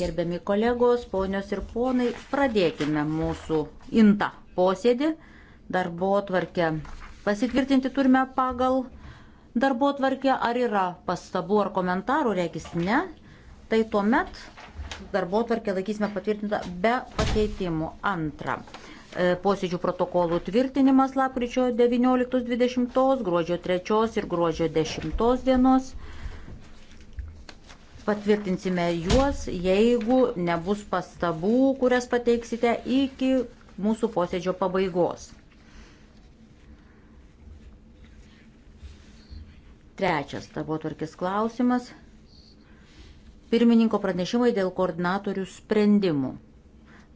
Gerbiami kolegos, ponios ir ponai, pradėkime mūsų intą posėdį. Darbo tvarkę pasitvirtinti turime pagal darbo tvarkę. Ar yra pastabų ar komentarų, reikis ne. Tai tuomet darbo tvarkę laikysime patvirtintą be pakeitimų. Antra e, posėdžių protokolų tvirtinimas lapkričio 19-20, gruodžio 3 ir gruodžio 10 dienos patvirtinsime juos, jeigu nebus pastabų, kurias pateiksite iki mūsų posėdžio pabaigos. Trečias tavo tvarkis klausimas. Pirmininko pranešimai dėl koordinatorių sprendimų.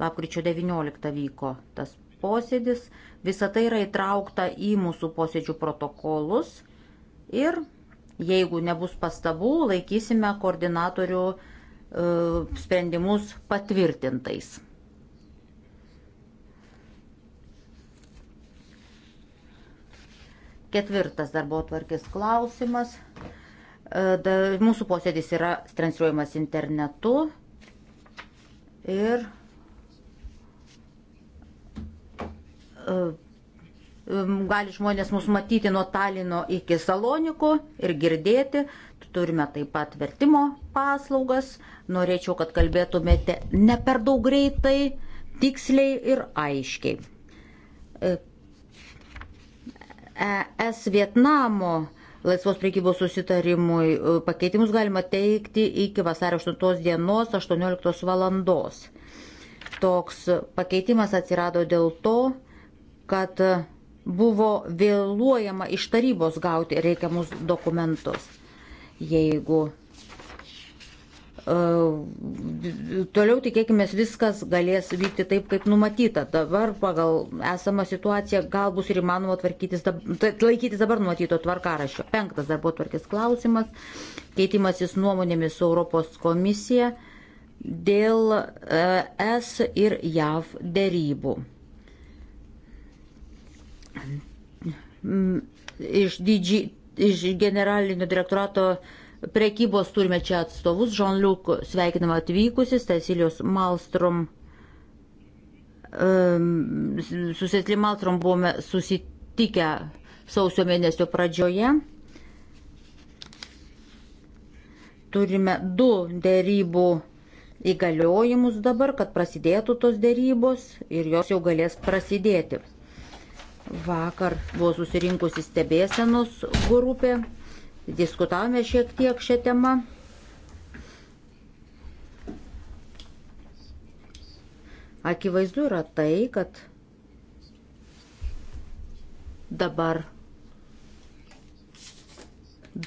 Lapkričio 19 vyko tas posėdis. Visa tai yra įtraukta į mūsų posėdžių protokolus ir Jeigu nebus pastabų, laikysime koordinatorių e, sprendimus patvirtintais. Ketvirtas darbo tvarkės klausimas. E, mūsų posėdis yra transliuojamas internetu ir e, gali žmonės mus matyti nuo Talino iki Salonikų ir girdėti. Turime taip pat vertimo paslaugas. Norėčiau, kad kalbėtumėte ne per daug greitai, tiksliai ir aiškiai. ES e Vietnamo laisvos priekybos susitarimui e, pakeitimus galima teikti iki vasario 8 dienos 18 valandos. Toks pakeitimas atsirado dėl to, kad buvo vėluojama iš tarybos gauti reikiamus dokumentus. Jeigu e, toliau tikėkime viskas galės vykti taip, kaip numatyta. Dabar pagal esamą situaciją gal bus ir įmanoma tvarkytis, laikytis dabar numatyto tvarkaraščio. Penktas darbo tvarkės klausimas - keitimasis nuomonėmis su Europos komisija dėl ES ir JAV dėrybų. Mm, iš, didži, iš generalinio direktorato prekybos turime čia atstovus. Žonliuk sveikinama atvykusis, Tesilijos Malstrom. Su Sesli Malstrom buvome susitikę sausio mėnesio pradžioje. Turime du dėrybų įgaliojimus dabar, kad prasidėtų tos dėrybos ir jos jau galės prasidėti. Vakar buvo susirinkusi stebėsenos grupė, diskutavome šiek tiek šią temą. Akivaizdu yra tai, kad dabar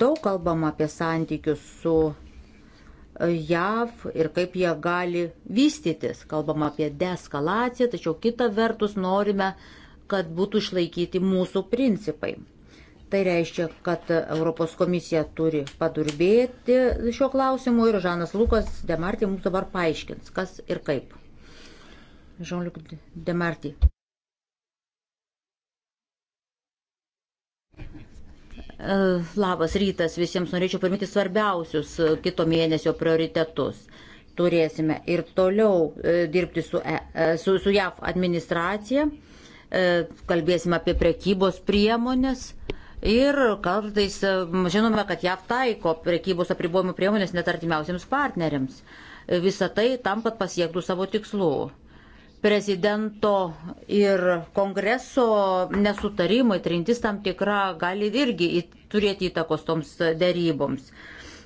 daug kalbama apie santykius su JAV ir kaip jie gali vystytis. Kalbama apie deskalaciją, tačiau kita vertus norime kad būtų išlaikyti mūsų principai. Tai reiškia, kad Europos komisija turi padurbėti šio klausimu ir Žanas Lukas Demartį mums dabar paaiškins, kas ir kaip. Žanliuk Demartį. Labas rytas visiems, norėčiau priminti svarbiausius kito mėnesio prioritetus turėsime ir toliau e, dirbti su, e, e, su, su JAV administracija, E, kalbėsime apie prekybos priemonės. Ir kartais e, žinome, kad JAV taiko prekybos apribojimų priemonės net artimiausiams partneriams. E, Visą tai tam, kad pasiektų savo tikslų. Prezidento ir kongreso nesutarimai, trintis tam tikra, gali irgi turėti įtakos toms daryboms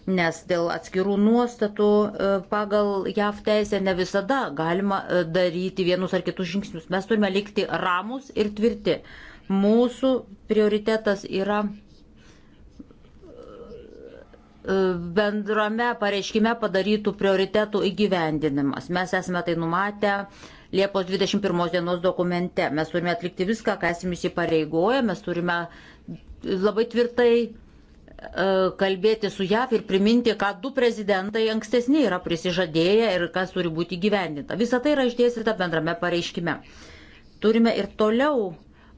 nes dėl atskirų nuostatų e, pagal JAV teisę ne visada galima e, daryti vienus ar kitus žingsnius. Mes turime likti ramus ir tvirti. Mūsų prioritetas yra e, bendrame pareiškime padarytų prioritetų įgyvendinimas. Mes esame tai numatę. Liepos 21 dienos dokumente mes turime atlikti viską, ką esame įsipareigoję, mes turime labai tvirtai E, kalbėti su JAV ir priminti, ką du prezidentai ankstesni yra prisižadėję ir kas turi būti gyvendinta. Visą tai yra išdėstyta bendrame pareiškime. Turime ir toliau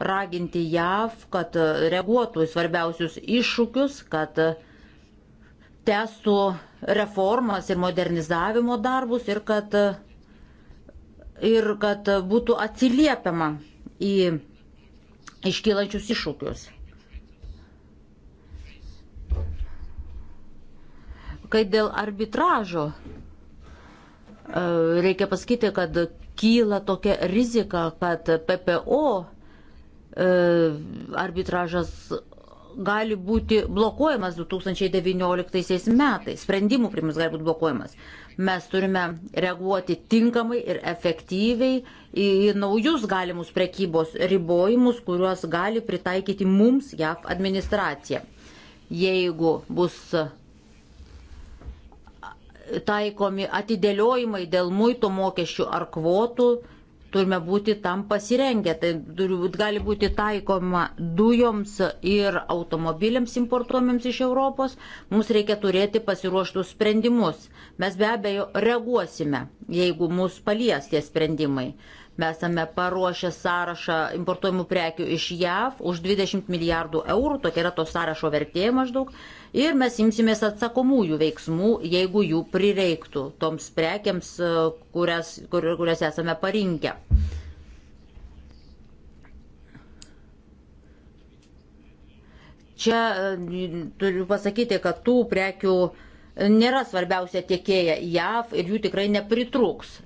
raginti JAV, kad reaguotų į svarbiausius iššūkius, kad tęstų reformas ir modernizavimo darbus ir kad, ir kad būtų atsiliepiama į iškylančius iššūkius. Kai dėl arbitražo e, reikia pasakyti, kad kyla tokia rizika, kad PPO e, arbitražas gali būti blokuojamas 2019 metais, sprendimų priims gali būti blokuojamas. Mes turime reaguoti tinkamai ir efektyviai į naujus galimus prekybos ribojimus, kuriuos gali pritaikyti mums JAV administracija. Jeigu bus taikomi atidėliojimai dėl muito mokesčių ar kvotų, turime būti tam pasirengę. Tai gali būti taikoma dujoms ir automobiliams importuojamiams iš Europos. Mums reikia turėti pasiruoštus sprendimus. Mes be abejo reaguosime, jeigu mus palies tie sprendimai. Mes esame paruošę sąrašą importuojamų prekių iš JAV už 20 milijardų eurų, tokia yra to sąrašo vertė maždaug. Ir mes imsimės atsakomųjų veiksmų, jeigu jų prireiktų toms prekiams, e, kurias, kur, kurias esame parinkę. Čia e, turiu pasakyti, kad tų prekių nėra svarbiausia tiekėja JAV ir jų tikrai nepritrūks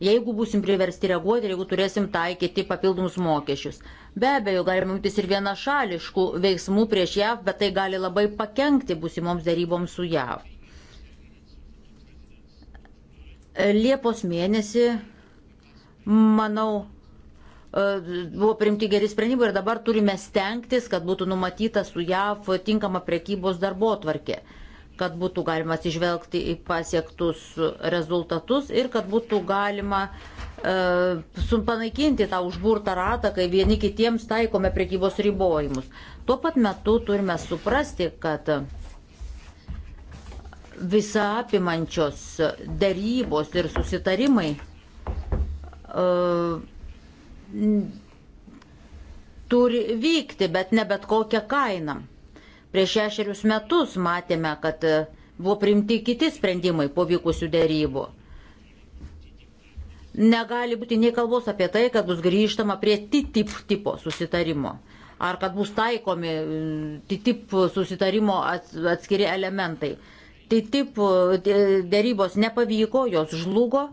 jeigu busim priversti reaguoti ir jeigu turėsim taikyti papildomus mokesčius. Be abejo, galime imtis ir vienašališkų veiksmų prieš JAV, bet tai gali labai pakengti busimoms daryboms su JAV. Liepos mėnesį, manau, e, buvo primti geri sprendimai ir dabar turime stengtis, kad būtų numatyta su JAV tinkama prekybos darbo tvarkė kad būtų galima atsižvelgti į pasiektus rezultatus ir kad būtų galima e, panaikinti tą užburtą ratą, kai vieni kitiems taikome priekybos ribojimus. Tuo pat metu turime suprasti, kad visa apimančios darybos ir susitarimai e, turi vykti, bet ne bet kokią kainą. Prieš šešerius metus matėme, kad e, buvo priimti kiti sprendimai po vykusių dėrybų. Negali būti nei kalbos apie tai, kad bus grįžtama prie TTIP tipo susitarimo ar kad bus taikomi TTIP susitarimo atskiri elementai. TTIP e, dėrybos nepavyko, jos žlugo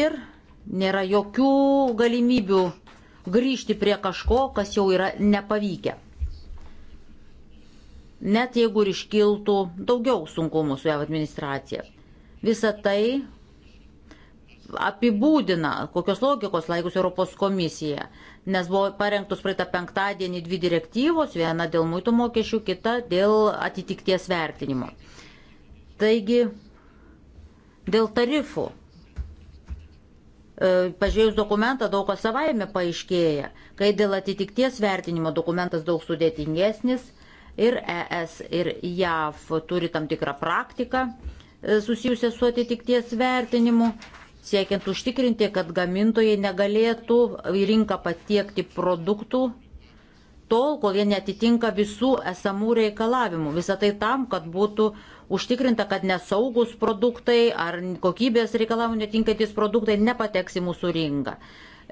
ir nėra jokių galimybių grįžti prie kažko, kas jau yra nepavykę net jeigu ir iškiltų daugiau sunkumų su JAV administracija. Visą tai apibūdina, kokios logikos laikus Europos komisija, nes buvo parengtos praeitą penktadienį dvi direktyvos, viena dėl muitų mokesčių, kita dėl atitikties vertinimo. Taigi, dėl tarifų. E, pažiūrėjus dokumentą daug kas savaime paaiškėja, kai dėl atitikties vertinimo dokumentas daug sudėtingesnis ir ES, ir JAV turi tam tikrą praktiką e, susijusią su atitikties vertinimu, siekiant užtikrinti, kad gamintojai negalėtų į rinką patiekti produktų tol, kol jie netitinka visų esamų reikalavimų. Visą tai tam, kad būtų užtikrinta, kad nesaugus produktai ar kokybės reikalavimų netinkantis produktai nepateks į mūsų rinką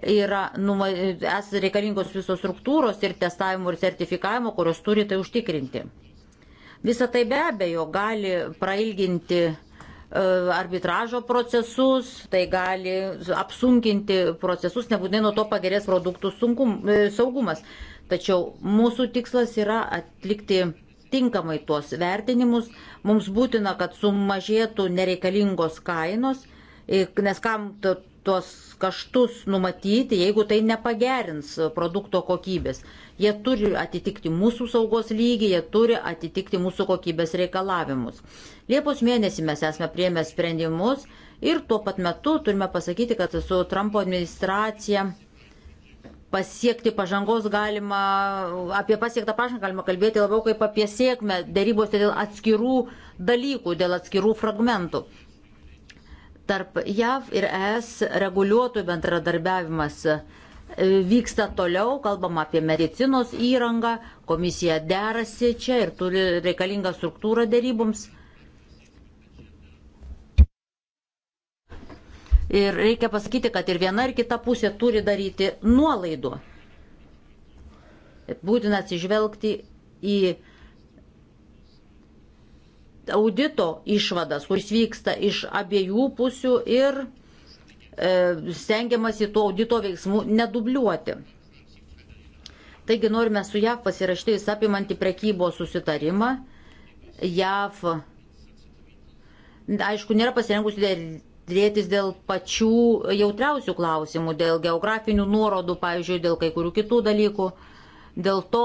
yra numa, es reikalingos visos struktūros ir testavimo ir sertifikavimo, kurios turi tai užtikrinti. Visą tai be abejo gali prailginti e, arbitražo procesus, tai gali apsunkinti procesus, nebūtinai nuo to pagerės produktų sunkum, e, saugumas. Tačiau mūsų tikslas yra atlikti tinkamai tuos vertinimus, mums būtina, kad sumažėtų nereikalingos kainos, e, nes kam tuos kaštus numatyti, jeigu tai nepagerins produkto kokybės. Jie turi atitikti mūsų saugos lygį, jie turi atitikti mūsų kokybės reikalavimus. Liepos mėnesį mes esame prieėmę sprendimus ir tuo pat metu turime pasakyti, kad su Trumpo administracija pasiekti pažangos galima, apie pasiektą pažangą galima kalbėti labiau kaip apie sėkmę darybose dėl atskirų dalykų, dėl atskirų fragmentų. Tarp JAV ir ES reguliuotojų bendradarbiavimas e, vyksta toliau, kalbam apie medicinos įrangą, komisija derasi čia ir turi reikalingą struktūrą dėryboms. Ir reikia pasakyti, kad ir viena ir kita pusė turi daryti nuolaidų. Būtina atsižvelgti į audito išvadas, kuris vyksta iš abiejų pusių ir e, stengiamasi to audito veiksmų nedubliuoti. Taigi norime su JAV pasirašyti įsapimantį prekybos susitarimą. JAV, aišku, nėra pasirengusi dėtis dėl pačių jautriausių klausimų, dėl geografinių nuorodų, pavyzdžiui, dėl kai kurių kitų dalykų. Dėl to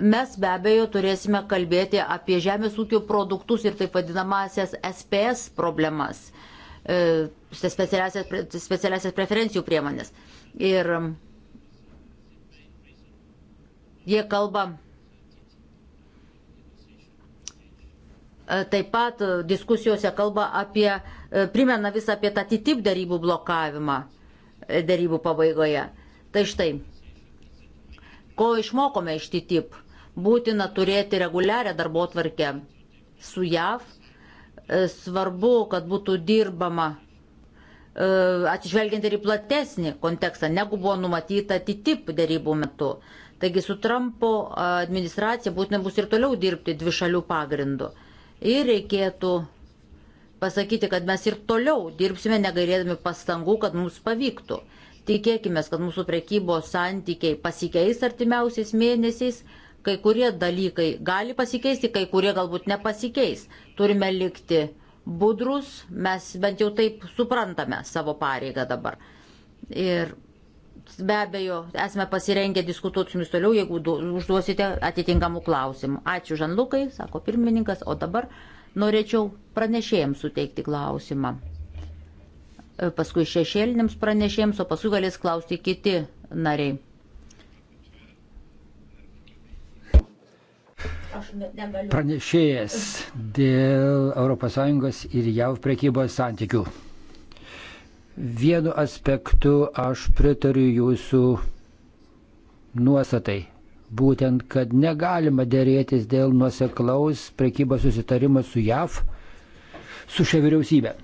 Mes be abejo turėsime kalbėti apie žemės ūkio produktus ir taip vadinamasias SPS problemas, e, specialiasias preferencijų priemonės. Ir jie kalba e, taip pat diskusijose kalba apie, e, primena visą apie tą TTIP darybų blokavimą darybų pabaigoje. Tai štai, ko išmokome iš TTIP? būtina turėti reguliarią darbo tvarkę su JAV. E, svarbu, kad būtų dirbama e, atsižvelgiant ir į platesnį kontekstą, negu buvo numatyta TTIP dėrybų metu. Taigi su Trumpo administracija būtina bus ir toliau dirbti dvi šalių pagrindu. Ir reikėtų pasakyti, kad mes ir toliau dirbsime negailėdami pastangų, kad mums pavyktų. Tikėkime, kad mūsų prekybos santykiai pasikeis artimiausiais mėnesiais, Kai kurie dalykai gali pasikeisti, kai kurie galbūt nepasikeis. Turime likti budrus, mes bent jau taip suprantame savo pareigą dabar. Ir be abejo, esame pasirengę diskutuoti su jumis toliau, jeigu užduosite atitinkamų klausimų. Ačiū Žanlukai, sako pirmininkas, o dabar norėčiau pranešėjams suteikti klausimą. Paskui šešėlinėms pranešėjams, o paskui galės klausti kiti nariai. pranešėjas dėl ES ir JAV prekybos santykių. Vienu aspektu aš pritariu jūsų nuostatai. Būtent, kad negalima dėrėtis dėl nuoseklaus prekybos susitarimo su JAV, su šia vyriausybė.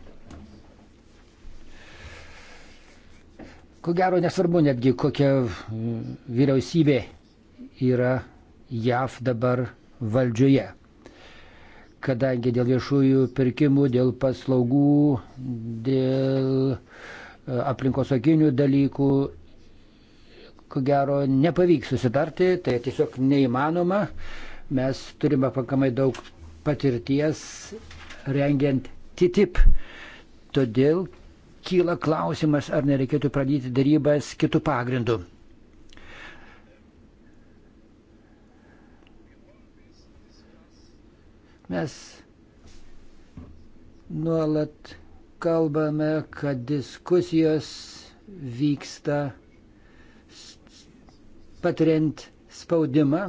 Ko gero nesvarbu netgi, kokia mm, vyriausybė yra JAV dabar valdžioje. Kadangi dėl viešųjų pirkimų, dėl paslaugų, dėl e, aplinkosakinių dalykų, ko gero, nepavyks susitarti, tai tiesiog neįmanoma. Mes turime pakankamai daug patirties rengiant TTIP. Todėl kyla klausimas, ar nereikėtų pradėti darybas kitų pagrindų. Mes nuolat kalbame, kad diskusijos vyksta patiriant spaudimą.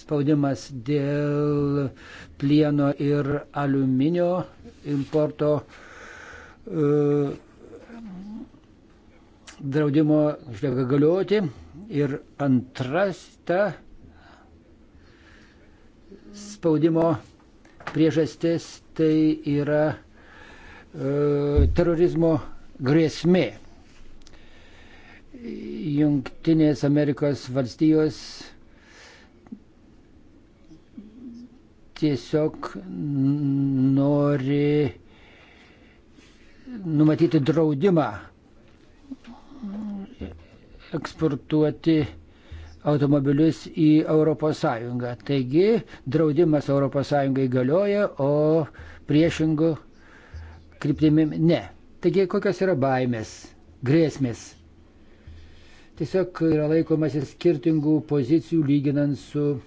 Spaudimas dėl plieno ir aliuminio importo uh, draudimo išlieka galioti. Ir antras ta spaudimo priežastis tai yra e, terorizmo grėsmė. Junktinės Amerikos valstijos tiesiog nori numatyti draudimą eksportuoti automobilius į ES. Taigi draudimas ES galioja, o priešingų kryptimi ne. Taigi kokios yra baimės, grėsmės? Tiesiog yra laikomasi skirtingų pozicijų lyginant su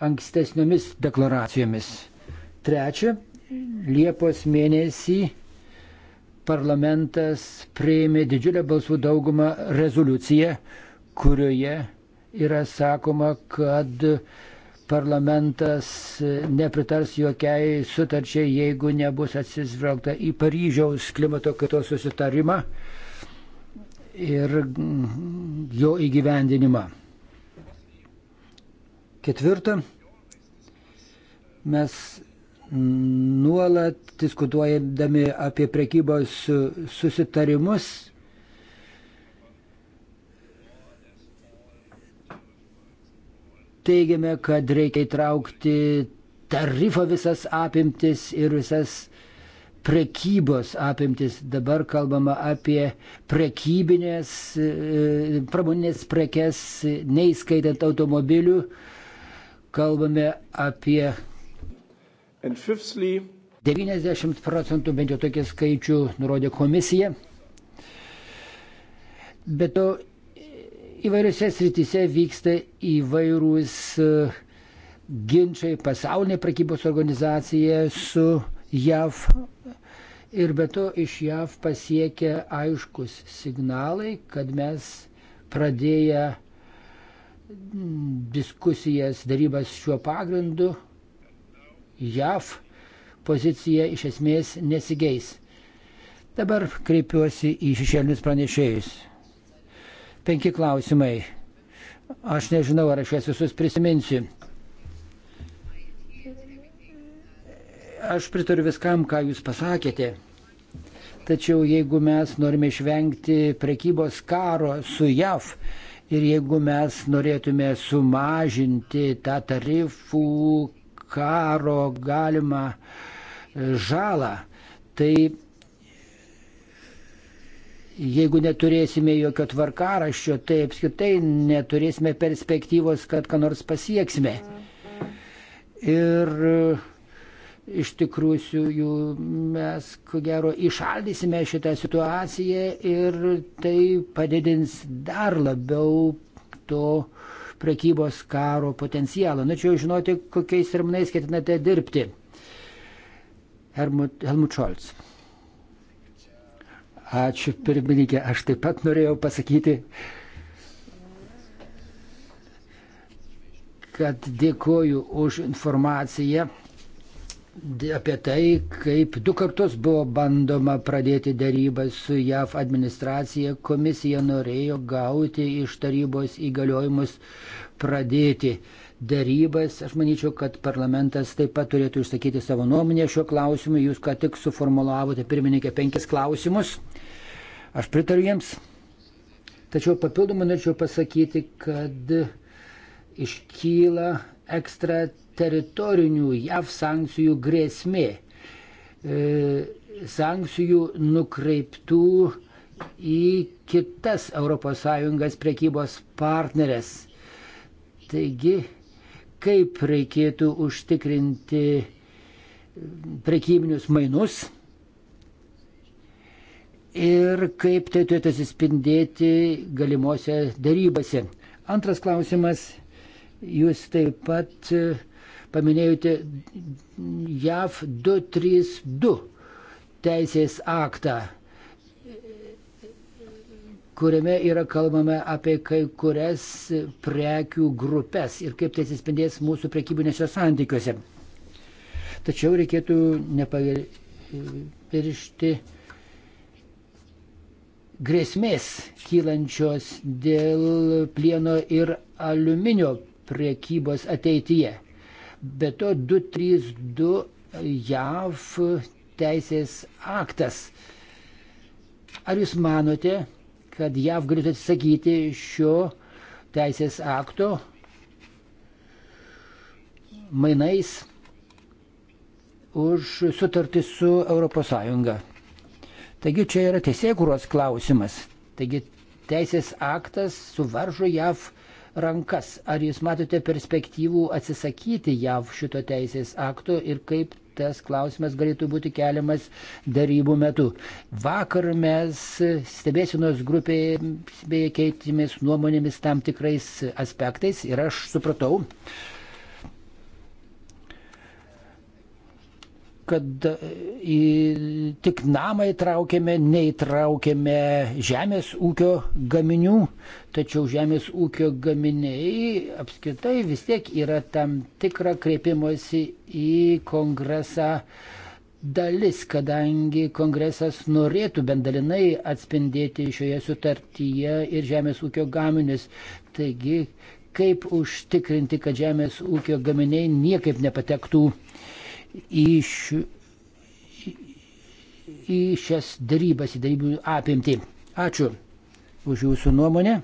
ankstesniomis deklaracijomis. Trečia, Liepos mėnesį parlamentas prieimė didžiulę balsų daugumą rezoliuciją, kurioje yra sakoma, kad parlamentas nepritars jokiai sutarčiai, jeigu nebus atsisvelgta į Paryžiaus klimato kaitos susitarimą ir jo įgyvendinimą. Ketvirta, mes nuolat diskutuojami apie prekybos susitarimus teigiame, kad reikia įtraukti tarifo visas apimtis ir visas prekybos apimtis. Dabar kalbama apie prekybinės, e, pramoninės prekes, neįskaitant automobilių. Kalbame apie 90 procentų, bent jau tokį skaičių nurodė komisija. Bet to Įvairiose srityse vyksta įvairūs e, ginčiai pasaulinė prekybos organizacija su JAV ir be to iš JAV pasiekia aiškus signalai, kad mes pradėję diskusijas, darybas šiuo pagrindu, JAV pozicija iš esmės nesigeis. Dabar kreipiuosi į šešėlinius pranešėjus. Penki klausimai. Aš nežinau, ar aš juos visus prisiminsiu. Aš pritariu viskam, ką jūs pasakėte. Tačiau jeigu mes norime išvengti prekybos karo su JAV ir jeigu mes norėtume sumažinti tą tarifų karo galimą žalą, tai Jeigu neturėsime jokio tvarkaraščio, tai apskritai neturėsime perspektyvos, kad ką nors pasieksime. Ir e, iš tikrųjų mes, ko gero, išaldysime šitą situaciją ir tai padidins dar labiau to prekybos karo potencialą. Norėčiau nu, žinoti, kokiais terminais ketinate dirbti. Helmut, Helmut Scholz. Ačiū pirmininkė, aš taip pat norėjau pasakyti, kad dėkoju už informaciją apie tai, kaip du kartus buvo bandoma pradėti darybą su JAV administracija. Komisija norėjo gauti iš tarybos įgaliojimus pradėti darybas. Aš manyčiau, kad parlamentas taip pat turėtų išsakyti savo nuomonę šiuo klausimu. Jūs ką tik suformulavote pirmininkė penkis klausimus. Aš pritariu jiems. Tačiau papildomai norėčiau pasakyti, kad iškyla ekstrateritorinių JAV sankcijų grėsmė. E, sankcijų nukreiptų į kitas ES priekybos partnerės. Taigi, kaip reikėtų užtikrinti priekybinius mainus ir kaip tai turėtų atsispindėti galimuose darybose. Antras klausimas, jūs taip pat e, paminėjote JAV 232 teisės aktą, kuriame yra kalbama apie kai kurias prekių grupės ir kaip tai atsispindės mūsų prekybinėse santykiuose. Tačiau reikėtų nepaviršti. Nepagir grėsmės kylančios dėl plieno ir aliuminio priekybos ateityje. Be to 232 JAV teisės aktas. Ar jūs manote, kad JAV galėtų atsisakyti šio teisės akto mainais už sutartį su ES? Taigi čia yra teisėkuros klausimas. Taigi teisės aktas suvaržo JAV rankas. Ar jūs matote perspektyvų atsisakyti JAV šito teisės akto ir kaip tas klausimas galėtų būti keliamas darybų metu. Vakar mes stebėsinos grupėje beje keitėmės nuomonėmis tam tikrais aspektais ir aš supratau, kad į, tik namą įtraukėme, neįtraukėme žemės ūkio gaminių, tačiau žemės ūkio gaminiai apskritai vis tiek yra tam tikra kreipimosi į kongresą dalis, kadangi kongresas norėtų bendalinai atspindėti šioje sutartyje ir žemės ūkio gaminius. Taigi, kaip užtikrinti, kad žemės ūkio gaminiai niekaip nepatektų į, šių, į šias darybas, į darybų apimtį. Ačiū už jūsų nuomonę.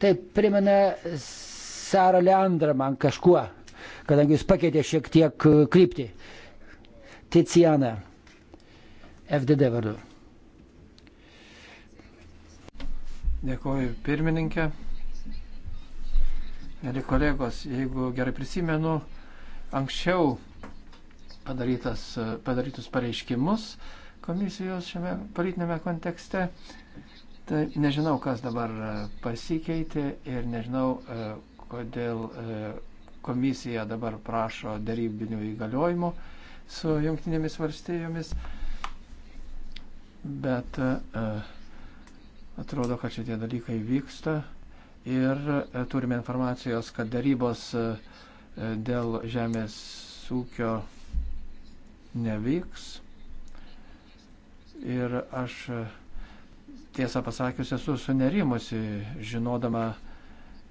Tai primena Sarą Leandrą man kažkuo, kadangi jis pakeitė šiek tiek kryptį. Ticiana, FDD vardu. Dėkuoju pirmininkė. Mėly kolegos, jeigu gerai prisimenu, anksčiau padarytas, padarytus pareiškimus komisijos šiame politinėme kontekste, tai nežinau, kas dabar e, pasikeitė ir nežinau, e, kodėl e, komisija dabar prašo darybinių įgaliojimų su jungtinėmis valstijomis, bet atrodo, kad šitie dalykai vyksta ir e, turime informacijos, kad darybos e, e, dėl žemės ūkio nevyks. Ir aš tiesą pasakius esu sunerimusi, žinodama,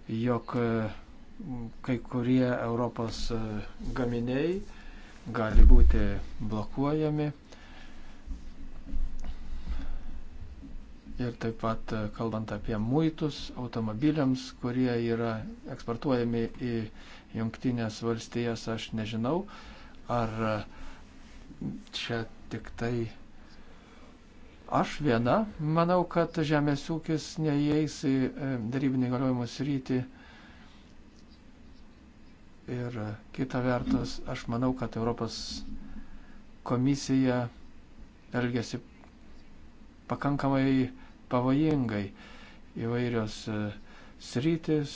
jog kai kurie Europos gaminiai gali būti blokuojami. ir taip pat e, kalbant apie muitus automobiliams, kurie yra eksportuojami į Junktinės valstijas, aš nežinau, ar e, čia tik tai aš viena, manau, kad žemės ūkis neįeis į e, darybinį galiojimų sritį. Ir kita vertus, aš manau, kad Europos komisija elgesi pakankamai pavojingai. Įvairios e, sritis,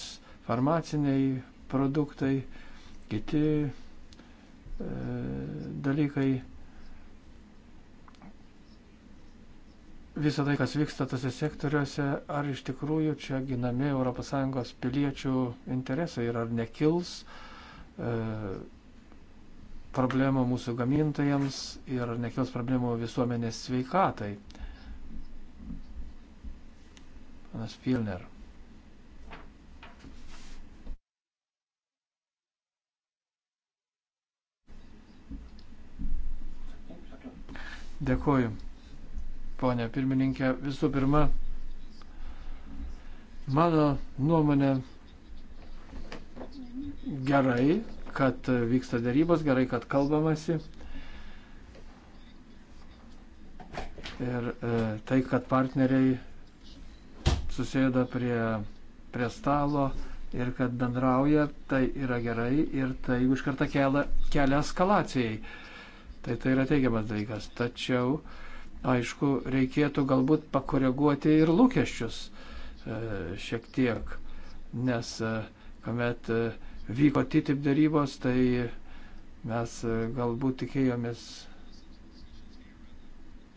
farmaciniai produktai, kiti e, dalykai. Visą tai, kas vyksta tose sektoriuose, ar iš tikrųjų čia ginami ES piliečių interesai ir ar nekils e, problemų mūsų gamintojams ir nekils problemų visuomenės sveikatai. Panas Pilner. Dėkuoju, ponė pirmininkė. Visų pirma, mano nuomonė gerai, kad vyksta darybos, gerai, kad kalbamasi. Ir e, tai, kad partneriai susėda prie, prie stalo ir kad bendrauja, tai yra gerai ir tai už kartą kelia, kelia eskalacijai. Tai tai yra teigiamas dalykas. Tačiau, aišku, reikėtų galbūt pakoreguoti ir lūkesčius e, šiek tiek, nes e, kuomet e, vyko TTIP darybos, tai mes galbūt tikėjomės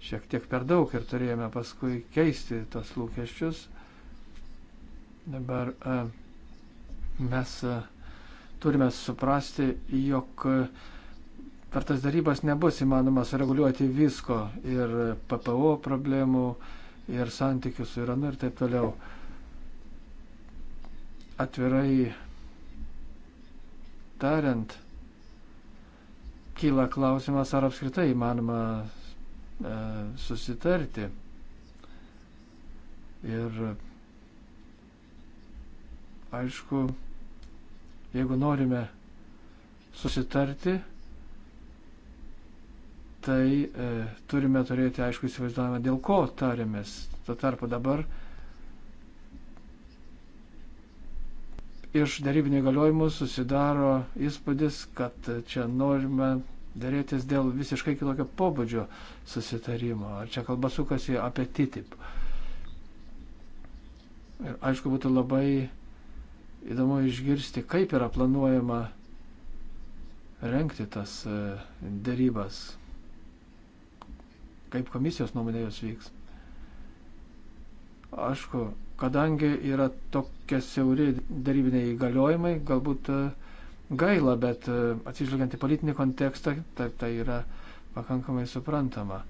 šiek tiek per daug ir turėjome paskui keisti tos lūkesčius. Dabar e, mes e, turime suprasti, jog e, per tas darybas nebus įmanoma sureguliuoti visko ir PPO problemų, ir santykių su Iranu ir taip toliau. Atvirai tariant, kyla klausimas, ar apskritai įmanoma e, susitarti. Ir Aišku, jeigu norime susitarti, tai e, turime turėti aišku įsivaizdavimą, dėl ko tarėmės. Tuo tarpu dabar iš darybinių įgaliojimų susidaro įspūdis, kad čia norime dėrėtis dėl visiškai kitokio pobūdžio susitarimo. Ar čia kalba sukasi apie TTIP. Ir aišku, būtų labai įdomu išgirsti, kaip yra planuojama renkti tas e, dėrybas, kaip komisijos nuomonė jos vyks. Aišku, kadangi yra tokie siauri darybiniai įgaliojimai, galbūt e, gaila, bet e, atsižvelgiant į politinį kontekstą, taip tai yra pakankamai suprantama.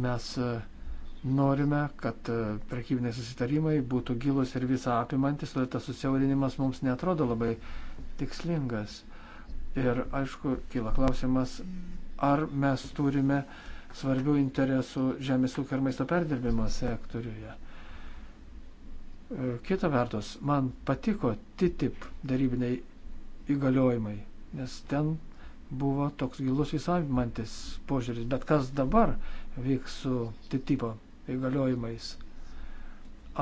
Mes uh, Norime, kad e, prekybiniai susitarimai būtų gilus ir visą apimantis, todėl tas susiaurinimas mums netrodo labai tikslingas. Ir aišku, kyla klausimas, ar mes turime svarbių interesų žemės ūkio ir maisto perdirbimo sektoriuje. E, kita vertus, man patiko TTIP darybiniai įgaliojimai, nes ten buvo toks gilus visavimantis požiūris. Bet kas dabar vyks su TTIP? O? įgaliojimais.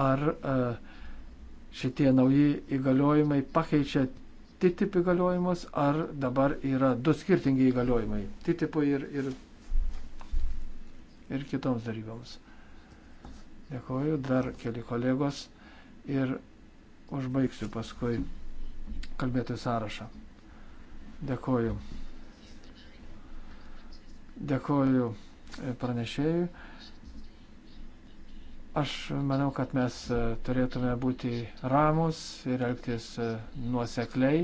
Ar e, šitie nauji įgaliojimai pakeičia TTIP įgaliojimus, ar dabar yra du skirtingi įgaliojimai - TTIPui ir, ir, ir kitoms daryboms. Dėkoju, dar keli kolegos ir užbaigsiu paskui kalbėtojų sąrašą. Dėkoju. Dėkoju pranešėjui. Aš manau, kad mes e, turėtume būti ramus ir elgtis e, nuosekliai.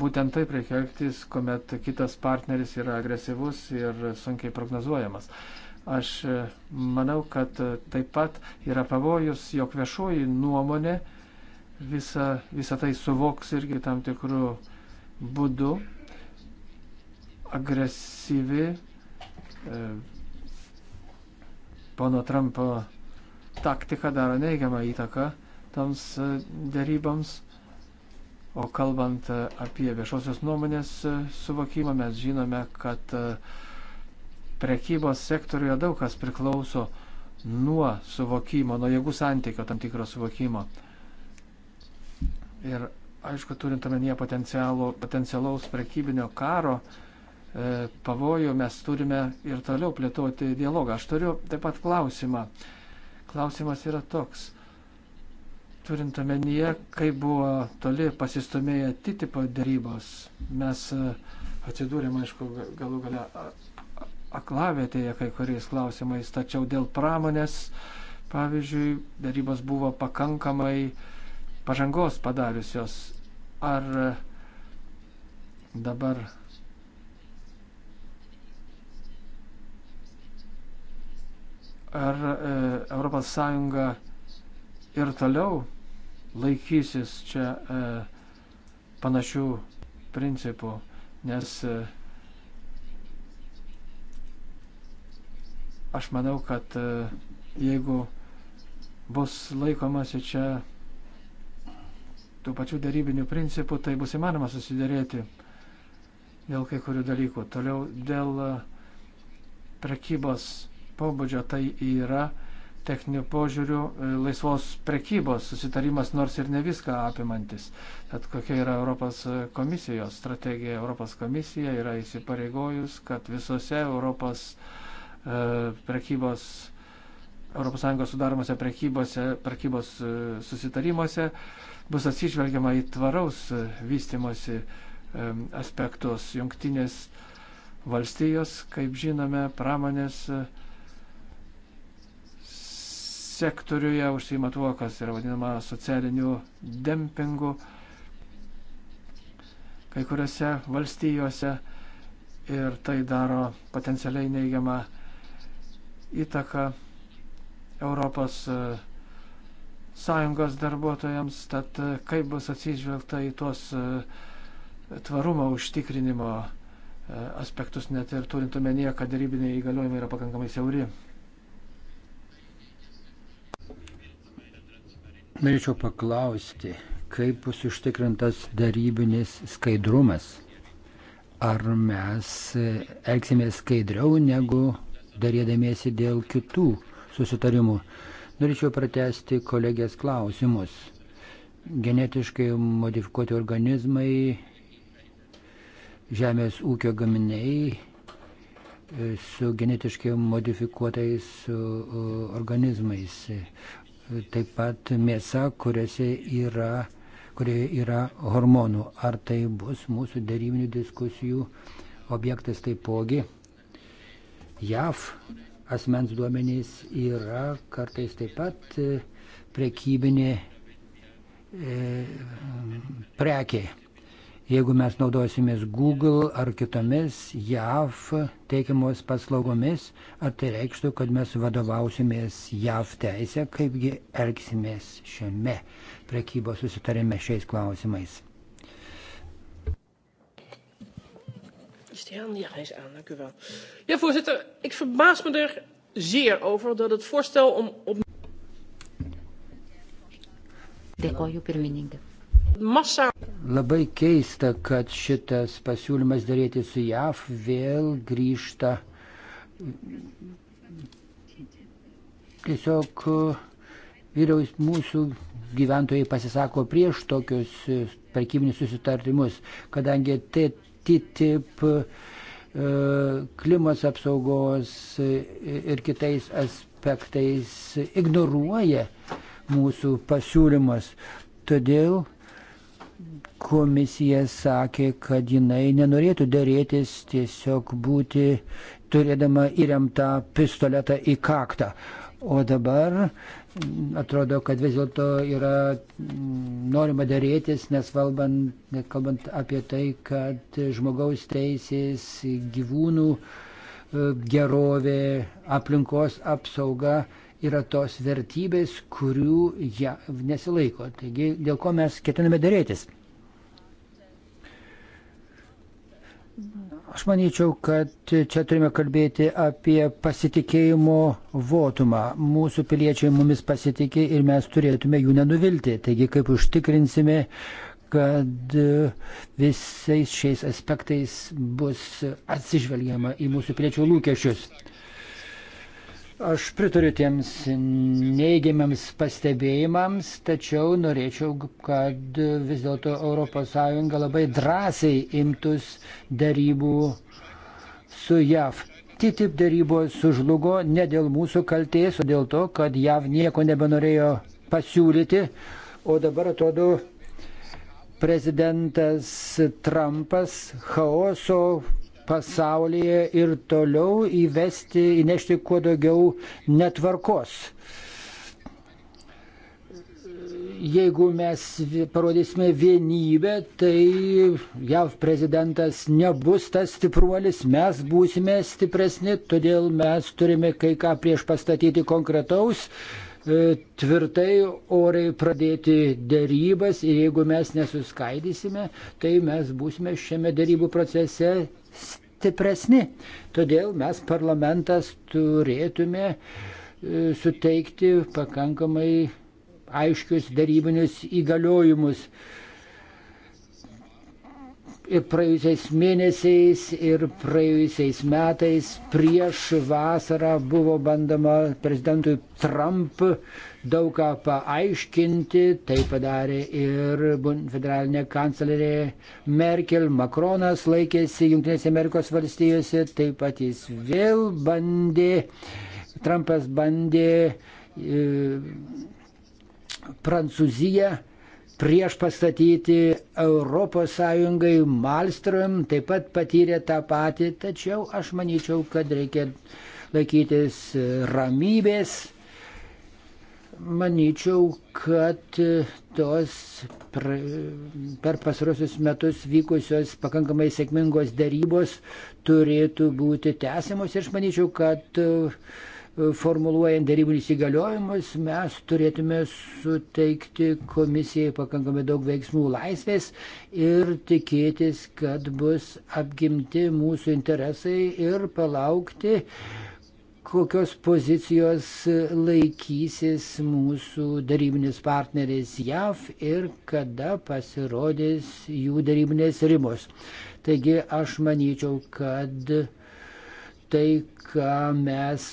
Būtent taip reikia elgtis, kuomet kitas partneris yra agresyvus ir sunkiai prognozuojamas. Aš e, manau, kad taip pat yra pavojus, jog viešoji nuomonė visą, visą tai suvoks irgi tam tikrų būdų agresyvi. E, pono Trumpo taktika daro neigiamą įtaką toms e, dėryboms. O kalbant e, apie viešosios nuomonės e, suvokimą, mes žinome, kad prekybos sektoriuje daug kas priklauso nuo suvokimo, nuo jėgų santykio tam tikro suvokimo. Ir aišku, turint omenyje potencialaus prekybinio karo, uh, E, pavojų mes turime ir toliau plėtoti dialogą. Aš turiu taip pat klausimą. Klausimas yra toks. Turint omenyje, kaip buvo toli pasistumėję titipo dėrybos, mes e, atsidūrėme, aišku, galų gale aklavietėje kai kuriais klausimais, tačiau dėl pramonės, pavyzdžiui, dėrybos buvo pakankamai pažangos padariusios. Ar e, dabar ar ES ir toliau laikysis čia e, panašių principų, nes e, aš manau, kad e, jeigu bus laikomasi čia tų pačių darybinių principų, tai bus įmanoma susidėrėti dėl kai kurių dalykų. Toliau dėl prekybos pobūdžio, tai yra techninių požiūrių e, laisvos prekybos susitarimas, nors ir ne viską apimantis. Tad kokia yra Europos e, komisijos strategija? Europos komisija yra įsipareigojus, kad visose Europos e, prekybos ES sudaromose prekybos susitarimuose bus atsižvelgiama į tvaraus vystimosi aspektus. Jungtinės valstijos, kaip žinome, pramonės uh, sektoriuje užsima tuo, kas yra vadinama socialiniu dempingu kai kuriuose valstijose ir tai daro potencialiai neigiamą įtaką Europos e, Sąjungos darbuotojams, tad e, kaip bus atsižvelgta į tuos e, tvarumo užtikrinimo aspektus, net ir turint omenyje, kad darybiniai įgaliojimai yra pakankamai siauri. Norėčiau paklausti, kaip bus užtikrintas darybinis skaidrumas. Ar mes e, elgsime skaidriau negu darėdamiesi dėl kitų susitarimų? Norėčiau pratesti kolegės klausimus. Genetiškai modifikuoti organizmai, žemės ūkio gaminiai e, su genetiškai modifikuotais e, organizmais taip pat mėsa, kuriuose yra, kurie yra hormonų. Ar tai bus mūsų darybinių diskusijų objektas taipogi? JAV asmens duomenys yra kartais taip pat e, prekybinė e, prekė. Jeigu mes naudosimės Google ar kitomis JAV teikiamos paslaugomis, ar tai reikštų, kad mes vadovausimės JAV teisę, kaipgi elgsimės šiame prekybos susitarime šiais klausimais. Is die aan? Ja, hij is aan. Dank u wel. Ja, voorzitter, ik verbaas me er zeer over dat het voorstel om op. Dėkoju pirmininkė. Labai keista, kad šitas pasiūlymas daryti su JAV vėl grįžta tiesiog uh, vyriaus mūsų gyventojai pasisako prieš tokius uh, prekybinius susitarimus, kadangi TTIP uh, klimas apsaugos ir kitais aspektais ignoruoja mūsų pasiūlymus. Todėl Komisija sakė, kad jinai nenorėtų dėrėtis tiesiog būti turėdama įremtą pistoletą į kaktą. O dabar mm, atrodo, kad vis dėlto yra mm, norima dėrėtis, nes valbant, kalbant apie tai, kad žmogaus teisės, gyvūnų e, gerovė, aplinkos apsauga yra tos vertybės, kurių jie nesilaiko. Taigi, dėl ko mes ketiname dėrėtis? Aš manyčiau, kad čia turime kalbėti apie pasitikėjimo votumą. Mūsų piliečiai mumis pasitikė ir mes turėtume jų nenuvilti. Taigi, kaip užtikrinsime, kad visais šiais aspektais bus atsižvelgiama į mūsų piliečių lūkesčius. Aš pritariu tiems neigiamiams pastebėjimams, tačiau norėčiau, kad vis dėlto ES labai drąsiai imtus darybų su JAV. TTIP darybos sužlugo ne dėl mūsų kalties, o dėl to, kad JAV nieko nebenorėjo pasiūlyti. O dabar atrodo, prezidentas Trumpas chaoso pasaulyje ir toliau įvesti, įnešti kuo daugiau netvarkos. Jeigu mes parodysime vienybę, tai JAV prezidentas nebus tas stipruolis, mes būsime stipresni, todėl mes turime kai ką prieš pastatyti konkretaus, e, tvirtai, oriai pradėti dėrybas ir jeigu mes nesuskaidysime, tai mes būsime šiame dėrybų procese stipresni. Todėl mes parlamentas turėtume e, suteikti pakankamai aiškius darybinius įgaliojimus praėjusiais mėnesiais ir praėjusiais metais prieš vasarą buvo bandoma prezidentui Trump daug ką paaiškinti, tai padarė ir federalinė kanclerė Merkel, Makronas laikėsi Junktinėse Amerikos valstijose, taip pat jis vėl bandė, Trumpas bandė e, Prancūziją prieš pastatyti ES Malstrom taip pat patyrė tą patį, tačiau aš manyčiau, kad reikia laikytis ramybės. Manyčiau, kad tos per pasarosius metus vykusios pakankamai sėkmingos darybos turėtų būti tęsiamos ir aš manyčiau, kad uh, E, formuluojant dėrybinis įgaliojimus, mes turėtume suteikti komisijai pakankamai daug veiksmų laisvės ir tikėtis, kad bus apgimti mūsų interesai ir palaukti, kokios pozicijos laikysis mūsų darybinis partneris JAV ir kada pasirodys jų darybinės ribos. Taigi aš manyčiau, kad tai, ką mes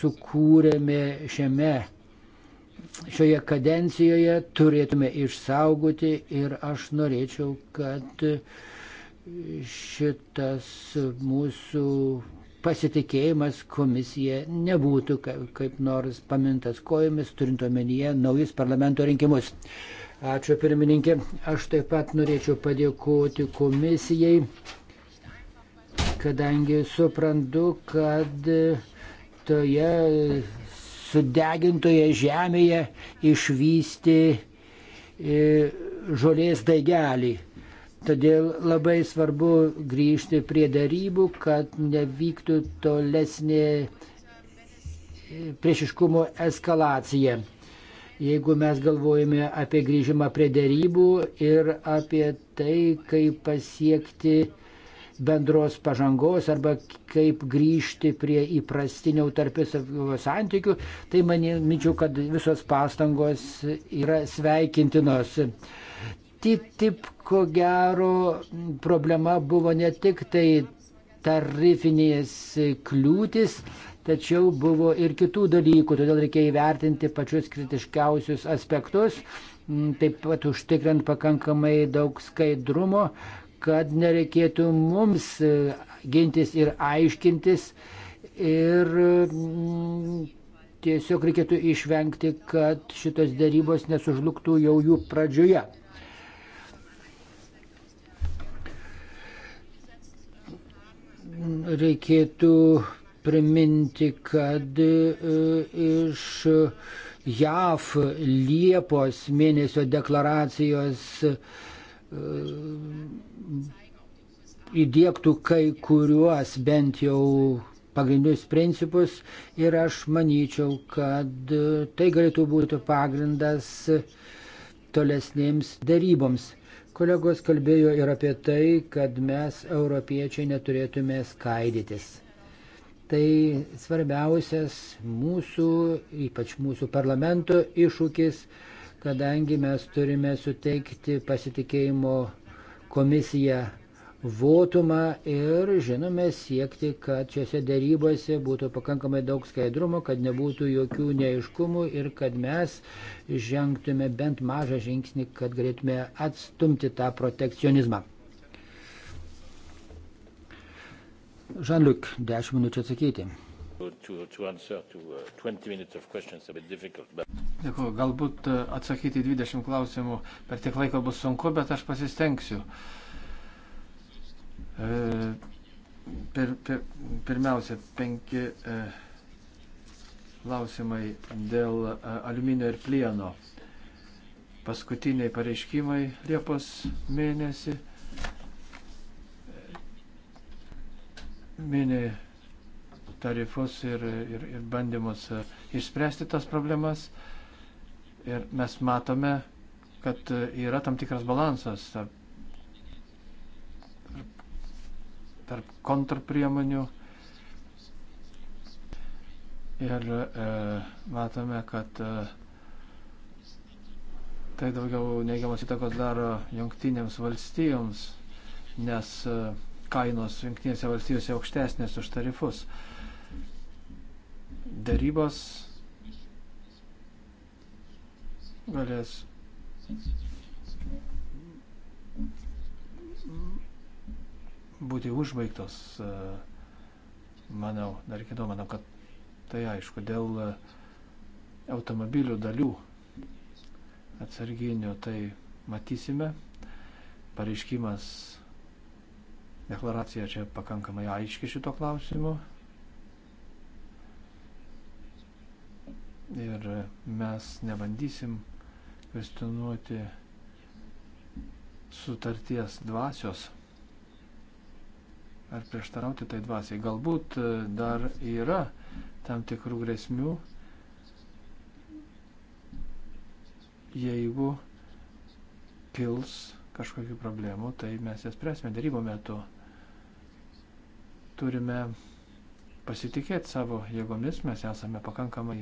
sukūrėme šiame, šioje kadencijoje, turėtume išsaugoti ir aš norėčiau, kad šitas mūsų pasitikėjimas komisija nebūtų kaip, kaip nors pamintas kojomis, turint omenyje naujus parlamento rinkimus. Ačiū pirmininkė. Aš taip pat norėčiau padėkoti komisijai kadangi suprantu, kad toje sudegintoje žemėje išvysti e, žolės daigelį. Todėl labai svarbu grįžti prie darybų, kad nevyktų tolesnė e, priešiškumo eskalacija. Jeigu mes galvojame apie grįžimą prie darybų ir apie tai, kaip pasiekti bendros pažangos arba kaip grįžti prie įprastinių tarpusavio santykių, tai manyčiau, kad visos pastangos yra sveikintinos. Tip, tip, ko gero, problema buvo ne tik tai tarifinės kliūtis, tačiau buvo ir kitų dalykų, todėl reikia įvertinti pačius kritiškiausius aspektus, taip pat užtikrint pakankamai daug skaidrumo, kad nereikėtų mums e, gintis ir aiškintis ir mm, tiesiog reikėtų išvengti, kad šitos dėrybos nesužlugtų jau jų pradžioje. Reikėtų priminti, kad e, iš JAV Liepos mėnesio deklaracijos E, įdėktų kai kuriuos bent jau pagrindinius principus ir aš manyčiau, kad e, tai galėtų būti pagrindas tolesnėms daryboms. Kolegos kalbėjo ir apie tai, kad mes, europiečiai, neturėtume skaidytis. Tai svarbiausias mūsų, ypač mūsų parlamento iššūkis kadangi mes turime suteikti pasitikėjimo komisiją votumą ir žinome siekti, kad šiuose dėrybose būtų pakankamai daug skaidrumo, kad nebūtų jokių neiškumų ir kad mes žengtume bent mažą žingsnį, kad galėtume atstumti tą protekcionizmą. Žanliuk, 10 minučių atsakyti. To, to, to Dėkuoju. Galbūt e, atsakyti 20 klausimų per tiek laiko bus sunku, bet aš pasistengsiu. E, pir, pir, pirmiausia, penki e, klausimai dėl aliuminio ir plieno. Paskutiniai pareiškimai Liepos mėnesį. Mini tarifus ir, ir, ir bandymus išspręsti tas problemas. Uh, Ir mes matome, kad yra tam tikras balansas tarp, tarp kontrpriemonių ir e, matome, kad e, tai daugiau neigiamas įtakos daro jungtinėms valstijoms, nes e, kainos jungtinėse valstijose aukštesnės už tarifus. Darybos galės būti užbaigtos, e, manau, dar kitų, manau, kad tai aišku, dėl e, automobilių dalių atsarginių tai matysime. Pareiškimas, deklaracija čia pakankamai aiški šito klausimu. Ir mes nebandysim kvestionuoti sutarties dvasios ar prieštarauti tai dvasiai. Galbūt e, dar yra tam tikrų grėsmių, jeigu kils kažkokių problemų, tai mes jas presime darybo metu. Turime pasitikėti savo jėgomis, mes esame pakankamai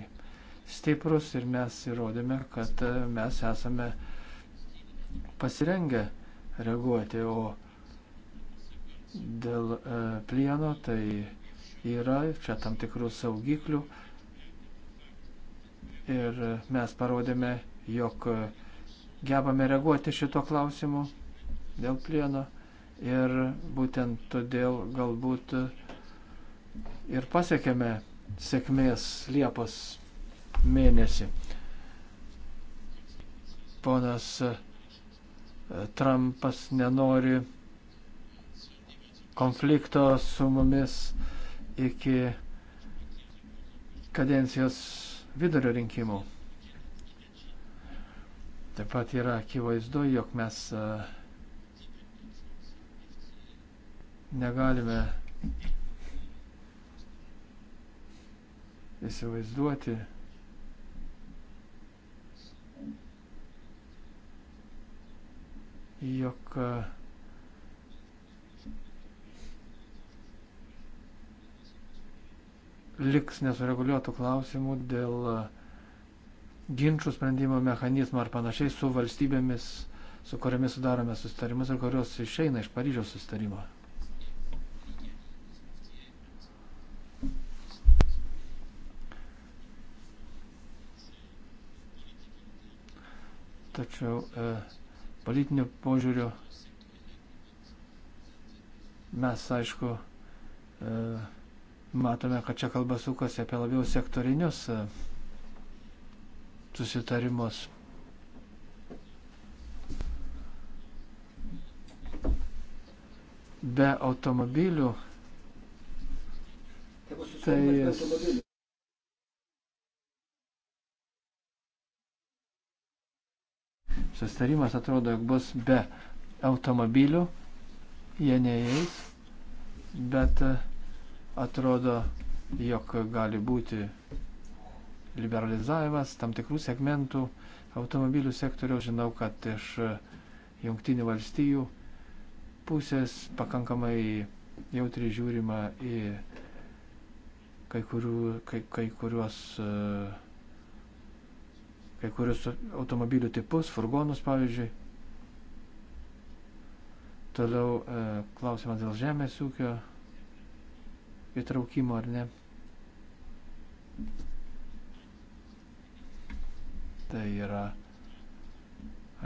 stiprus ir mes įrodėme, kad e, mes esame pasirengę reaguoti, o dėl e, plieno tai yra čia tam tikrų saugiklių ir mes parodėme, jog gebame reaguoti šito klausimu dėl plieno ir būtent todėl galbūt ir pasiekėme sėkmės Liepos mėnesį. Ponas e, Trumpas nenori konflikto su mumis iki kadencijos vidurio rinkimų. Taip pat yra akivaizdu, jog mes e, negalime įsivaizduoti jog liks nesureguliuotų klausimų dėl e, ginčių sprendimo mechanizmo ar panašiai su valstybėmis, su kuriamis sudarome sustarimus ir kurios išeina iš Paryžiaus sustarimo. Tačiau e, Politiniu požiūriu mes, aišku, e, matome, kad čia kalba sukasi apie labiau sektorinius e, susitarimus. Be automobilių. Tai sustarimas atrodo, jog bus be automobilių, jie neįeis, bet e, atrodo, jog gali būti liberalizavimas tam tikrų segmentų automobilių sektoriaus. Žinau, kad iš e, jungtinių valstijų pusės pakankamai jautri žiūrima į kai, kurių, kai, kai kuriuos uh, kai kurius automobilių tipus, furgonus pavyzdžiui. Toliau e, klausimas dėl žemės ūkio įtraukimo ar ne. Tai yra,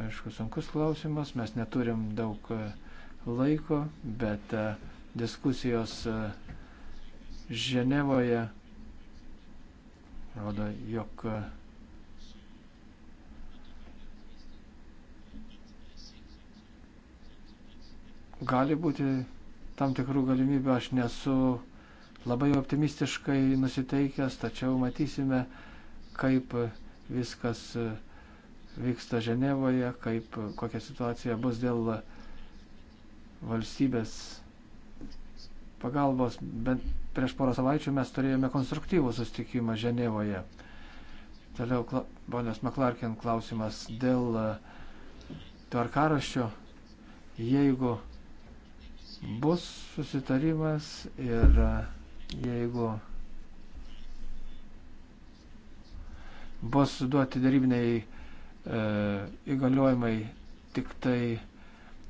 aišku, sunkus klausimas, mes neturim daug e, laiko, bet e, diskusijos e, Ženevoje rodo, jog e, gali būti tam tikrų galimybių. Aš nesu labai optimistiškai nusiteikęs, tačiau matysime, kaip viskas vyksta Ženevoje, kaip, kokia situacija bus dėl valstybės pagalbos. Bent prieš porą savaičių mes turėjome konstruktyvų sustikimą Ženevoje. Toliau, ponios Maklarkin klausimas dėl tvarkaraščio. Jeigu bus susitarimas ir e, jeigu bus duoti darybiniai e, įgaliojimai tik tai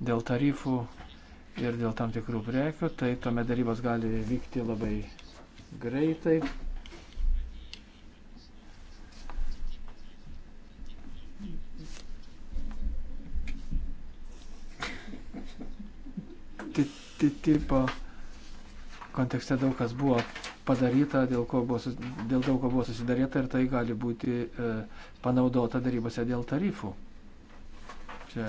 dėl tarifų ir dėl tam tikrų prekių, tai tuomet darybos gali vykti labai greitai. tipo kontekste daug kas buvo padaryta, dėl, ko buvo, dėl daug ko buvo susidarėta ir tai gali būti e, panaudota darybose dėl tarifų. Čia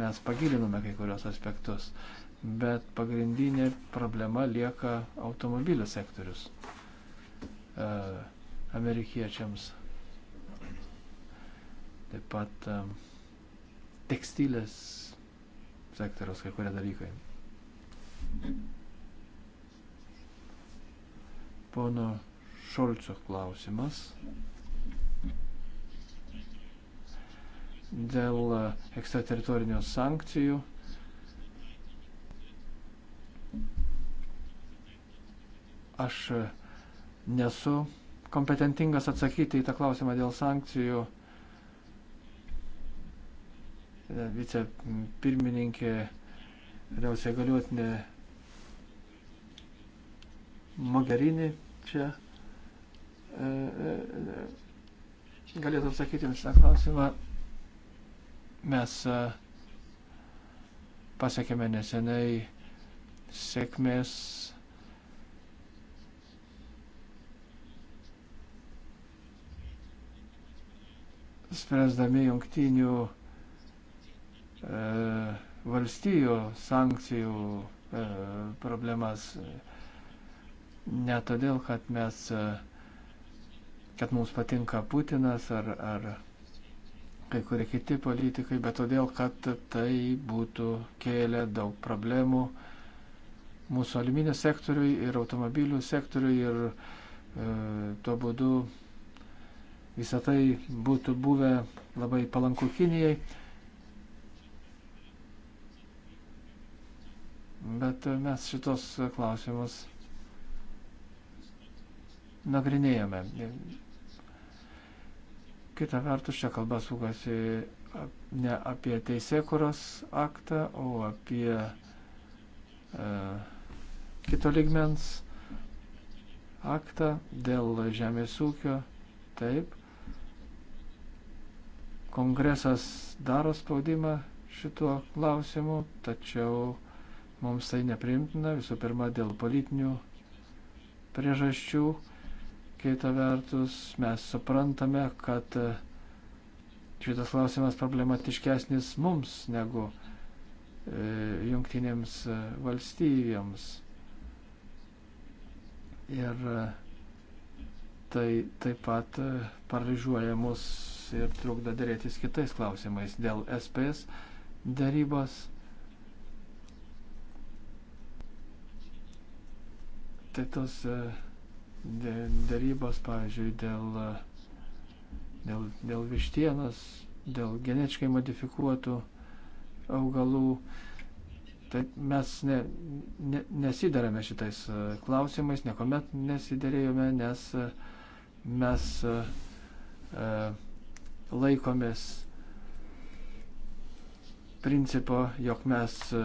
mes pagilinome kai kurios aspektus, bet pagrindinė problema lieka automobilių sektorius e, amerikiečiams. Taip pat e, tekstilės sektoriaus kai kurie dalykai. Pono Šolco klausimas dėl e, ekstrateritorinio sankcijų. Aš e, nesu kompetentingas atsakyti į tą klausimą dėl sankcijų. E, vicepirmininkė, vėliausiai galiuotinė Mogherini čia e, e, e galėtų atsakyti šitą klausimą. Mes e, pasiekėme neseniai sėkmės spręsdami jungtinių e, valstijų sankcijų e, problemas. E, ne todėl, kad mes, e, kad mums patinka Putinas ar, ar kai kurie kiti politikai, bet todėl, kad tai būtų kėlę daug problemų mūsų aliuminio sektoriui ir automobilių sektoriui ir e, tuo būdu visą tai būtų buvę labai palanku Kinijai. Bet mes šitos klausimus nagrinėjame. Kita vertus, čia kalba sukasi ne apie teisėkuros aktą, o apie e, kito ligmens aktą dėl žemės ūkio. Taip. Kongresas daro spaudimą šituo klausimu, tačiau mums tai neprimtina visų pirma dėl politinių priežasčių Kita vertus, mes suprantame, kad e, šitas klausimas problematiškesnis mums negu e, jungtinėms e, valstybėms. Ir tai taip pat paralyžiuoja mus ir trukdo dėrėtis kitais klausimais dėl SPS darybos. Tai tos uh, dėrybos, pavyzdžiui, dėl, dėl, dėl vištienos, dėl genetiškai modifikuotų augalų. Tai mes ne, ne, nesidarėme šitais e, klausimais, niekuomet nesidarėjome, nes e, mes e, laikomės principo, jog mes e,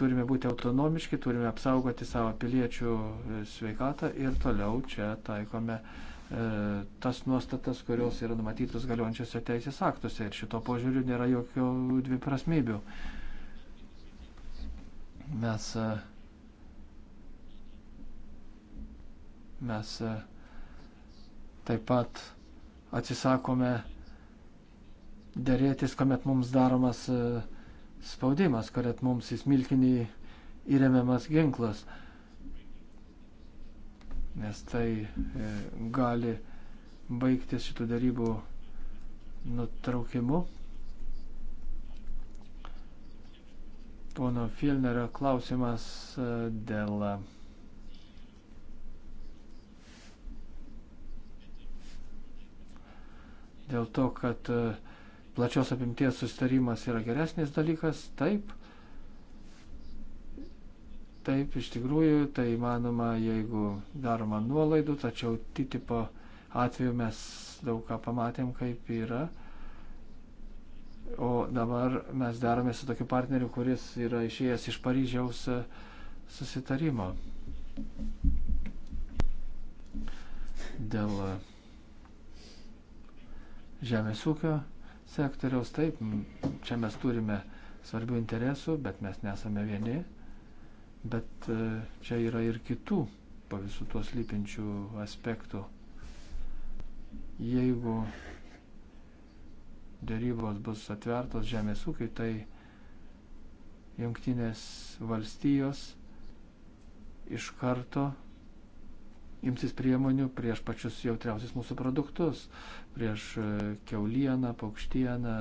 turime būti autonomiški, turime apsaugoti savo piliečių e, sveikatą ir toliau čia taikome e, tas nuostatas, kurios yra numatytos galiojančiose teisės aktuose. Ir šito požiūriu nėra jokių dviprasmybių. Mes, mes taip pat atsisakome dėrėtis, kuomet mums daromas uh, spaudimas, kad mums į smilkinį įremiamas ginklas, nes tai e, gali baigtis šitų darybų nutraukimu. Pono Filnerio klausimas e, dėl e, dėl to, kad uh, plačios apimties sustarimas yra geresnis dalykas, taip. Taip, iš tikrųjų, tai įmanoma, jeigu daroma nuolaidų, tačiau TTIPO atveju mes daug ką pamatėm, kaip yra. O dabar mes darome su tokiu partneriu, kuris yra išėjęs iš Paryžiaus e, susitarimo. Dėl e, žemės ūkio sektoriaus. Taip, čia mes turime svarbių interesų, bet mes nesame vieni. Bet e, čia yra ir kitų po visų tuos lypinčių aspektų. Jeigu dėrybos bus atvertos žemės ūkiai, tai jungtinės valstijos iš karto imsis priemonių prieš pačius jautriausius mūsų produktus, prieš e, keulieną, paukštieną.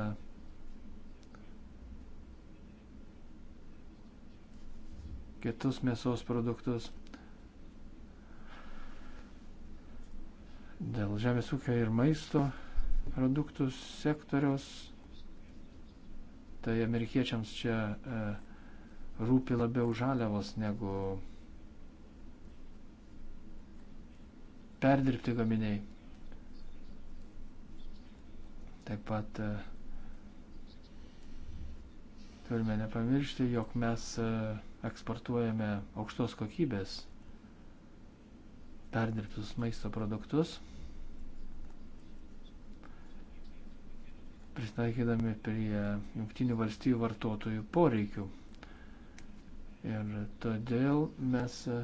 kitus mėsos produktus. Dėl žemės ūkio ir maisto produktų sektoriaus, tai amerikiečiams čia e, rūpi labiau žaliavos negu perdirbti gaminiai. Taip pat e, turime nepamiršti, jog mes e, eksportuojame aukštos kokybės perdirbtus maisto produktus, pritaikydami prie jungtinių valstybių vartotojų poreikių. Ir todėl mes e,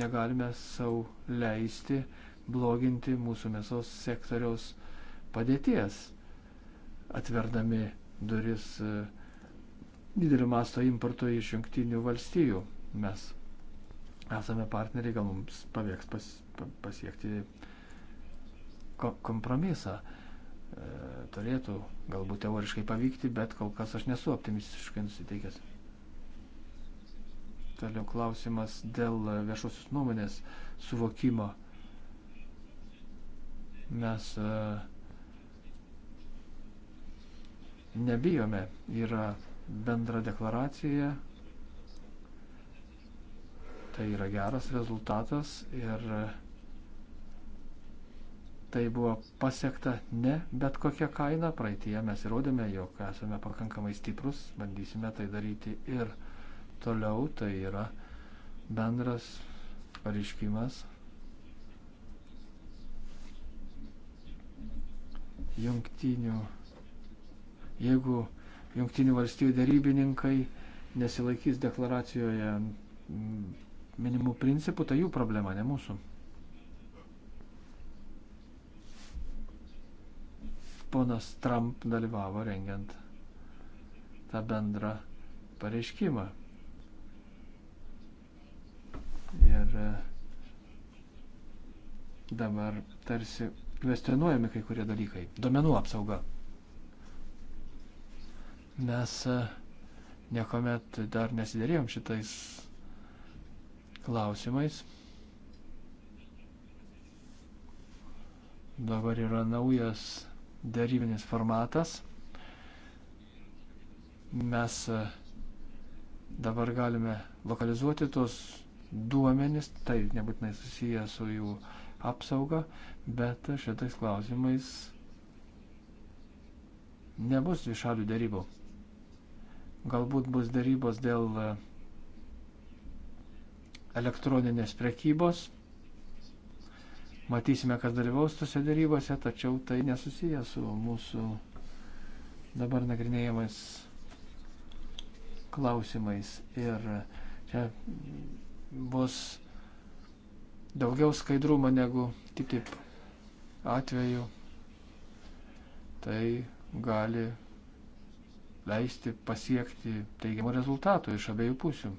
negalime savo leisti uh, bloginti mūsų mėsos sektoriaus padėties, atverdami duris e, didelio masto importo iš jungtinių valstijų. Mes esame partneriai, gal mums pavyks pas, pasiekti kompromisą. E, turėtų galbūt teoriškai pavykti, bet kol kas aš nesu optimistiškai nusiteikęs. Toliau klausimas dėl viešosios nuomonės suvokimo. Mes e, nebijome, yra bendra deklaracija, tai yra geras rezultatas ir e, tai buvo pasiekta ne bet kokia kaina. Praeitie mes įrodėme, jog esame pakankamai stiprus, bandysime tai daryti ir toliau. Tai yra bendras pareiškimas jungtinių, jeigu jungtinių valstybių darybininkai nesilaikys deklaracijoje mm, minimų principų, tai jų problema, ne mūsų. Ponas Trump dalyvavo rengiant tą bendrą pareiškimą. Ir e, dabar tarsi kvestionuojami kai kurie dalykai. Domenų apsauga. Mes e, niekuomet dar nesiderėjom šitais klausimais. Dabar yra naujas darybinis formatas. Mes e, dabar galime lokalizuoti tos duomenys, tai nebūtinai susiję su jų uh, apsaugą, bet šitais klausimais nebus dvišalių darybų. Galbūt bus darybos dėl e, elektroninės prekybos. Matysime, kas dalyvaus tose darybose, tačiau tai nesusiję su mūsų dabar nagrinėjimais klausimais. Ir čia bus daugiau skaidrumo negu TTIP atveju, tai gali leisti pasiekti teigiamų rezultatų iš abiejų pusių.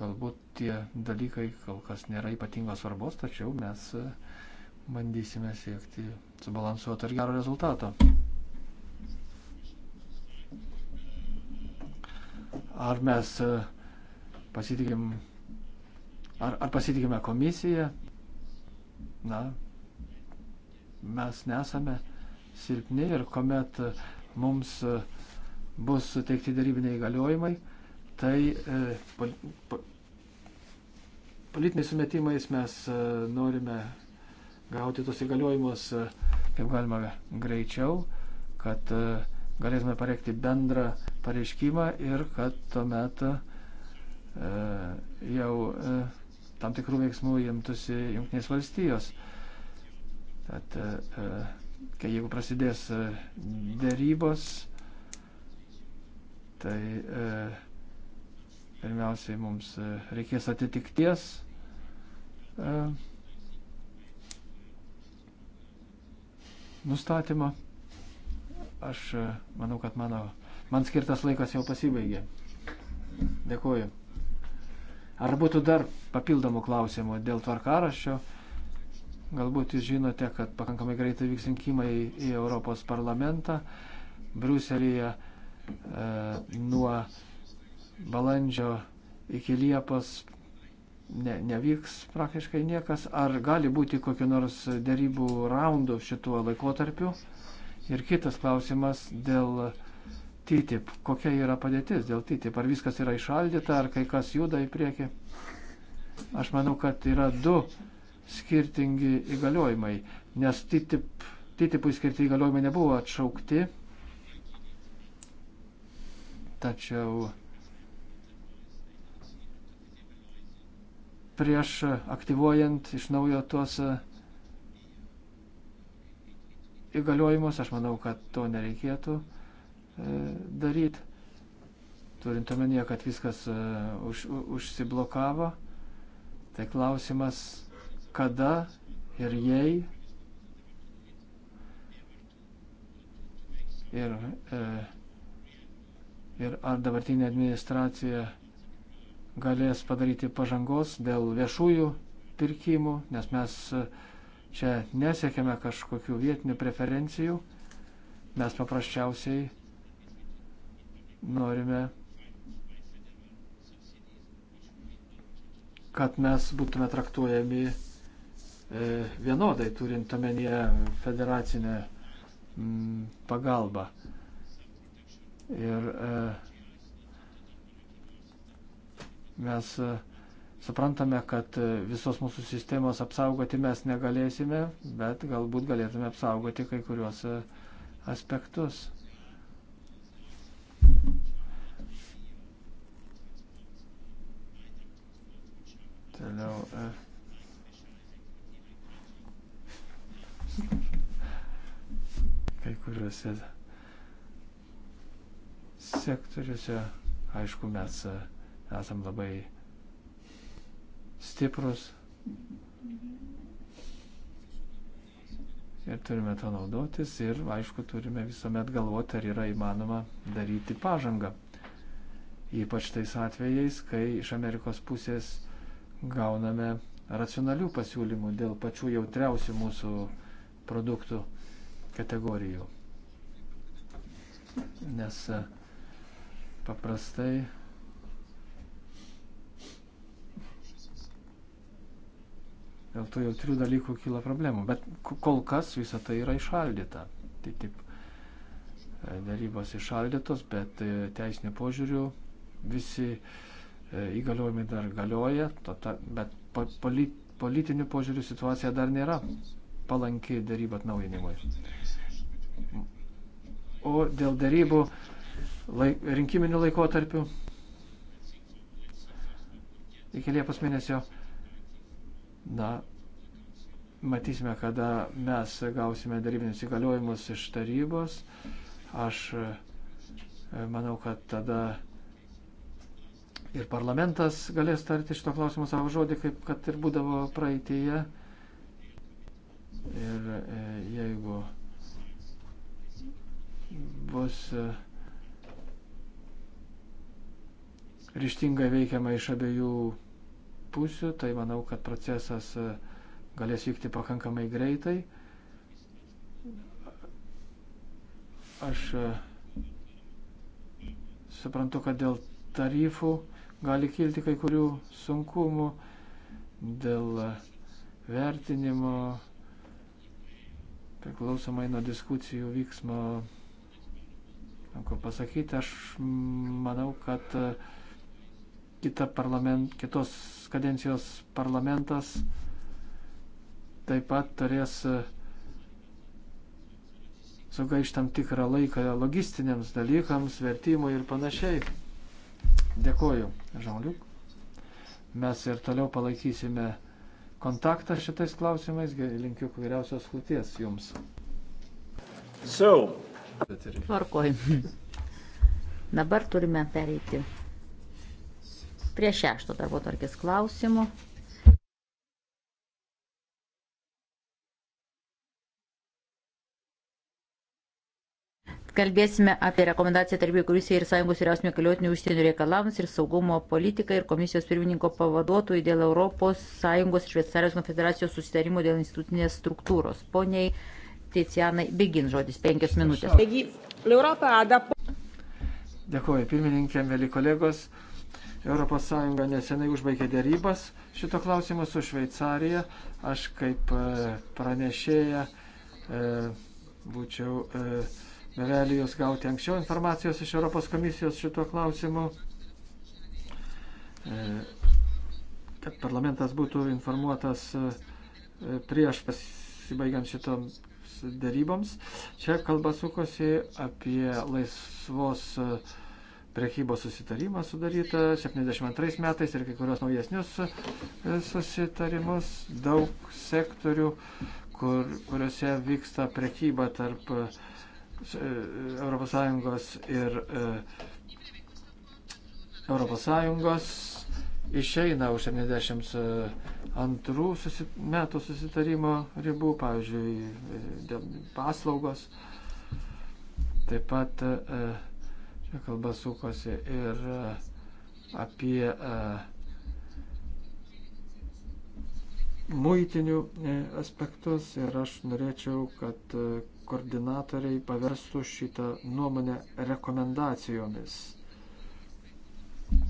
Galbūt tie dalykai kol kas nėra ypatingos svarbos, tačiau mes e, bandysime siekti subalansuoto ir gero rezultato. Ar mes e, pasitikim Ar, ar pasitikime komisiją? Na, mes nesame silpni ir kuomet mums bus suteikti darybiniai įgaliojimai, tai e, pol, po, politiniais sumetimais mes e, norime gauti tos įgaliojimus e, kaip galima greičiau, kad e, galėtume pareikti bendrą pareiškimą ir kad tuomet e, jau e, tam tikrų veiksmų imtusi Junktinės valstijos. Tad, e, e, kai jeigu prasidės e, dėrybos, tai pirmiausiai mums reikės atitikties. Nustatymą. Aš manau, kad mano, man skirtas laikas jau pasibaigė. Dėkuoju. Ar būtų dar papildomų klausimų dėl tvarkaraščio? Galbūt jūs žinote, kad pakankamai greitai vyks rinkimai į Europos parlamentą. Bruselėje e, nuo balandžio iki Liepos ne, nevyks praktiškai niekas. Ar gali būti kokiu nors darybų raundų šituo laikotarpiu? Ir kitas klausimas dėl TTIP. Kokia yra padėtis dėl TTIP? Ar viskas yra išaldyta, ar kai kas juda į priekį? Aš manau, kad yra du skirtingi įgaliojimai, nes TTIP, TTIPui skirti įgaliojimai nebuvo atšaukti, tačiau prieš aktyvuojant iš naujo tuos e, įgaliojimus, aš manau, kad to nereikėtų E, daryti, turint omenyje, kad viskas e, už, užsiblokavo. Tai klausimas, kada ir jei. Ir, e, ir ar dabartinė administracija galės padaryti pažangos dėl viešųjų pirkimų, nes mes čia nesiekėme kažkokių vietinių preferencijų, mes paprasčiausiai norime, kad mes būtume traktuojami e, vienodai, turint omenyje federacinę mm, pagalbą. Ir e, mes e, suprantame, kad visos mūsų sistemos apsaugoti mes negalėsime, bet galbūt galėtume apsaugoti kai kuriuos aspektus. Toliau. E. Kai kuriuose sektoriuose, aišku, mes e, esam labai stiprus ir turime to naudotis ir, aišku, turime visuomet galvoti, ar yra įmanoma daryti pažangą. Ypač tais atvejais, kai iš Amerikos pusės gauname racionalių pasiūlymų dėl pačių jautriausių mūsų produktų kategorijų. Nes e, paprastai dėl tų jautrių dalykų kyla problemų. Bet kol kas visą tai yra išaldyta. Tai taip, e, darybos išaldytos, bet e, teisinio požiūrių visi uh, E, įgaliojimai dar galioja, tata, bet polit, politiniu požiūriu situacija dar nėra palanki darybą atnaujinimui. O dėl darybų laik, rinkiminių laikotarpių iki Liepos mėnesio, na, matysime, kada mes gausime darybinius įgaliojimus iš tarybos. Aš e, manau, kad tada ir parlamentas galės tarti šito klausimo savo žodį, kaip kad ir būdavo praeitėje. Ir e, jeigu bus e, ryštingai veikiama iš abiejų pusių, tai manau, kad procesas e, galės vykti pakankamai greitai. Aš suprantu, kad dėl tarifų gali kilti kai kurių sunkumų dėl vertinimo priklausomai nuo diskusijų vyksmo. Ko pasakyti, aš manau, kad e, kita parlament, kitos kadencijos parlamentas taip pat turės e, sugaištam tikrą laiką logistiniams dalykams, vertimui ir panašiai. Dėkuoju, Žanliuk. Mes ir toliau palaikysime kontaktą šitais klausimais. Linkiu vyriausios klūties jums. So. Tvarkoj. Dabar turime pereiti prie šešto darbo tarkės klausimų. Kalbėsime apie rekomendaciją tarp Rusijai ir Sąjungos vyriausinio keliotinių užsienio reikalams ir saugumo politiką ir komisijos pirmininko pavaduotojų dėl Europos Sąjungos ir Šveicarijos konfederacijos susitarimo dėl institucinės struktūros. Poniai Ticianai, begin žodis, penkios minutės. Dėkuoju, pirmininkė, mėly kolegos. Europos Sąjunga nesenai užbaigė dėrybas šito klausimu su Šveicarija. Aš kaip e, pranešėja e, būčiau. E, realijos gauti anksčiau informacijos iš Europos komisijos šituo klausimu, e, kad parlamentas būtų informuotas e, prieš pasibaigiant šitoms daryboms. Čia kalba sukosi apie laisvos e, priekybos susitarimą sudarytą 72 metais ir kai kurios naujesnius susitarimus, daug sektorių, kur, kuriuose vyksta priekyba tarp uh, ES ir ES išeina už 72 e, susi, metų susitarimo ribų, pavyzdžiui, e, paslaugos. Taip pat e, čia kalba sukosi ir apie muitinių aspektus ir aš norėčiau, kad koordinatoriai paverstų šitą nuomonę rekomendacijomis.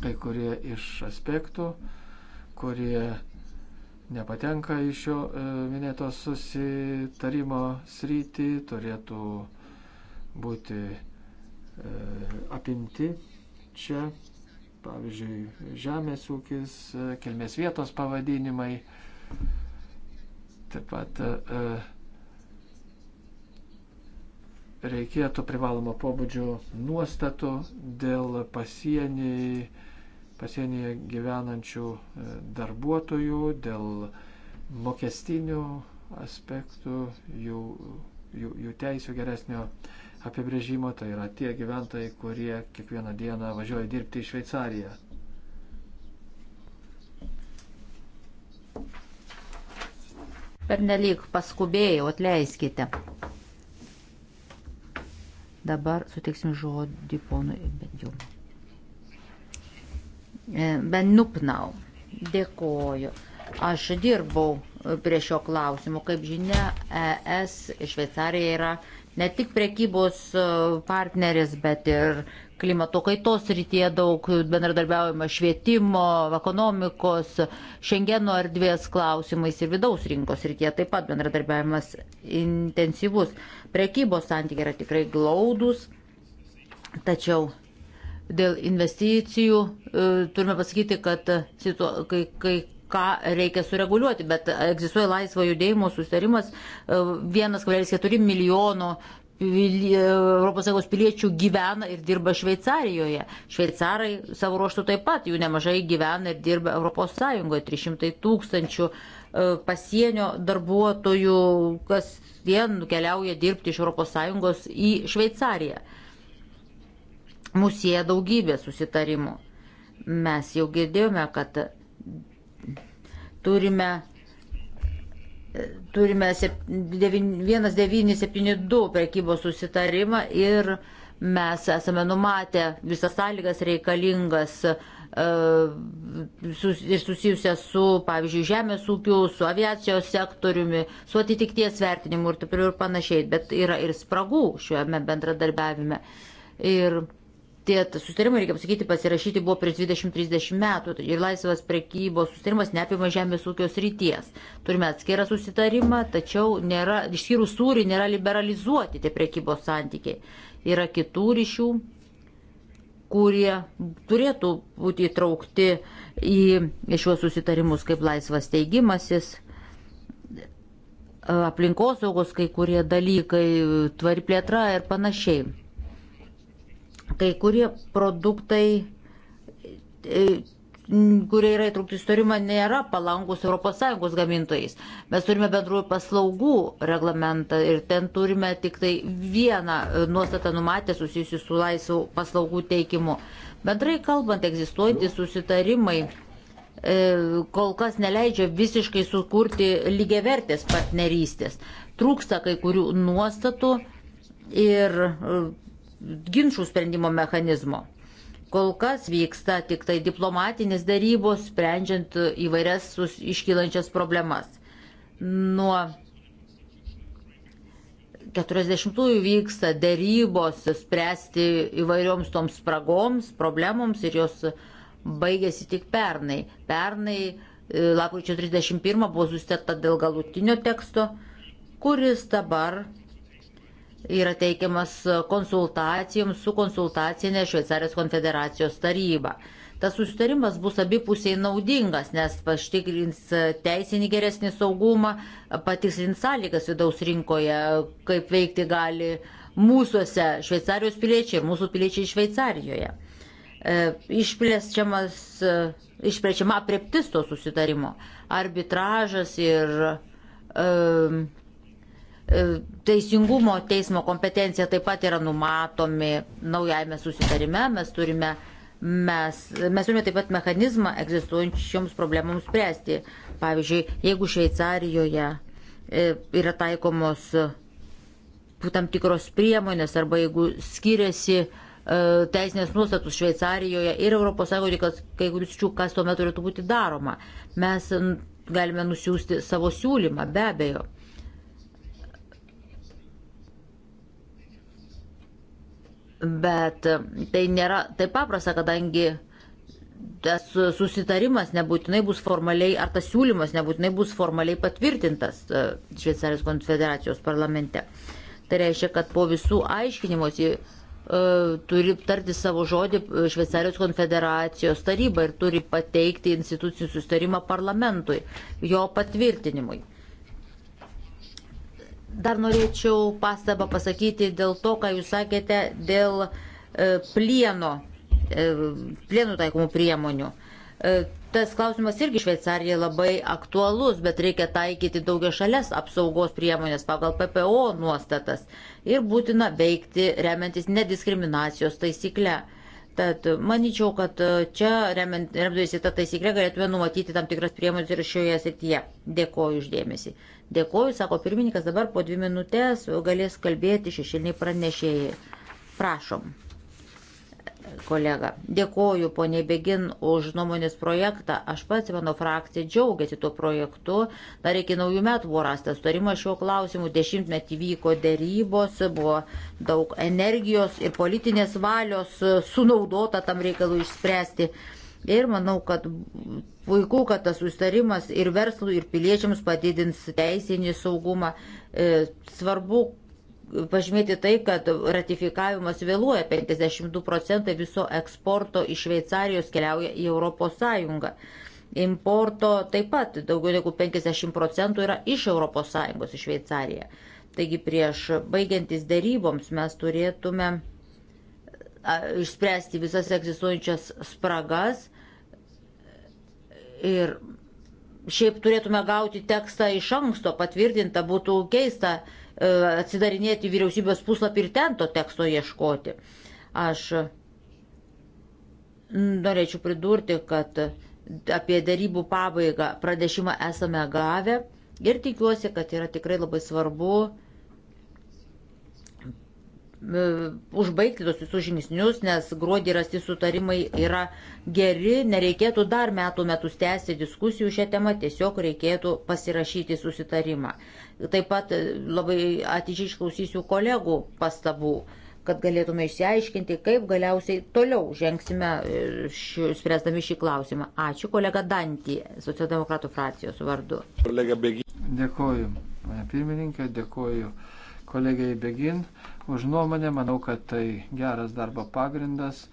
Kai kurie iš aspektų, kurie nepatenka iš šio e, minėto susitarimo srity, turėtų būti e, apimti čia, pavyzdžiui, žemės ūkis, e, kilmės vietos pavadinimai, taip pat reikėtų privalomo pobūdžio nuostatų dėl pasienį, pasienyje gyvenančių e, darbuotojų, dėl mokestinių aspektų, jų, jų, jų teisų geresnio apibrėžimo, tai yra tie gyventojai, kurie kiekvieną dieną važiuoja dirbti į Šveicariją. Pernelyg paskubėjau, atleiskite. Dabar suteiksim žodį ponui Benjum. E, Benupnau. Dėkoju. Aš dirbau e, prie šio klausimo. Kaip žinia, ES Šveicarija yra ne tik prekybos e, partneris, bet ir klimato kaitos rytyje daug bendradarbiaujama švietimo, ekonomikos, šengeno erdvės klausimais ir vidaus rinkos rytyje taip pat bendradarbiavimas intensyvus. Prekybos santykiai yra tikrai glaudus, tačiau dėl investicijų e, turime pasakyti, kad situa, kai, kai ką reikia sureguliuoti, bet egzistuoja laisvo judėjimo sustarimas 1,4 e, milijono ES piliečių gyvena ir dirba Šveicarijoje. Šveicarai savo ruoštų taip pat, jų nemažai gyvena ir dirba ES, 300 tūkstančių e, pasienio darbuotojų kasdien keliauja dirbti iš ES į Šveicariją. Mūsų jie daugybė susitarimų. Mes jau girdėjome, kad turime turime 1972 prekybos susitarimą ir mes esame numatę visas sąlygas reikalingas e, ir susijusias su, pavyzdžiui, žemės ūkiu, su aviacijos sektoriumi, su atitikties vertinimu ir taip ir panašiai, bet yra ir spragų šiame bendradarbiavime. Ir tie sustarimai, reikia pasakyti, pasirašyti buvo prieš 20-30 metų ir laisvas prekybos sustarimas neapima žemės ūkio srities. Turime atskirą susitarimą, tačiau nėra, išskyrus sūrį nėra liberalizuoti tie prekybos santykiai. Yra kitų ryšių, kurie turėtų būti įtraukti į šiuos susitarimus kaip laisvas teigimasis aplinkosaugos kai kurie dalykai, tvari plėtra ir panašiai. Kai kurie produktai, e, kurie yra įtraukti į sutarimą, nėra palankus ES gamintojais. Mes turime bendrųjų paslaugų reglamentą ir ten turime tik tai vieną e, nuostatą numatę susijusiu su laisvų paslaugų teikimu. Bendrai kalbant, egzistuojantys susitarimai e, kol kas neleidžia visiškai sukurti lygiavertės partnerystės. Trūksta kai kurių nuostatų ir ginčių sprendimo mechanizmo. Kol kas vyksta tik tai diplomatinės darybos, sprendžiant įvairias iškylančias problemas. Nuo 40-ųjų vyksta darybos spręsti įvairioms toms spragoms, problemoms ir jos baigėsi tik pernai. Pernai e, lapkričio 31 buvo sustarta dėl galutinio teksto, kuris dabar yra teikiamas konsultacijoms su konsultacinė Šveicarijos konfederacijos taryba. Tas susitarimas bus abipusiai naudingas, nes paštikrins teisinį geresnį saugumą, patikslins sąlygas vidaus rinkoje, kaip veikti gali mūsųse Šveicarijos piliečiai ir mūsų piliečiai Šveicarijoje. E, e, išplečiama apreptis to susitarimo. Arbitražas ir um, Teisingumo teismo kompetencija taip pat yra numatomi naujajame susitarime. Mes turime, mes, mes turime taip pat mechanizmą egzistuojančioms problemams spręsti. Pavyzdžiui, jeigu Šveicarijoje e, yra taikomos e, tam tikros priemonės arba jeigu skiriasi e, teisinės nuostatus Šveicarijoje ir ES, kad kai kuris čių, kas tuomet turėtų būti daroma. Mes galime nusiųsti savo siūlymą, be abejo. Bet tai nėra taip paprasta, kadangi tas susitarimas nebūtinai bus formaliai, ar tas siūlymas nebūtinai bus formaliai patvirtintas e, Šveicarijos konfederacijos parlamente. Tai reiškia, kad po visų aiškinimuose turi tarti savo žodį Šveicarijos konfederacijos taryba ir turi pateikti institucijų sustarimą parlamentui, jo patvirtinimui. Dar norėčiau pastabą pasakyti dėl to, ką jūs sakėte, dėl e, plieno, e, plienų taikomų priemonių. E, tas klausimas irgi Šveicarijai labai aktualus, bet reikia taikyti daugia šalias apsaugos priemonės pagal PPO nuostatas ir būtina veikti remiantis nediskriminacijos taisykle. Tad manyčiau, kad čia remiantis tą taisyklę galėtume numatyti tam tikras priemonės ir šioje srityje. Dėkoju uždėmesi. Dėkoju, sako pirmininkas, dabar po dvi minutės galės kalbėti šešiliniai pranešėjai. Prašom, kolega. Dėkoju, ponė Begin, už nuomonės projektą. Aš pats, mano frakcija, džiaugiasi tuo projektu. Dar iki naujų metų buvo rastas sutarimas šiuo klausimu. Dešimtmetį vyko dėrybos, buvo daug energijos ir politinės valios sunaudota tam reikalui išspręsti Ir manau, kad puiku, kad tas sustarimas ir verslui, ir piliečiams padidins teisinį saugumą. E, svarbu pažymėti tai, kad ratifikavimas vėluoja 52 procentai viso eksporto iš Šveicarijos keliauja į ES. Importo taip pat daugiau negu 50 procentų yra iš ES į Šveicariją. Taigi prieš baigiantis dėryboms mes turėtume išspręsti visas egzistuojančias spragas Ir šiaip turėtume gauti tekstą iš anksto patvirtintą, būtų keista e, atsidarinėti vyriausybės puslapį ir ten to teksto ieškoti. Aš norėčiau pridurti, kad apie darybų pabaigą pradėšimą esame gavę ir tikiuosi, kad yra tikrai labai svarbu E, užbaigti tos visus žingsnius, nes gruodį rasti sutarimai yra geri, nereikėtų dar metų metus tęsti diskusijų šią temą, tiesiog reikėtų pasirašyti susitarimą. Taip pat e, labai atidžiai išklausysiu kolegų pastabų kad galėtume išsiaiškinti, kaip galiausiai toliau žengsime e, ši, spręsdami šį klausimą. Ačiū kolega Dantį, socialdemokratų frakcijos vardu. Dėkoju, pirmininkė, dėkoju kolegai Begin už nuomonę. Manau, kad tai geras darbo pagrindas.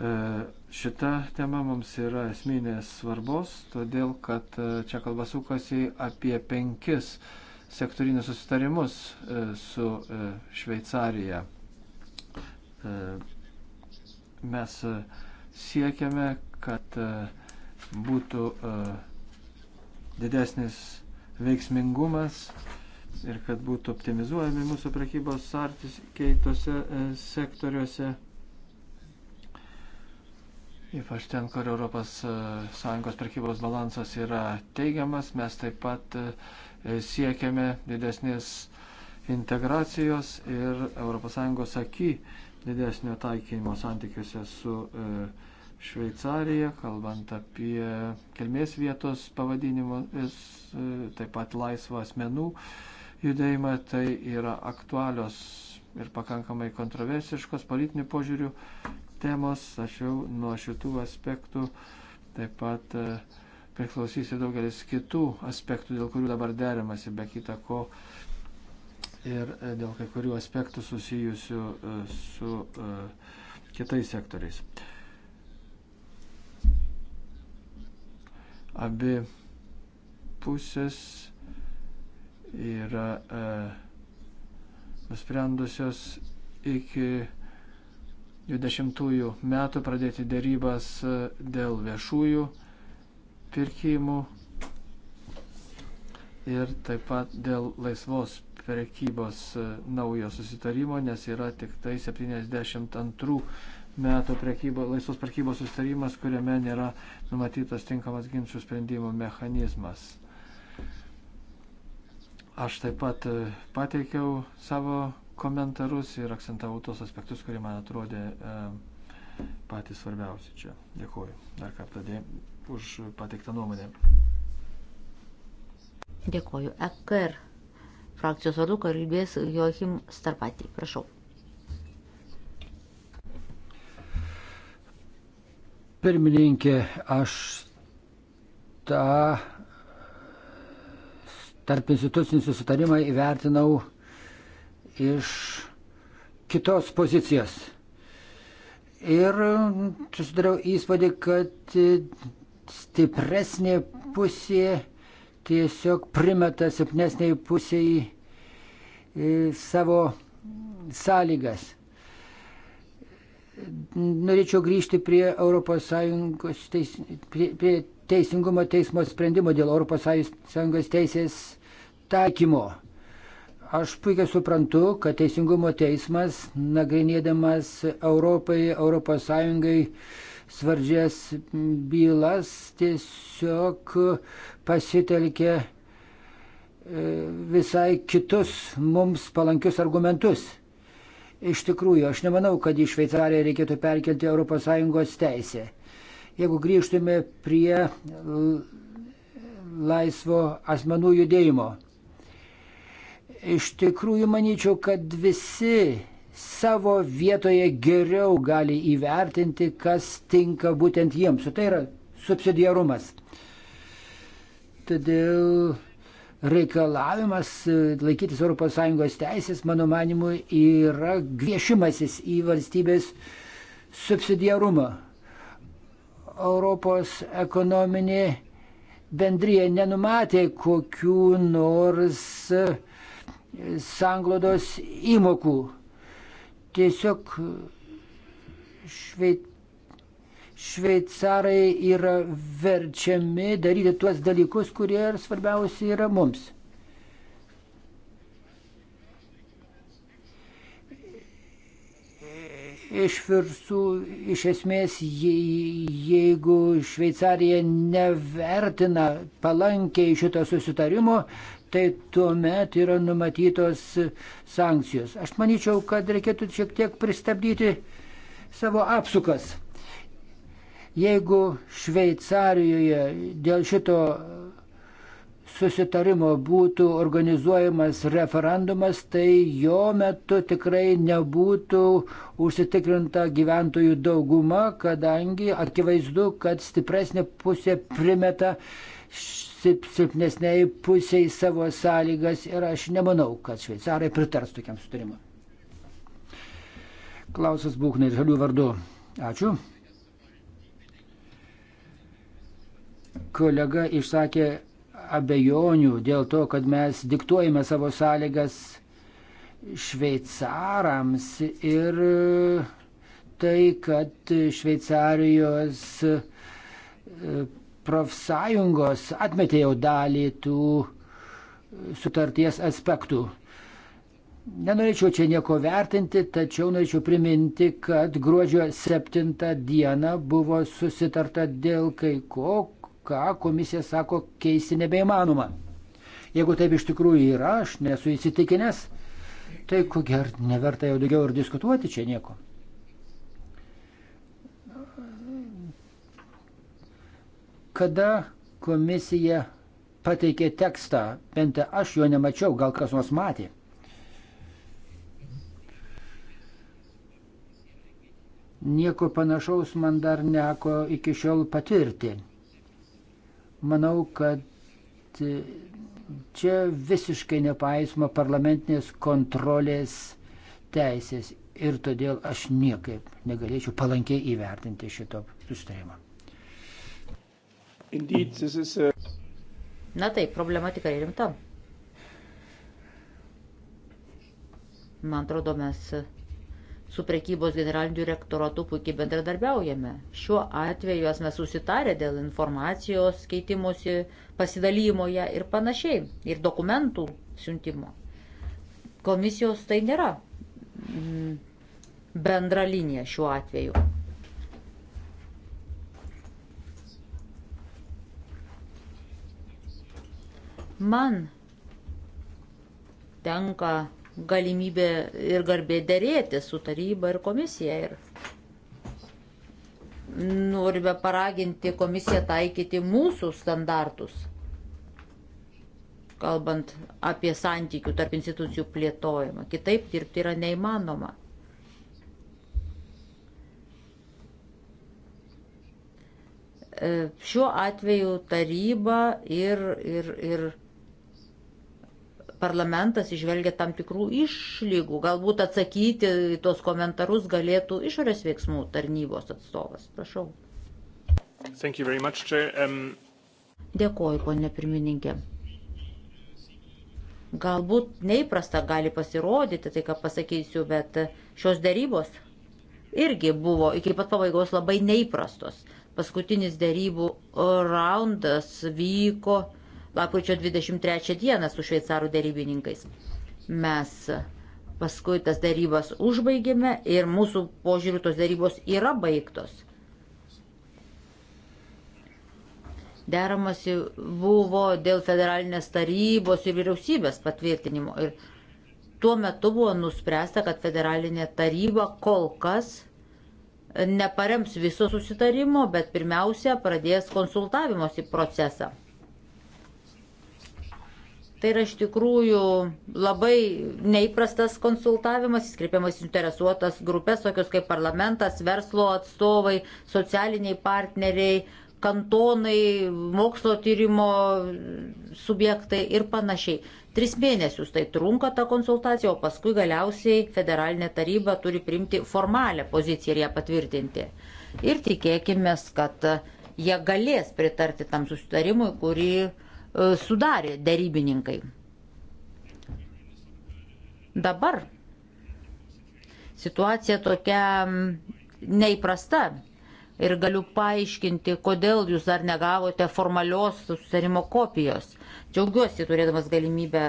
E, šita tema mums yra esminės svarbos, todėl kad e, čia kalba sukasi apie penkis sektorinius susitarimus e, su Šveicarija. Mes siekiame, kad būtų didesnis veiksmingumas ir kad būtų optimizuojami mūsų prekybos sartis keitose e, sektoriuose. Ypač ten, kur ES e, prekybos balansas yra teigiamas, mes taip pat e, siekiame didesnės integracijos ir ES akį didesnio taikymo santykiuose su Šveicarija, kalbant apie kilmės vietos pavadinimus, taip pat laisvą asmenų judėjimą, tai yra aktualios ir pakankamai kontroversiškos politinių požiūrių temos. Aš jau nuo šitų aspektų taip pat e, priklausys ir daugelis kitų aspektų, dėl kurių dabar derimasi, be kita ko, ir e, dėl kai kurių aspektų susijusių e, su kitais sektoriais. Abi pusės yra e, nusprendusios iki 20 metų pradėti dėrybas e, dėl viešųjų pirkimų ir taip pat dėl laisvos prekybos e, naujo susitarimo, nes yra tik tai 72 metų prekybo, laisvos prekybos susitarimas, kuriame nėra numatytas tinkamas ginčių sprendimo mechanizmas. Aš taip pat e, pateikiau savo komentarus ir akcentavau tos aspektus, kurie man atrodė e, patys svarbiausi čia. Dėkuoju dar kartą dė, už pateiktą nuomonę. Dėkuoju. EKR frakcijos vardu kalbės Joachim Starpatį. Prašau. Pirmininkė, aš tą tarp institucinį susitarimą įvertinau iš kitos pozicijos. Ir susidariau įspūdį, kad stipresnė pusė tiesiog primeta silpnesniai pusiai e, savo sąlygas. Norėčiau grįžti prie ES teis, prie, prie Teisingumo teismo sprendimo dėl ES teisės taikymo. Aš puikiai suprantu, kad Teisingumo teismas, nagrinėdamas Europai, ES svardžias bylas, tiesiog pasitelkė e, visai kitus mums palankius argumentus. Iš tikrųjų, aš nemanau, kad į Šveicariją reikėtų perkelti ES teisę. Jeigu grįžtume prie laisvo asmenų judėjimo, Iš tikrųjų, manyčiau, kad visi savo vietoje geriau gali įvertinti, kas tinka būtent jiems. O tai yra subsidiarumas. Todėl reikalavimas laikytis ES teisės, mano manimu, yra griešimasis į valstybės subsidiarumą. Europos ekonominė bendryje nenumatė kokių nors uh, sanglodos įmokų. Tiesiog švei, šveicarai yra verčiami daryti tuos dalykus, kurie ir svarbiausia yra mums. Iš virsų, iš esmės, jeigu Šveicarija nevertina palankiai šito susitarimo, tai tuo met yra numatytos sankcijos. Aš manyčiau, kad reikėtų šiek tiek pristabdyti savo apsukas. Jeigu Šveicarijoje dėl šito susitarimo būtų organizuojamas referendumas, tai jo metu tikrai nebūtų užsitikrinta gyventojų dauguma, kadangi akivaizdu, kad stipresnė pusė primeta silpnesniai pusiai savo sąlygas ir aš nemanau, kad šveicarai pritars tokiam sutarimui. Klausas Būknai, žalių vardu. Ačiū. Kolega išsakė abejonių dėl to, kad mes diktuojame savo sąlygas šveicarams ir tai, kad Šveicarijos profsąjungos atmetė jau dalį tų sutarties aspektų. Nenorėčiau čia nieko vertinti, tačiau norėčiau priminti, kad gruodžio 7 dieną buvo susitarta dėl kai ko, ką komisija sako keisti nebeįmanoma. Jeigu taip iš tikrųjų yra, aš nesu įsitikinęs, tai ko gero neverta jau daugiau ir diskutuoti čia nieko. Kada komisija pateikė tekstą, bent aš jo nemačiau, gal kas nors matė. Nieko panašaus man dar neko iki šiol patirti. Manau, kad e, čia visiškai nepaisoma parlamentinės kontrolės teisės ir todėl aš niekaip negalėčiau palankiai įvertinti šito sustarimo. Indeed, a... Uh, Na taip, problema tikrai rimta. Man atrodo, mes su prekybos generaliniu direktoratu puikiai bendradarbiaujame. Šiuo atveju esame susitarę dėl informacijos keitimosi, pasidalymo ją ir panašiai, ir dokumentų siuntimo. Komisijos tai nėra mm, bendra linija šiuo atveju. Man tenka galimybė ir garbė dėrėti su taryba ir komisija. Ir norime paraginti komisiją taikyti mūsų standartus, kalbant apie santykių tarp institucijų plėtojimą. Kitaip dirbti yra neįmanoma. E, šiuo atveju taryba ir, ir, ir parlamentas išvelgia tam tikrų išlygų. Galbūt atsakyti tuos komentarus galėtų išorės veiksmų tarnybos atstovas. Prašau. Much, Chair. um... Dėkoju, ponė pirmininkė. Galbūt neįprasta gali pasirodyti tai, ką pasakysiu, bet šios darybos irgi buvo iki pat pabaigos labai neįprastos. Paskutinis darybų raundas vyko lapkričio 23 dieną su šveicarų darybininkais. Mes paskui tas darybas užbaigėme ir mūsų požiūrių tos darybos yra baigtos. Deramasi buvo dėl federalinės tarybos ir vyriausybės patvirtinimo. Ir tuo metu buvo nuspręsta, kad federalinė taryba kol kas neparems viso susitarimo, bet pirmiausia pradės konsultavimosi procesą. Tai yra iš tikrųjų labai neįprastas konsultavimas, įskreipiamas interesuotas grupės, tokios kaip parlamentas, verslo atstovai, socialiniai partneriai, kantonai, mokslo tyrimo subjektai ir panašiai. Tris mėnesius tai trunka ta konsultacija, o paskui galiausiai federalinė taryba turi primti formalią poziciją ir ją patvirtinti. Ir tikėkime, kad jie galės pritarti tam susitarimui, kurį E, sudarė darybininkai. Dabar situacija tokia neįprasta ir galiu paaiškinti, kodėl jūs dar negavote formalios susitarimo kopijos. Džiaugiuosi turėdamas galimybę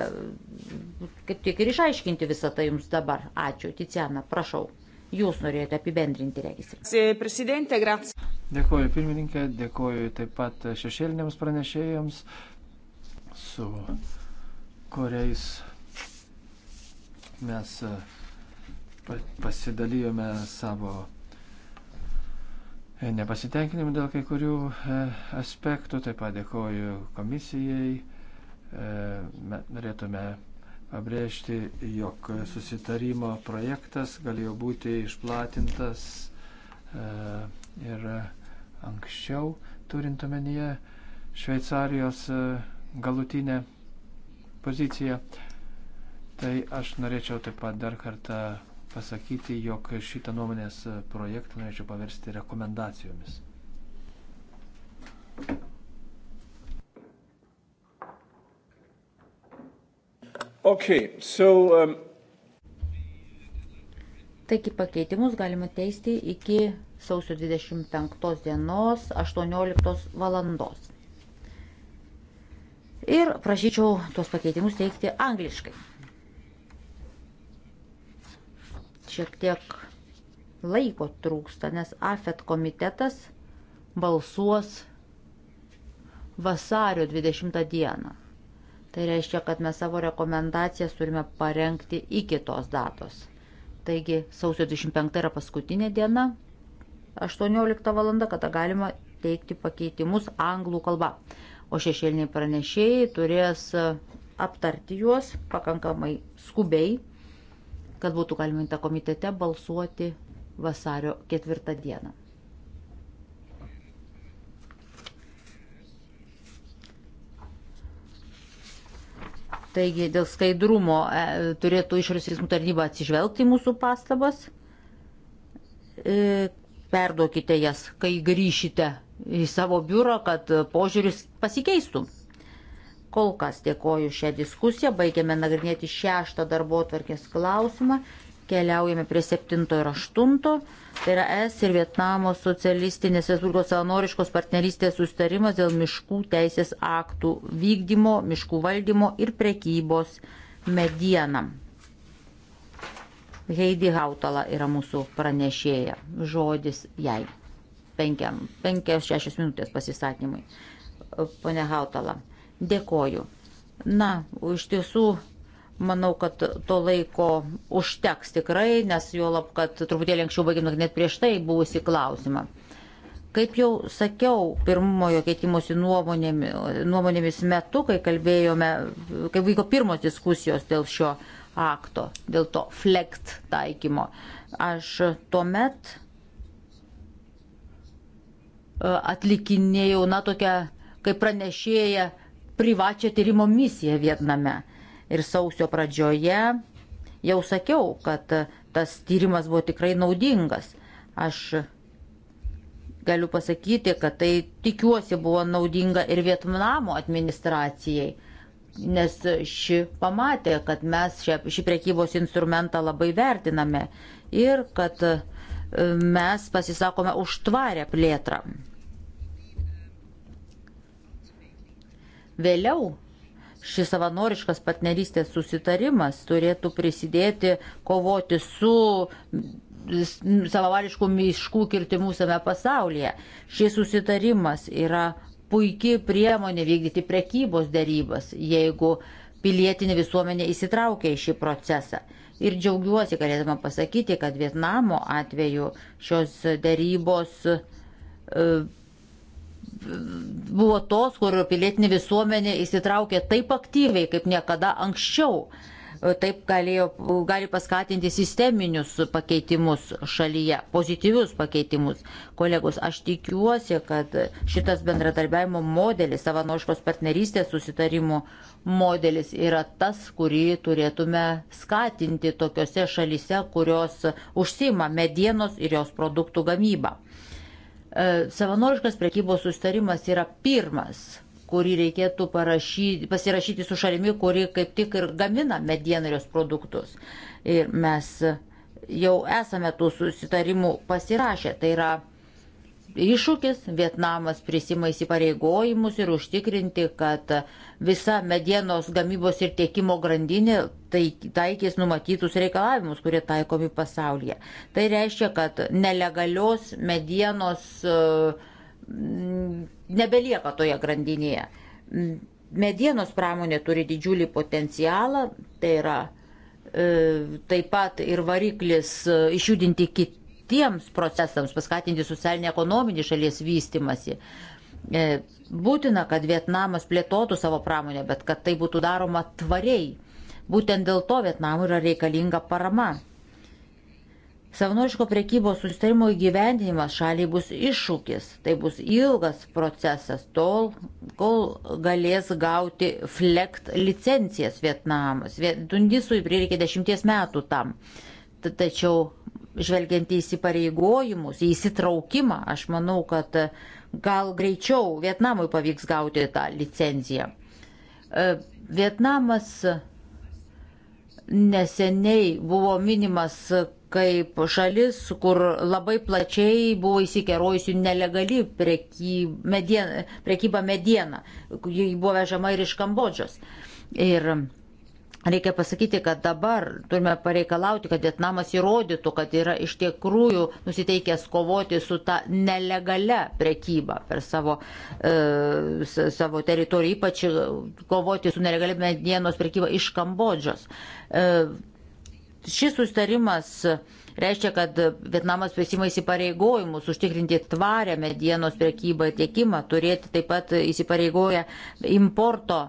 kaip tik ir išaiškinti visą tai jums dabar. Ačiū, Ticiana, prašau. Jūs norėjote apibendrinti registrą. Dėkuoju pirmininkė, dėkuoju taip pat šešėliniams pranešėjams. Uh, su kuriais mes e, pasidalijome savo e, nepasitenkinimu dėl kai kurių e, aspektų. Taip pat dėkoju komisijai. Norėtume pabrėžti, jog susitarimo projektas galėjo būti išplatintas ir anksčiau turint omenyje Šveicarijos galutinę poziciją. Tai aš norėčiau taip pat dar kartą pasakyti, jog šitą nuomonės projektą norėčiau paversti rekomendacijomis. Okay, so, um... Taigi pakeitimus galima teisti iki sausio 25 dienos 18 valandos. Ir prašyčiau tuos pakeitimus teikti angliškai. Šiek tiek laiko trūksta, nes AFET komitetas balsuos vasario 20 dieną. Tai reiškia, kad mes savo rekomendacijas turime parengti iki tos datos. Taigi sausio 25 yra paskutinė diena, 18 val. kada galima teikti pakeitimus anglų kalba o šešėliniai pranešėjai turės e, aptarti juos pakankamai skubiai, kad būtų galima tą komitete balsuoti vasario ketvirtą dieną. Taigi dėl skaidrumo e, turėtų išorės teismų tarnyba atsižvelgti mūsų pastabas. E, perduokite jas, kai grįšite į savo biurą, kad požiūris pasikeistų. Kol kas dėkoju šią diskusiją, baigėme nagrinėti šeštą darbo tvarkės klausimą, keliaujame prie septinto ir aštunto, tai yra Es ir Vietnamo socialistinės Respublikos savanoriškos partnerystės sustarimas dėl miškų teisės aktų vykdymo, miškų valdymo ir prekybos medienam. Heidi Hautala yra mūsų pranešėja. Žodis jai. 5-6 minutės pasisakymui. Pone Hautala, dėkoju. Na, iš tiesų, manau, kad to laiko užteks tikrai, nes jo lab, kad truputėlį anksčiau baigėm net prieš tai buvusi klausimą. Kaip jau sakiau, pirmojo keitimosi nuomonėmis, nuomonėmis metu, kai kalbėjome, kai vyko pirmos diskusijos dėl šio akto, dėl to flekt taikymo, aš tuomet E, atlikinėjau, na, tokią kaip pranešėja privačią tyrimo misiją Vietname. Ir sausio pradžioje jau sakiau, kad tas tyrimas buvo tikrai naudingas. Aš galiu pasakyti, kad tai tikiuosi buvo naudinga ir Vietnamo administracijai, nes ši pamatė, kad mes šią, šį prekybos instrumentą labai vertiname ir kad e, mes pasisakome už tvarę plėtrą. Vėliau šis savanoriškas partnerystės susitarimas turėtų prisidėti kovoti su savavališkų miškų kirtimų visame pasaulyje. Šis susitarimas yra puikiai priemonė vykdyti prekybos dėrybas, jeigu pilietinė visuomenė įsitraukia į šį procesą. Ir džiaugiuosi, galėdama pasakyti, kad Vietnamo atveju šios dėrybos e, buvo tos, kur pilietinė visuomenė įsitraukė taip aktyviai, kaip niekada anksčiau. Taip galėjo, gali paskatinti sisteminius pakeitimus šalyje, pozityvius pakeitimus. Kolegos, aš tikiuosi, kad šitas bendradarbiavimo modelis, savanoriškos partnerystės susitarimų modelis yra tas, kurį turėtume skatinti tokiose šalyse, kurios užsima medienos ir jos produktų gamybą. E, savanoriškas prekybos sustarimas yra pirmas, kurį reikėtų parašyti, pasirašyti su šalimi, kuri kaip tik ir gamina medienarios produktus. Ir mes jau esame tų susitarimų pasirašę. Tai yra iššūkis, Vietnamas prisima įsipareigojimus ir užtikrinti, kad visa medienos gamybos ir tiekimo grandinė tai taikys numatytus reikalavimus, kurie taikomi pasaulyje. Tai reiškia, kad nelegalios medienos e, nebelieka toje grandinėje. Medienos pramonė turi didžiulį potencialą, tai yra e, taip pat ir variklis e, išjudinti kit, kitiems procesams, paskatinti socialinį ekonominį šalies vystimasi. E, būtina, kad Vietnamas plėtotų savo pramonę, bet kad tai būtų daroma tvariai. Būtent dėl to Vietnamui yra reikalinga parama. Savanoriško priekybos sustarimo įgyvendinimas šaliai bus iššūkis, tai bus ilgas procesas, tol, kol galės gauti flekt licencijas Vietnamas. Tundisui prireikė dešimties metų tam. Tačiau žvelgiant į įsipareigojimus, į įsitraukimą, aš manau, kad gal greičiau Vietnamui pavyks gauti tą licenciją. E, Vietnamas neseniai buvo minimas kaip šalis, kur labai plačiai buvo įsikerojusi nelegali prekyba mediena. Ji buvo vežama ir iš Kambodžos. Ir Reikia pasakyti, kad dabar turime pareikalauti, kad Vietnamas įrodytų, kad yra iš tikrųjų nusiteikęs kovoti su ta nelegale prekyba per savo, e, savo teritoriją, ypač kovoti su nelegalia medienos prekyba iš Kambodžos. E, šis sustarimas reiškia, kad Vietnamas prisima įsipareigojimus užtikrinti tvarę medienos prekybą ir tiekimą, turėti taip pat įsipareigoję importo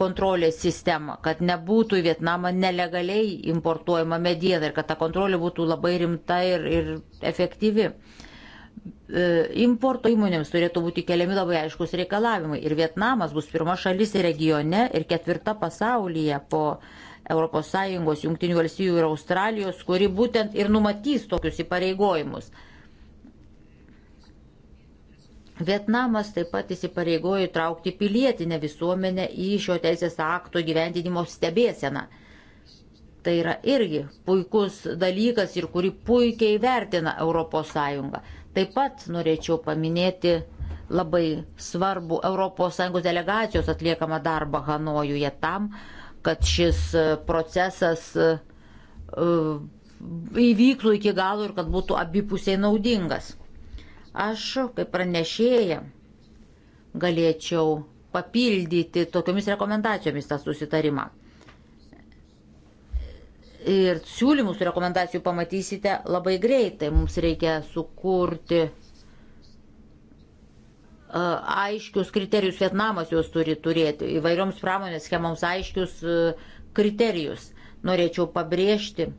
kontrolės sistemą, kad nebūtų į Vietnamą nelegaliai importuojama mediena ir kad ta kontrolė būtų labai rimta ir, ir efektyvi. E, importo įmonėms turėtų būti keliami labai aiškus reikalavimai ir Vietnamas bus pirma šalis regione ir ketvirta pasaulyje po ES, Junktinių valstybių ir Australijos, kuri būtent ir numatys tokius įpareigojimus. Vietnamas taip pat įsipareigojo įtraukti pilietinę visuomenę į šio teisės akto gyvendinimo stebėseną. Tai yra irgi puikus dalykas ir kurį puikiai vertina ES. Taip pat norėčiau paminėti labai svarbu ES delegacijos atliekamą darbą Hanojuje tam, kad šis procesas e, įvyktų iki galo ir kad būtų abipusiai naudingas. Aš, kaip pranešėja, galėčiau papildyti tokiomis rekomendacijomis tą susitarimą. Ir siūlymus rekomendacijų pamatysite labai greitai. Mums reikia sukurti e, aiškius kriterijus, Vietnamas juos turi turėti, įvairioms pramonės schemoms aiškius e, kriterijus. Norėčiau pabrėžti,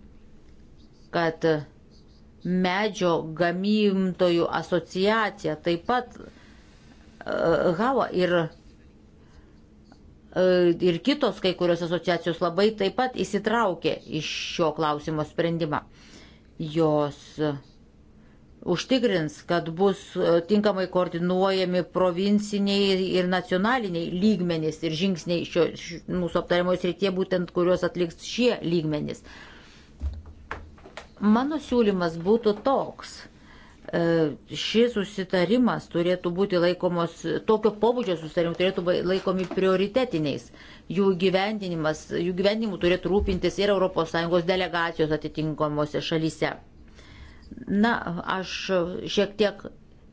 kad medžio gamintojų asociacija taip pat gavo e, ir, e, ir kitos kai kurios asociacijos labai taip pat įsitraukė iš šio klausimo sprendimą. Jos e, užtikrins, kad bus tinkamai koordinuojami provinciniai ir nacionaliniai lygmenys ir žingsniai šio, šio mūsų aptariamoje srityje, būtent kuriuos atliks šie lygmenys. Uh, Mano siūlymas būtų toks. E, šis susitarimas turėtų būti laikomos, tokio pobūdžio susitarimai turėtų būti laikomi prioritetiniais. Jų gyvendinimas, jų gyvendinimu turėtų rūpintis ir ES delegacijos atitinkamuose šalyse. Na, aš šiek tiek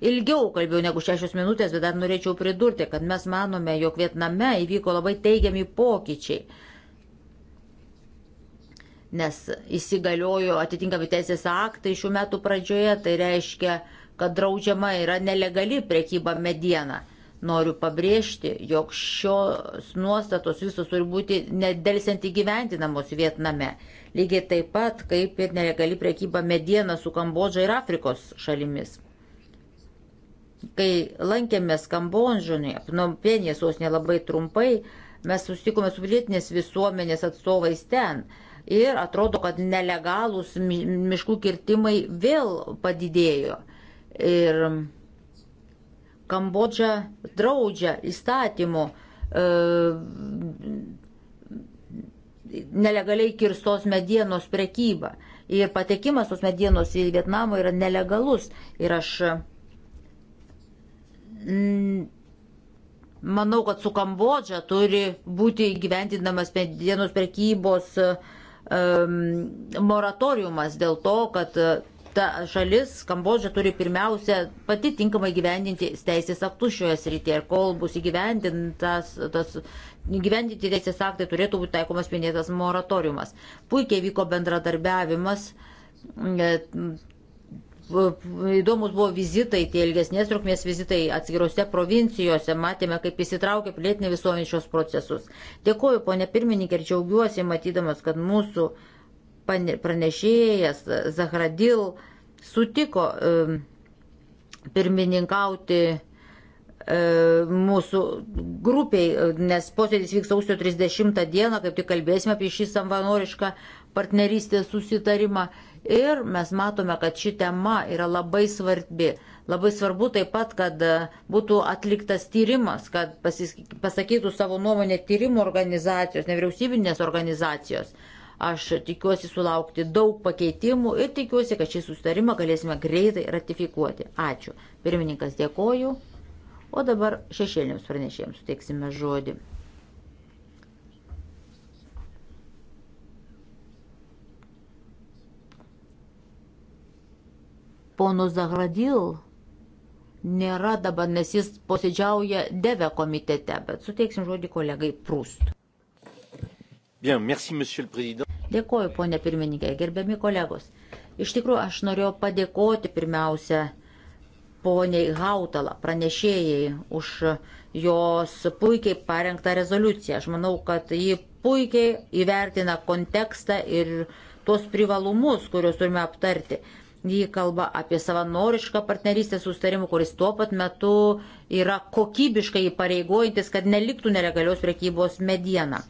ilgiau kalbėjau negu šešios minutės, bet dar norėčiau pridurti, kad mes manome, jog Vietname įvyko labai teigiami pokyčiai nes įsigaliojo atitinkami teisės aktai šių metų pradžioje, tai reiškia, kad draudžiama yra nelegali priekyba mediena. Noriu pabrėžti, jog šios nuostatos visos turi būti nedelsiant įgyvendinamos Vietname. Lygiai taip pat, kaip ir nelegali priekyba mediena su Kambodža ir Afrikos šalimis. Kai lankėmės Kambodžonėje, apnompenė sosnė labai trumpai, mes susitikome su pilietinės visuomenės atstovais ten ir atrodo, kad nelegalūs miškų kirtimai vėl padidėjo. Ir Kambodža draudžia įstatymu e, nelegaliai kirstos medienos prekybą. Ir patekimas tos medienos į Vietnamą yra nelegalus. Ir aš m, manau, kad su Kambodža turi būti gyventinamas medienos prekybos uh, moratoriumas dėl to, kad e, ta šalis, Kambodža, turi pirmiausia pati tinkamai gyvendinti teisės aktus šioje srityje. Ir kol bus įgyvendintas tas gyvendinti teisės aktai, turėtų būti taikomas minėtas moratoriumas. Puikiai vyko bendradarbiavimas e, Įdomus buvo vizitai, tie ilgesnės trukmės vizitai atskirose provincijose, matėme, kaip įsitraukė plėtinė visuomenė šios procesus. Dėkuoju, ponė pirmininkė, ir džiaugiuosi, matydamas, kad mūsų pranešėjas Zahradil sutiko pirmininkauti e, mūsų grupiai, nes posėdis vyks sausio 30 dieną, kaip tik kalbėsime apie šį savanorišką partnerystės susitarimą Ir mes matome, kad ši tema yra labai svarbi. Labai svarbu taip pat, kad e, būtų atliktas tyrimas, kad pasakytų savo nuomonę tyrimų organizacijos, nevyriausybinės organizacijos. Aš tikiuosi sulaukti daug pakeitimų ir tikiuosi, kad šį sustarimą galėsime greitai ratifikuoti. Ačiū. Pirmininkas dėkoju. O dabar šešėlėms pranešėjams suteiksime žodį. pono Zahradil nėra dabar, nes jis posėdžiauja Deve komitete, bet suteiksim žodį kolegai Prūst. Bien, merci, Dėkoju, ponė pirmininkė, gerbiami kolegos. Iš tikrųjų, aš norėjau padėkoti pirmiausia poniai Hautala, pranešėjai, už jos puikiai parengtą rezoliuciją. Aš manau, kad ji puikiai įvertina kontekstą ir tuos privalumus, kuriuos turime aptarti. Ji kalba apie savanorišką partnerystę sustarimu, kuris tuo pat metu yra kokybiškai įpareigojantis, kad neliktų nelegalios priekybos mediena.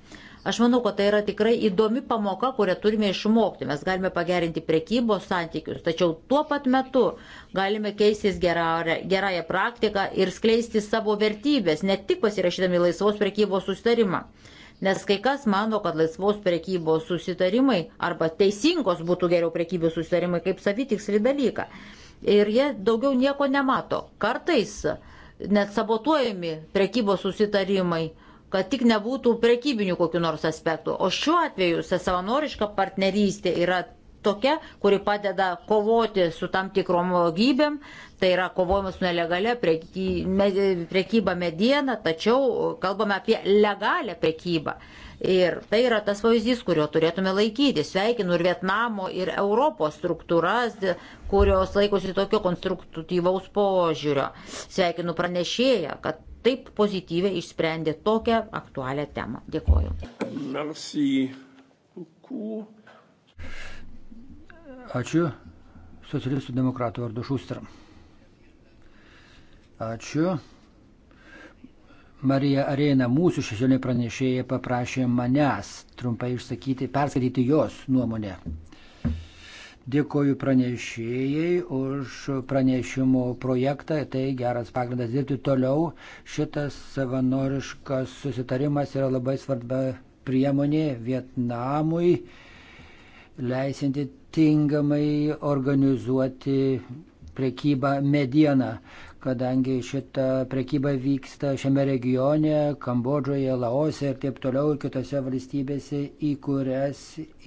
Aš manau, kad tai yra tikrai įdomi pamoka, kurią turime išmokti. Mes galime pagerinti priekybos santykius, tačiau tuo pat metu galime keistis gerą, gerąją praktiką ir skleisti savo vertybės, ne tik pasirašydami laisvos priekybos sustarimą. Nes kai kas mano, kad laisvos prekybos susitarimai arba teisingos būtų geriau prekybos susitarimai kaip savitikslį dalyką. Ir jie daugiau nieko nemato. Kartais net sabotuojami prekybos susitarimai kad tik nebūtų prekybinių kokiu nors aspektu. O šiuo atveju savanoriška partnerystė yra tokia, kuri padeda kovoti su tam tikrom gybėm, tai yra kovojimas su nelegalia prekyba mediena, tačiau kalbame apie legalią prekybą. Ir tai yra tas pavyzdys, kurio turėtume laikytis. Sveikinu ir Vietnamo, ir Europos struktūras, kurios laikosi tokio konstruktyvaus požiūrio. Sveikinu pranešėją, kad taip pozityviai išsprendė tokią aktualią temą. Dėkoju. Merci. Beaucoup. Ačiū. Socialistų demokratų vardu Šūstra. Ačiū. Marija Arena, mūsų šešėlė pranešėja, paprašė manęs trumpai išsakyti, perskaityti jos nuomonę. Dėkoju pranešėjai už pranešimo projektą, tai geras pagrindas dirbti toliau. Šitas savanoriškas susitarimas yra labai svarba priemonė Vietnamui, leisinti tingamai organizuoti prekybą medieną, kadangi šita prekyba vyksta šiame regione, Kambodžoje, Laose ir taip toliau, kitose valstybėse, į kurias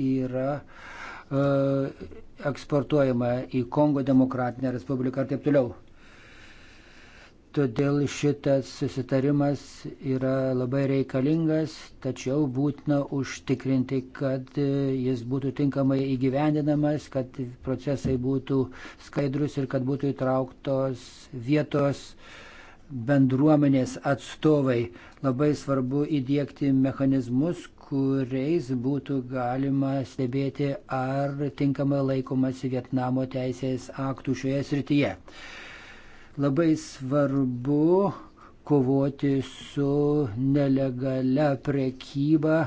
yra uh, eksportuojama į Kongo demokratinę respubliką ir taip toliau. Todėl šitas susitarimas yra labai reikalingas, tačiau būtina užtikrinti, kad e, jis būtų tinkamai įgyvendinamas, kad procesai būtų skaidrus ir kad būtų įtrauktos vietos bendruomenės atstovai. Labai svarbu įdėkti mechanizmus, kuriais būtų galima stebėti, ar tinkamai laikomasi Vietnamo teisės aktų šioje srityje. Labai svarbu kovoti su nelegale prekyba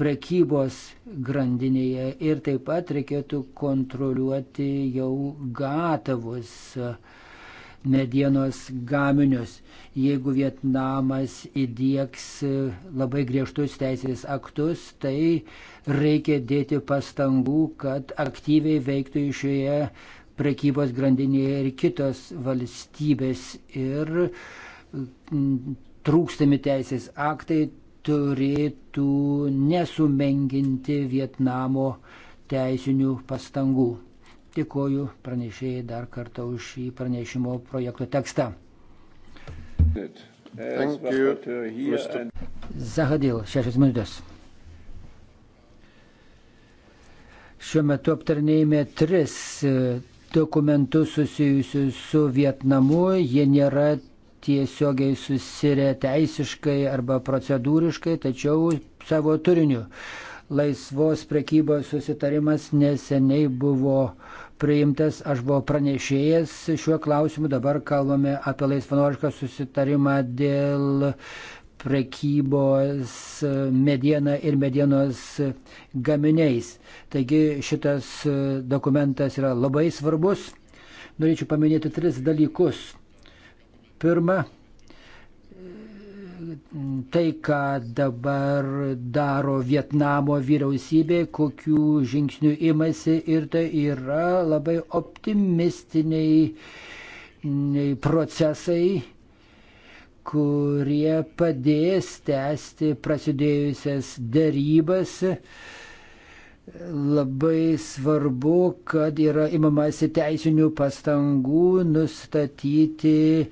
prekybos grandinėje ir taip pat reikėtų kontroliuoti jau gatavus medienos gaminius. Jeigu Vietnamas įdėks labai griežtus teisės aktus, tai reikia dėti pastangų, kad aktyviai veiktų šioje prekybos grandinėje ir kitos valstybės ir trūkstami teisės aktai turėtų nesumenginti Vietnamo teisinių pastangų. Dėkoju pranešėjai dar kartą už šį pranešimo projekto tekstą. Zahadil, šešias minutės. Šiuo metu aptarnėjame tris dokumentus susijusius su Vietnamu, jie nėra tiesiogiai susirė teisiškai arba procedūriškai, tačiau savo turiniu. Laisvos prekybos susitarimas neseniai buvo priimtas, aš buvau pranešėjęs šiuo klausimu, dabar kalbame apie laisvanorišką susitarimą dėl prekybos mediena ir medienos gaminiais. Taigi šitas dokumentas yra labai svarbus. Norėčiau paminėti tris dalykus. Pirma, tai, ką dabar daro Vietnamo vyriausybė, kokių žingsnių imasi ir tai yra labai optimistiniai mm, procesai kurie padės tęsti prasidėjusias dėrybas. Labai svarbu, kad yra imamasi teisinių pastangų nustatyti e,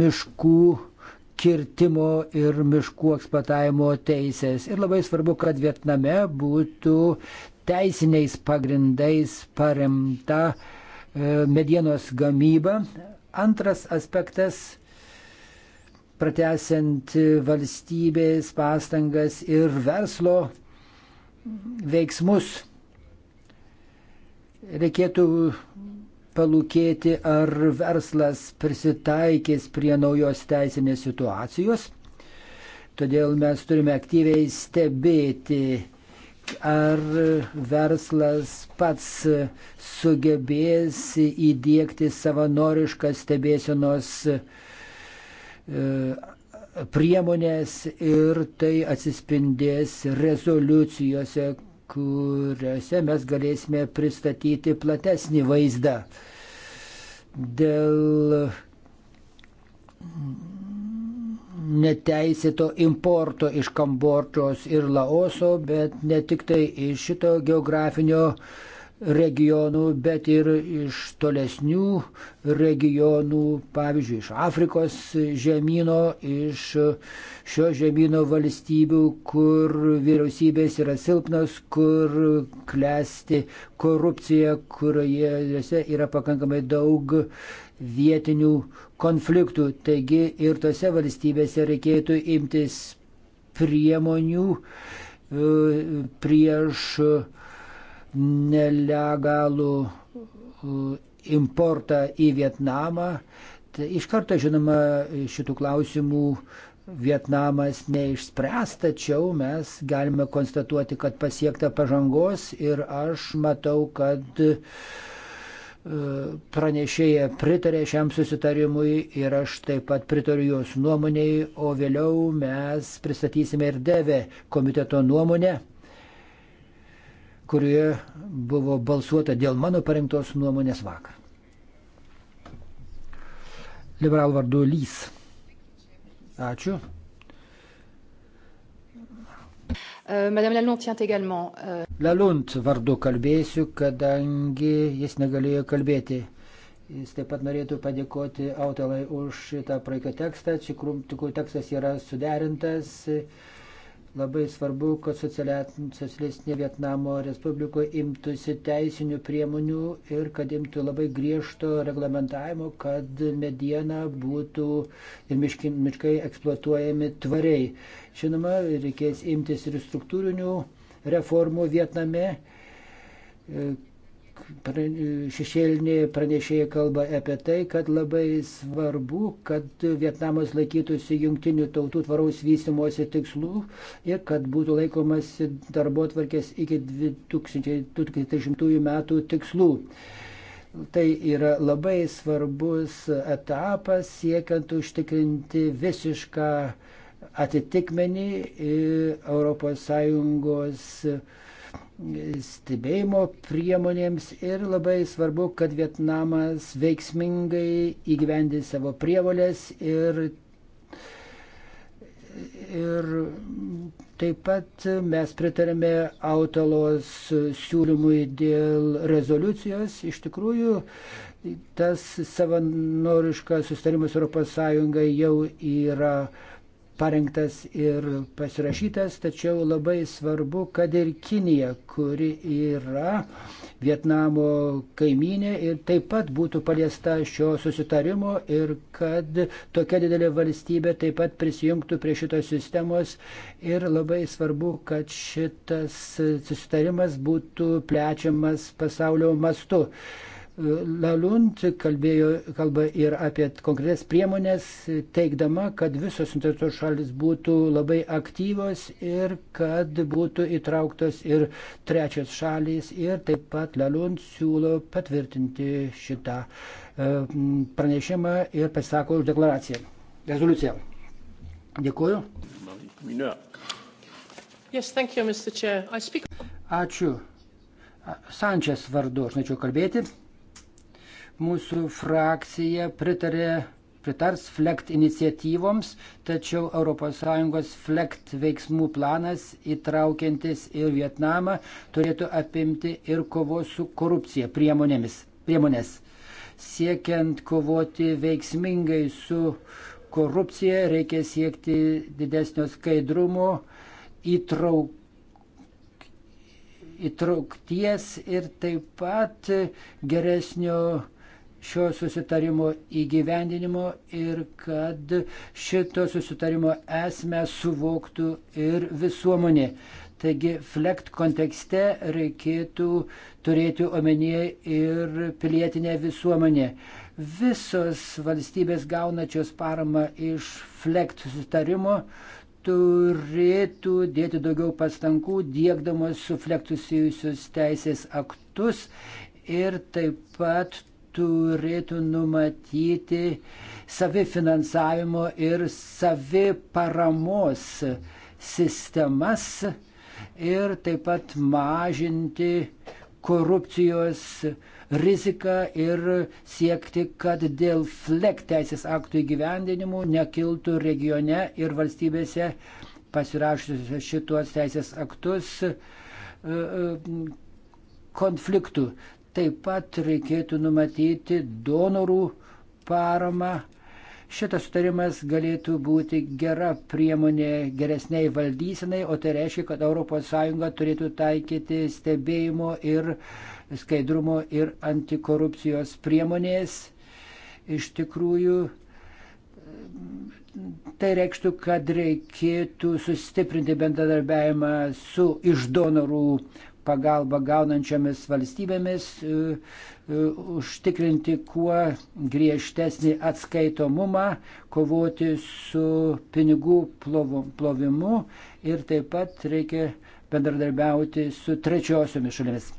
miškų kirtimo ir miškų eksploatavimo teisės. Ir labai svarbu, kad Vietname būtų teisiniais pagrindais paremta e, medienos gamyba. Antras aspektas pratesiant valstybės pastangas ir verslo veiksmus. Reikėtų palūkėti, ar verslas prisitaikys prie naujos teisinės situacijos. Todėl mes turime aktyviai stebėti, ar verslas pats sugebės įdėkti savanorišką stebėsienos uh, E, priemonės ir tai atsispindės rezoliucijose, kuriuose mes galėsime pristatyti platesnį vaizdą. Dėl neteisėto importo iš Kambodžos ir Laoso, bet ne tik tai iš šito geografinio uh, regionų, bet ir iš tolesnių regionų, pavyzdžiui, iš Afrikos žemynų, iš šio žemynų valstybių, kur vyriausybės yra silpnos, kur klesti korupcija, kurioje yra pakankamai daug vietinių konfliktų. Taigi ir tose valstybėse reikėtų imtis priemonių e, prieš uh, nelegalų importą į Vietnamą. Tai iš karto, žinoma, šitų klausimų Vietnamas neišspręs, tačiau mes galime konstatuoti, kad pasiekta pažangos ir aš matau, kad pranešėja pritarė šiam susitarimui ir aš taip pat pritariu jos nuomoniai, o vėliau mes pristatysime ir devę komiteto nuomonę kurioje buvo balsuota dėl mano parengtos nuomonės vakar. Liberal vardu Lys. Ačiū. E, Madame Lalonde tient également. E, Lalonde vardu kalbėsiu, kadangi jis negalėjo kalbėti. Jis taip pat norėtų padėkoti autelai už šitą projekto tekstą. Tikrų tekstas yra suderintas. Uh, Labai svarbu, kad socialistinė Vietnamo Respubliko imtųsi teisinių priemonių ir kad imtų labai griežto reglamentavimo, kad mediena būtų ir miški, miškai eksploatuojami tvariai. Žinoma, reikės imtis ir struktūrinių reformų Vietname, šešėlinė pranešėja kalba apie tai, kad labai svarbu, kad Vietnamas laikytųsi jungtinių tautų tvaraus vystimosi tikslų ir kad būtų laikomasi darbo tvarkės iki 2030 metų tikslų. Tai yra labai svarbus etapas siekiant užtikrinti visišką atitikmenį ES stebėjimo priemonėms ir labai svarbu, kad Vietnamas veiksmingai įgyvendė savo prievolės ir, ir taip pat mes pritarėme autolos siūlymui dėl rezoliucijos. Iš tikrųjų, tas savanoriškas sustarimas ES jau yra uh, parengtas ir pasirašytas, tačiau labai svarbu, kad ir Kinija, kuri yra Vietnamo kaiminė ir taip pat būtų paliesta šio susitarimo ir kad tokia didelė valstybė taip pat prisijungtų prie šitos sistemos ir labai svarbu, kad šitas susitarimas būtų plečiamas pasaulio mastu. Lalund kalbėjo, kalba ir apie konkretas priemonės, teikdama, kad visos interesuotos šalis būtų labai aktyvos ir kad būtų įtrauktos ir trečios šalis. Ir taip pat Lalund siūlo patvirtinti šitą e, pranešimą ir pasisako už deklaraciją. Rezoliuciją. Dėkuoju. Yes, thank you, Mr. Chair. I speak... Ačiū. Sančias vardu aš norėčiau kalbėti. Mūsų frakcija pritarė, pritars FLECT iniciatyvoms, tačiau ES FLECT veiksmų planas įtraukiantis ir Vietnamą turėtų apimti ir kovos su korupcija priemonėmis. priemonės. Siekiant kovoti veiksmingai su korupcija reikia siekti didesnio skaidrumo, įtrauk, įtraukties ir taip pat geresnio šio susitarimo įgyvendinimo ir kad šito susitarimo esmę suvoktų ir visuomonė. Taigi flekt kontekste reikėtų turėti omenyje ir pilietinę visuomenę. Visos valstybės gaunačios paramą iš flekt susitarimo turėtų dėti daugiau pastangų, dėkdamos su flektu susijusius teisės aktus ir taip pat turėtų numatyti savifinansavimo ir saviparamos sistemas ir taip pat mažinti korupcijos riziką ir siekti, kad dėl flek teisės aktų įgyvendinimų nekiltų regione ir valstybėse pasirašusiuose šitos teisės aktus e, e, konfliktų. Taip pat reikėtų numatyti donorų paramą. Šitas sutarimas galėtų būti gera priemonė geresniai valdysenai, o tai reiškia, kad ES turėtų taikyti stebėjimo ir skaidrumo ir antikorupcijos priemonės. Iš tikrųjų, Tai reikštų, kad reikėtų sustiprinti bendradarbiavimą su iš donorų pagalbą gaunančiomis valstybėmis, e, e, užtikrinti kuo griežtesnį atskaitomumą, kovoti su pinigų plovimu ir taip pat reikia bendradarbiauti su trečiosiomis šalimis.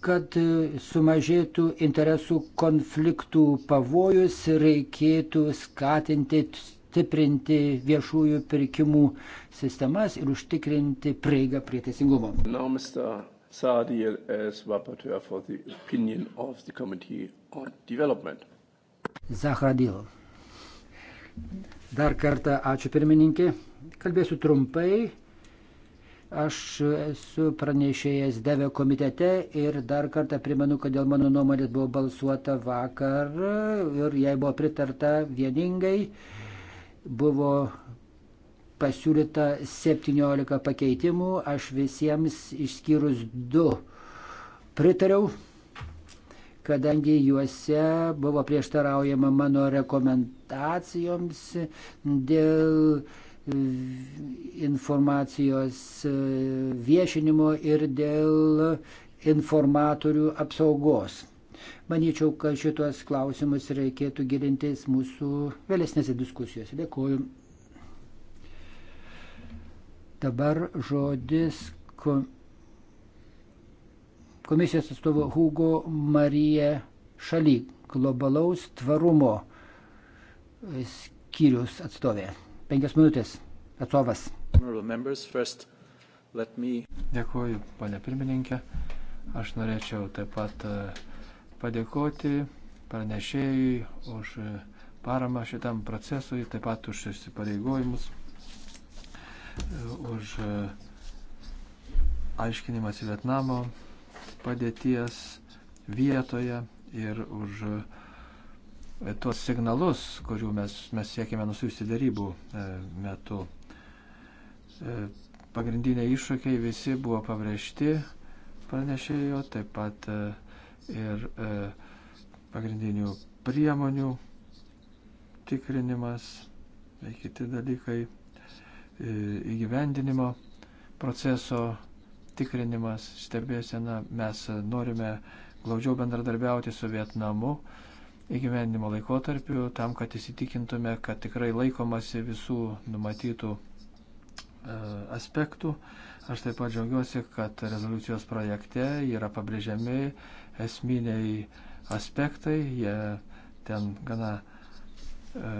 Kad e, sumažėtų interesų konfliktų pavojus, reikėtų skatinti, stiprinti viešųjų pirkimų uh, sistemas ir užtikrinti prieigą prie teisingumo. Sadiel as rapporteur for the opinion of the Committee on Development. Zahradil. Dar kartą ačiū pirmininkė. Kalbėsiu trumpai. Aš esu pranešėjęs Deve komitete ir dar kartą primenu, kad dėl mano nuomonės buvo balsuota vakar ir jai buvo pritarta vieningai. Buvo pasiūlyta 17 pakeitimų, aš visiems išskyrus 2 pritariau, kadangi juose buvo prieštaraujama mano rekomendacijoms dėl informacijos viešinimo ir dėl informatorių apsaugos. Manyčiau, kad šitos klausimus reikėtų gilintis mūsų vėlesnėse diskusijose. Dėkuoju. Dabar žodis kom... komisijos atstovo Hugo Marija Šaly, globalaus tvarumo e, skyrius atstovė. Penkias minutės atstovas. Dėkuoju, ponė pirmininkė. Aš norėčiau taip pat e, padėkoti pranešėjui už e, paramą šitam procesui, taip pat už įsipareigojimus už e, aiškinimas Vietnamo padėties vietoje ir už e, tuos signalus, kurių mes, mes siekime nusiųsti darybų e, metu. Pagrindiniai iššūkiai visi buvo pabrėžti pranešėjo, taip pat ir pagrindinių priemonių tikrinimas bei kiti dalykai. E, įgyvendinimo proceso tikrinimas, stebėsena. Mes norime glaudžiau bendradarbiauti su Vietnamu įgyvendinimo laikotarpiu, tam, kad įsitikintume, kad tikrai laikomasi visų numatytų e, aspektų. Aš taip pat džiaugiuosi, kad rezoliucijos projekte yra pabrėžiami esminiai aspektai, jie ten gana e,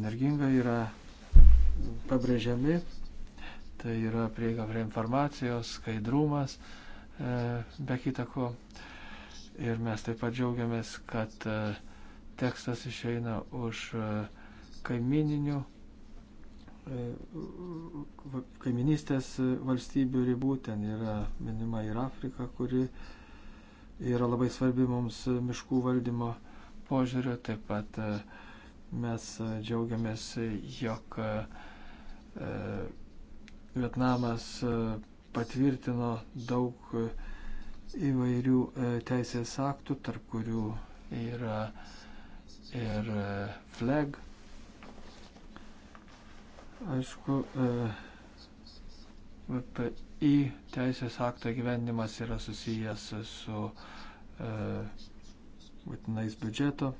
energingai yra pabrėžiami. Tai yra prieiga prie informacijos, skaidrumas, e, be kitako. Ir mes taip pat džiaugiamės, kad e, tekstas išeina už e, kaimininių, kaiminystės valstybių ribų. Ten yra minima ir Afrika, kuri yra labai svarbi mums miškų valdymo požiūriu. Taip pat mes džiaugiamės, jog E, Vietnamas e, patvirtino daug e, įvairių teisės aktų, tarp kurių yra ir flag. Aišku, VPI teisės akto gyvenimas yra susijęs su būtinais biudžeto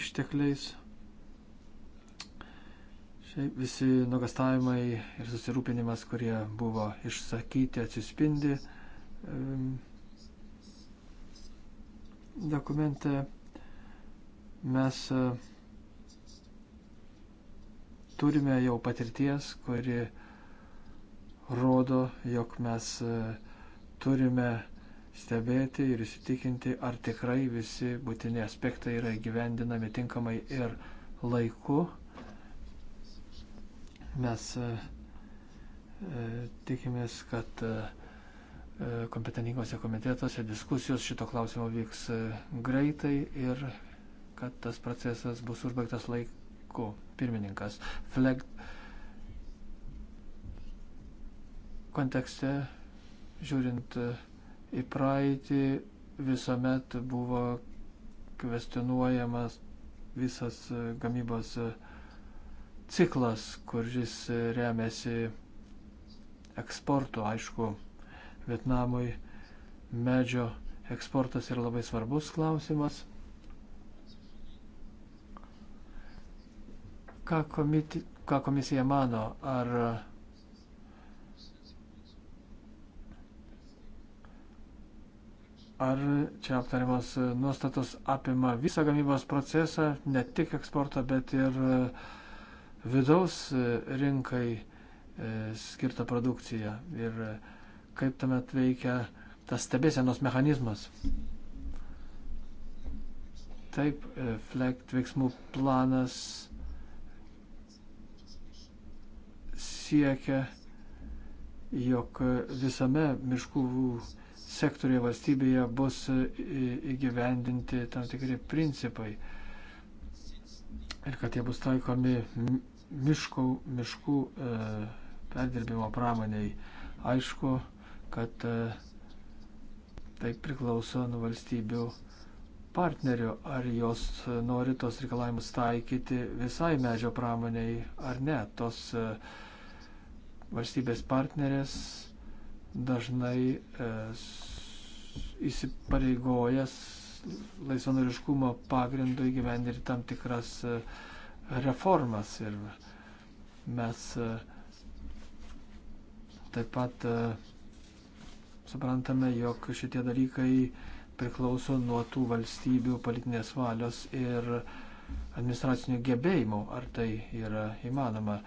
ištekliais. Visi nugastavimai ir susirūpinimas, kurie buvo išsakyti, atsispindi dokumente. Mes e, turime jau patirties, kuri rodo, jog mes e, turime stebėti ir įsitikinti, ar tikrai visi būtini aspektai yra įgyvendinami tinkamai ir laiku. Mes e, e, tikimės, kad e, kompetentingose komitetuose diskusijos šito klausimo vyks greitai ir kad tas procesas bus užbaigtas laiku. Pirmininkas Fleg kontekste, žiūrint į praeitį, visuomet buvo kvestionuojamas visas gamybos uh, ciklas, kuris remiasi eksportu, aišku, Vietnamui medžio eksportas yra labai svarbus klausimas. Ką, komiti, ką komisija mano, ar Ar čia aptariamos nuostatos apima visą gamybos procesą, ne tik eksportą, bet ir uh, vidaus e, rinkai e, skirtą produkciją ir e, kaip tuomet veikia tas stebėsenos mechanizmas. Taip, flekt veiksmų planas siekia, jog visame miškų sektorėje valstybėje bus įgyvendinti tam tikri principai ir kad jie bus taikomi miškų, miškų e, perdirbimo pramoniai. Aišku, kad e, tai priklauso nuo valstybių partnerių, ar jos nori tos reikalavimus taikyti visai medžio pramoniai ar ne. Tos e, valstybės partnerės dažnai e, įsipareigojas laisvanoriškumo pagrindu įgyvendinti tam tikras e, reformas ir mes e, taip pat e, suprantame, jog šitie dalykai priklauso nuo tų valstybių politinės valios ir administracinių gebėjimų, ar tai yra įmanoma.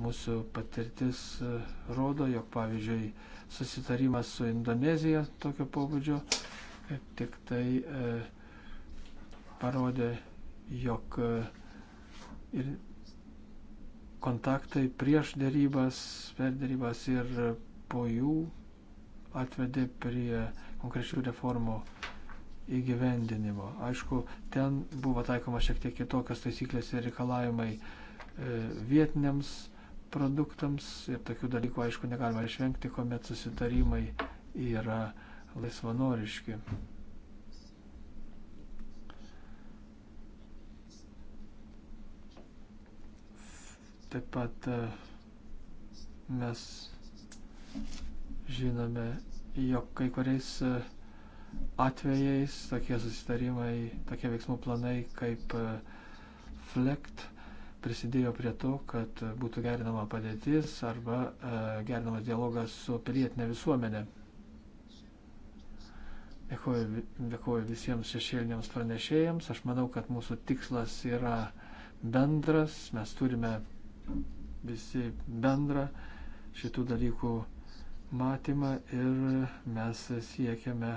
Mūsų patirtis e, rodo, jog pavyzdžiui susitarimas su Indonezija tokio pobūdžio tik tai e, parodė, jog e, ir kontaktai prieš dėrybas, per dėrybas ir po jų atvedė prie konkrečių reformų įgyvendinimo. Aišku, ten buvo taikoma šiek tiek kitokios taisyklės ir reikalavimai e, vietiniams produktams ir tokių dalykų, aišku, negalima išvengti, kuomet susitarimai yra laisvanoriški. Taip pat e, mes žinome, jog kai kuriais e, atvejais tokie susitarimai, tokie veiksmų planai kaip e, FLECT prisidėjo prie to, kad būtų gerinama padėtis arba gerinamas dialogas su pilietinė visuomenė. Dėkuoju, dėkuoju visiems šešėliniams pranešėjams. Aš manau, kad mūsų tikslas yra bendras. Mes turime visi bendrą šitų dalykų matymą ir mes siekiame,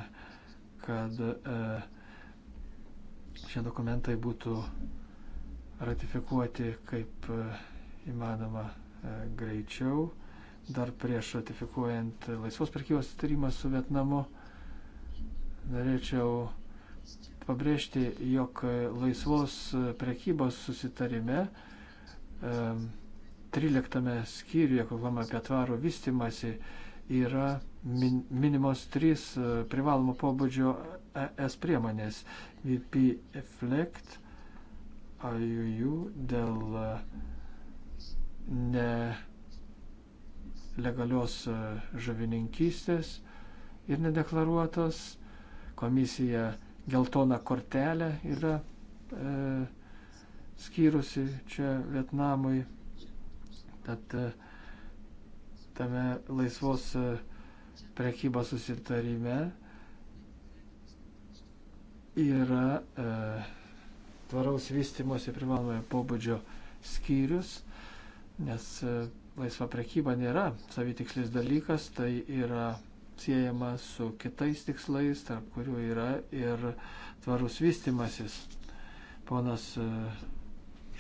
kad e, šie dokumentai būtų ratifikuoti kaip e, įmanoma e, greičiau. Dar prieš ratifikuojant laisvos prekybos sutarimą su Vietnamu, norėčiau pabrėžti, jog laisvos prekybos susitarime 13 skyriuje, kur kalbame apie tvarų vystimasi, yra min, minimos trys e, privalomo pobūdžio ES priemonės - VP Reflect, IUU dėl e, nelegalios e, žuvininkystės ir nedeklaruotos. Komisija geltona kortelė yra e, skyrusi čia Vietnamui. Tad e, tame laisvos e, prekybos susitarime yra e, tvaraus vystimosi privalomojo pobūdžio skyrius, nes e, laisva prekyba nėra savitikslis dalykas, tai yra siejama su kitais tikslais, tarp kurių yra ir tvarus vystimasis. Ponas e,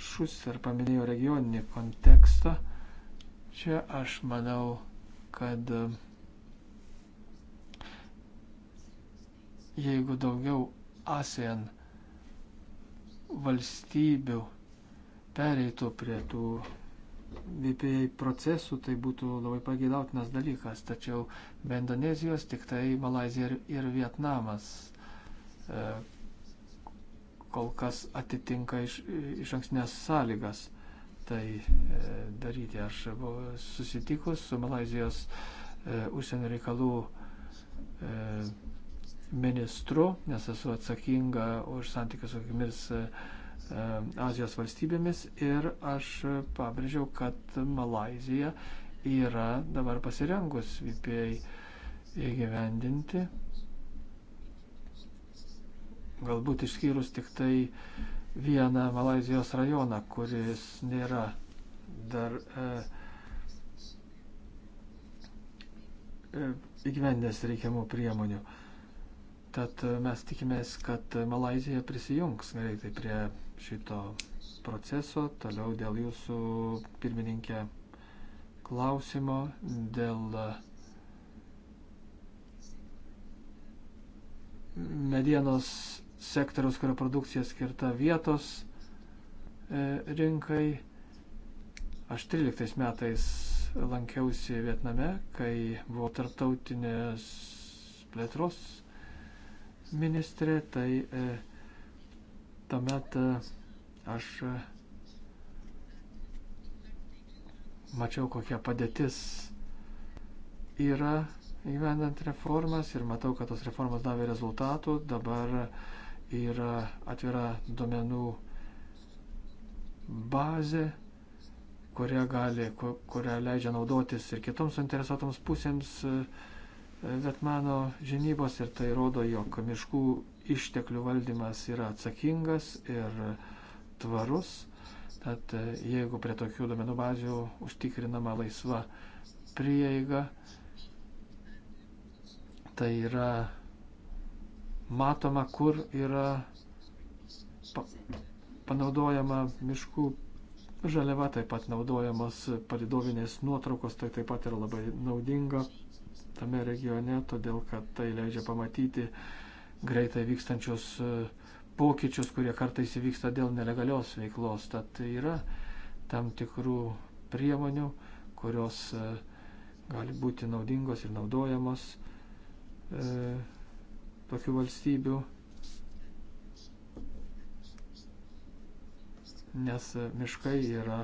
Šuster paminėjo regioninį kontekstą. Čia aš manau, kad e, jeigu daugiau ASEAN valstybių pereitų prie tų VPA procesų, tai būtų labai pageidautinas dalykas. Tačiau be Indonezijos tik tai Malazija ir, ir Vietnamas e, kol kas atitinka iš, iš anksnės sąlygas tai e, daryti. Aš buvau susitikus su Malazijos e, užsienio reikalų e, ministru, nes esu atsakinga už santykius su kokiamis e, e, Azijos valstybėmis ir aš pabrėžiau, kad Malazija yra dabar pasirengus VPA įgyvendinti galbūt išskyrus tik tai vieną Malazijos rajoną, kuris nėra dar e, e, įgyvendęs reikiamų priemonių. Tad e, mes tikimės, kad Malazija prisijungs greitai prie šito proceso. Toliau dėl jūsų pirmininkė klausimo, dėl e, medienos sektoriaus, kurio produkcija skirta vietos e, rinkai. Aš 13 metais lankiausi Vietname, kai buvo tarptautinės plėtros ministrė, tai e, tuomet e, aš e, mačiau, kokia padėtis yra įvendant reformas ir matau, kad tos reformas davė rezultatų. Dabar e, yra atvira duomenų bazė, kurią, gali, kurią leidžia naudotis ir kitoms suinteresuotoms pusėms e, Vietmano žinybos ir tai rodo, jog miškų išteklių valdymas yra atsakingas ir tvarus. Tad e, jeigu prie tokių domenų bazių užtikrinama laisva prieiga, tai yra matoma, kur yra panaudojama miškų žaliava, taip pat naudojamos palidovinės nuotraukos, tai taip pat yra labai naudinga tame regione, todėl kad tai leidžia pamatyti greitai vykstančius e, pokyčius, kurie kartais įvyksta dėl nelegalios veiklos. Tad tai yra tam tikrų priemonių, kurios e, gali būti naudingos ir naudojamos e, tokių valstybių, nes e, miškai yra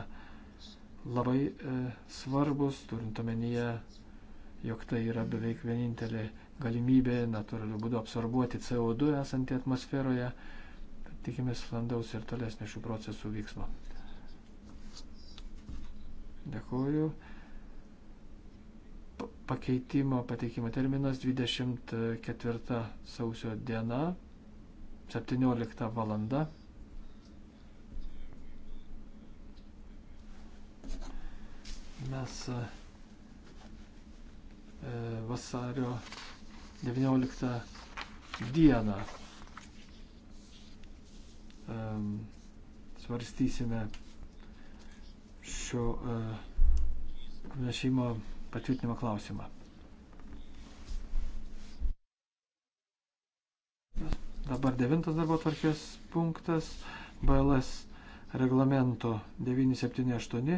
labai e, svarbus, turint omenyje, jog tai yra beveik vienintelė galimybė natūraliu būdu absorbuoti CO2 esantį atmosferoje. Tikimės landaus ir tolesnio šių procesų vyksmo. Dėkuoju pakeitimo pateikimo terminas 24 sausio diena, 17 valanda. Mes e, e, vasario 19 dieną e, svarstysime šio pranešimo uh, patvirtinimo klausimą. Dabar devintas darbo tvarkės punktas BLS reglamento 978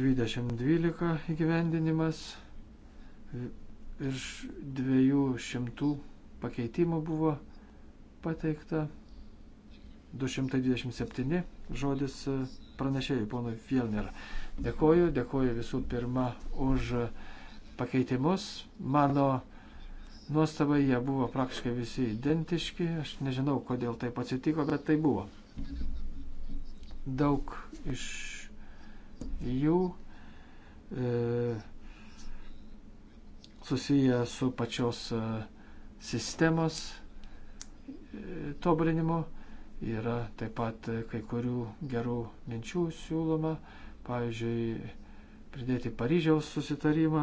2012 įgyvendinimas virš 200 pakeitimų buvo pateikta 227 žodis e, pranešėjai, ponui Fielner. Dėkoju, dėkoju visų pirma už pakeitimus. Mano nuostabai jie buvo praktiškai visi identiški. Aš nežinau, kodėl taip atsitiko, bet tai buvo. Daug iš jų e, susiję su pačios e, sistemos e, tobulinimu. Yra taip pat kai kurių gerų minčių siūloma, pavyzdžiui, pridėti Paryžiaus susitarimą,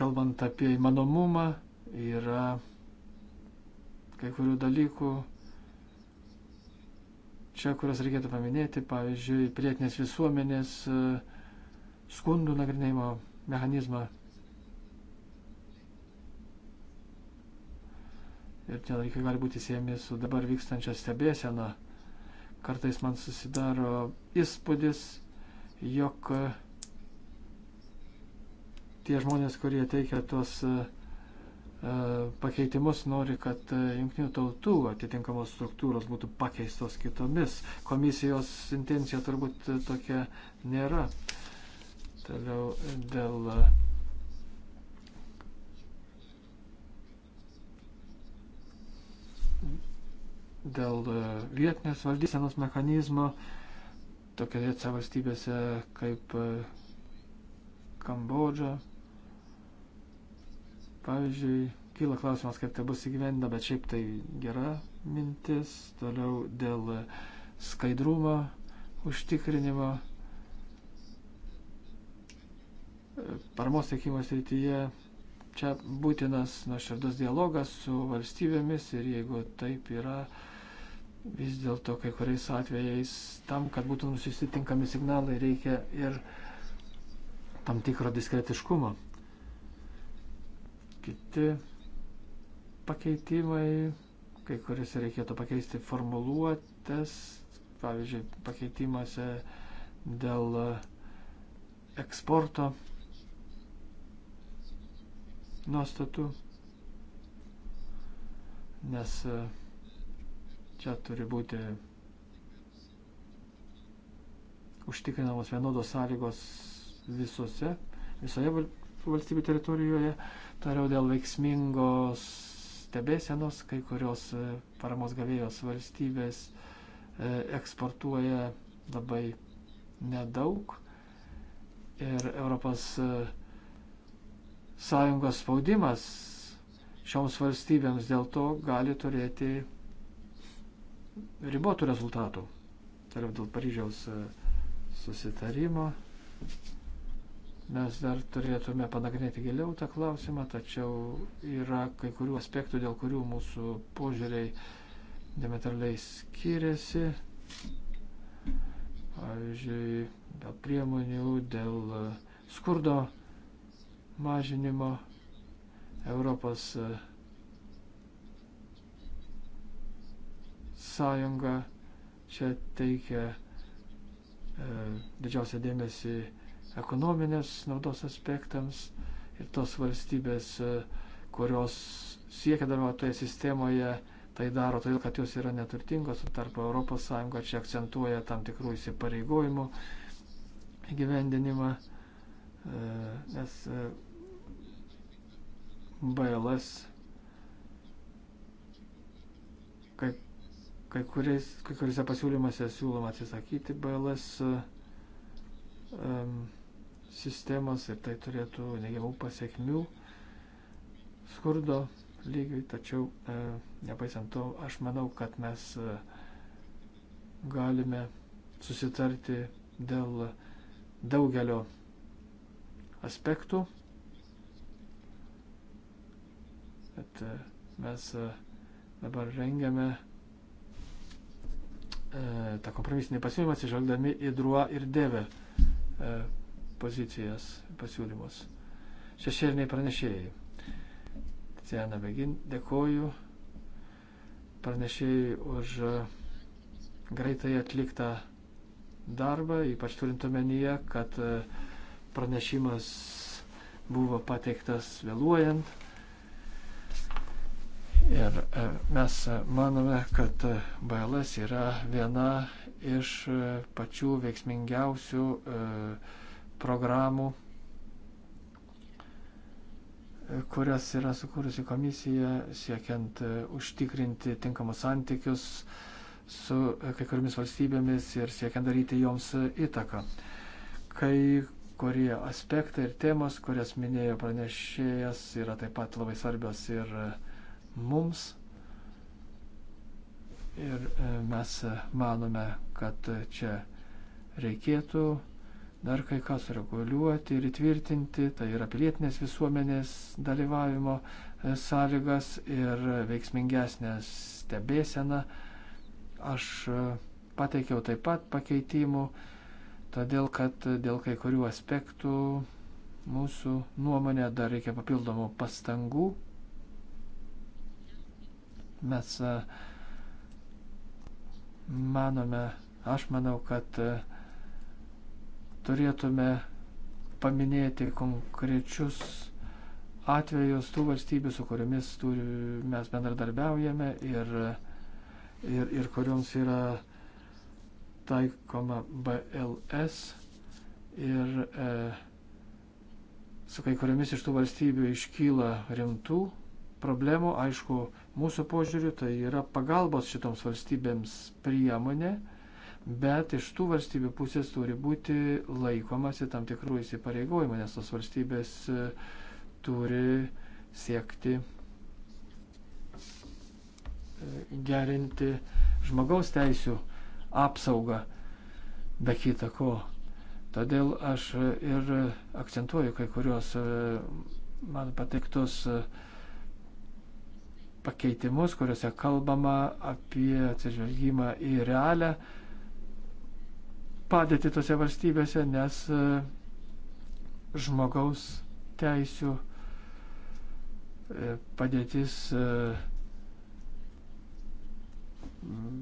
kalbant apie įmanomumą, yra kai kurių dalykų čia, kuriuos reikėtų paminėti, pavyzdžiui, pilietinės visuomenės skundų nagrinėjimo mechanizmą ir tie dalykai gali būti siejami su dabar vykstančia stebėsena. Kartais man susidaro įspūdis, jog e, tie žmonės, kurie teikia tuos e, e, pakeitimus, nori, kad jungtinių tautų atitinkamos struktūros būtų pakeistos kitomis. Komisijos intencija turbūt tokia nėra. Toliau dėl dėl e, vietinės valdysenos mechanizmo tokiose valstybėse kaip e, Kambodža. Pavyzdžiui, kyla klausimas, kaip tai bus įgyvendinta, bet šiaip tai gera mintis. Toliau dėl e, skaidrumo užtikrinimo paramos teikimo srityje čia būtinas nuoširdus dialogas su valstybėmis ir jeigu taip yra, vis dėlto kai kuriais atvejais tam, kad būtų nusisitinkami signalai, reikia ir tam tikro diskretiškumo. Kiti pakeitimai, kai kuriuose reikėtų pakeisti formuluotės, pavyzdžiui, pakeitimuose dėl eksporto nuostatų, nes uh, Čia turi būti užtikrinamos vienodos sąlygos visose, visoje valstybių teritorijoje. Tariau dėl veiksmingos stebėsenos, kai kurios e, paramos gavėjos valstybės e, eksportuoja labai nedaug. Ir Europos e, Sąjungos spaudimas šioms valstybėms dėl to gali turėti ribotų rezultatų. Tarp dėl Paryžiaus e, susitarimo mes dar turėtume panagrinėti giliau tą klausimą, tačiau yra kai kurių aspektų, dėl kurių mūsų požiūriai diametraliai skiriasi. Pavyzdžiui, dėl priemonių, dėl e, skurdo mažinimo Europos e, Sąjunga čia teikia e, didžiausią dėmesį ekonominės naudos aspektams ir tos valstybės, e, kurios siekia dalyvauti toje sistemoje, tai daro todėl, kad jos yra neturtingos, tarp ES čia akcentuoja tam tikrų įsipareigojimų įgyvendinimą, e, nes e, BLS kaip Kai, kuris, kai kuriuose pasiūlymuose siūloma atsisakyti BLS um, sistemos ir tai turėtų neigiamų pasiekmių skurdo lygiui, tačiau e, nepaisant to, aš manau, kad mes e, galime susitarti dėl daugelio aspektų. Bet e, mes e, dabar rengiame E, tą kompromisinį pasiūlymą atsižvelgdami į druo ir dėvę e, pozicijas pasiūlymus. Šešėliniai pranešėjai. Ciana Begin, dėkoju pranešėjai už e, greitai atliktą darbą, ypač turint omenyje, kad pranešimas buvo pateiktas vėluojant Ir e, mes e, manome, kad e, BLS yra viena iš pačių veiksmingiausių programų, kurias yra sukūrusi komisija, siekiant užtikrinti tinkamus santykius su kai kuriomis valstybėmis ir siekiant daryti joms įtaką. Kai kurie aspektai ir temos, kurias minėjo pranešėjas, yra taip pat labai svarbios ir uh, mums. Ir e, mes e, manome, kad e, čia reikėtų dar kai kas reguliuoti ir įtvirtinti, tai yra pilietinės visuomenės dalyvavimo sąlygas ir veiksmingesnę stebėseną. Aš pateikiau taip pat pakeitimų, todėl kad dėl kai kurių aspektų mūsų nuomonė dar reikia papildomų pastangų Mes e, manome, aš manau, kad e, turėtume paminėti konkrečius atvejus tų valstybių, su kuriomis turi, mes bendradarbiaujame ir, ir, ir kurioms yra taikoma BLS ir e, su kai kuriomis iš tų valstybių iškyla rimtų problemų, aišku, mūsų požiūriu tai yra pagalbos šitoms valstybėms priemonė, bet iš tų valstybių pusės turi būti laikomasi tam tikrų įsipareigojimų, nes tos valstybės e, turi siekti e, gerinti žmogaus teisų apsaugą, be kita ko. Todėl aš ir akcentuoju kai kurios e, man pateiktus uh, pakeitimus, kuriuose kalbama apie atsižvelgimą į realią padėtį tose valstybėse, nes e, žmogaus teisų e, padėtis e,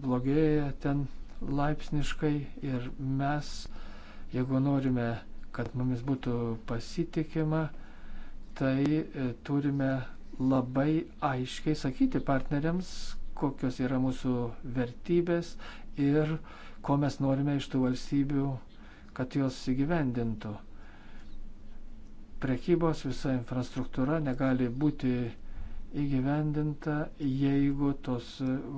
blogėja ten laipsniškai ir mes, jeigu norime, kad mumis būtų pasitikima, tai turime labai aiškiai sakyti partneriams, kokios yra mūsų vertybės ir ko mes norime iš tų valstybių, kad jos įgyvendintų. Prekybos visa infrastruktūra negali būti įgyvendinta, jeigu tos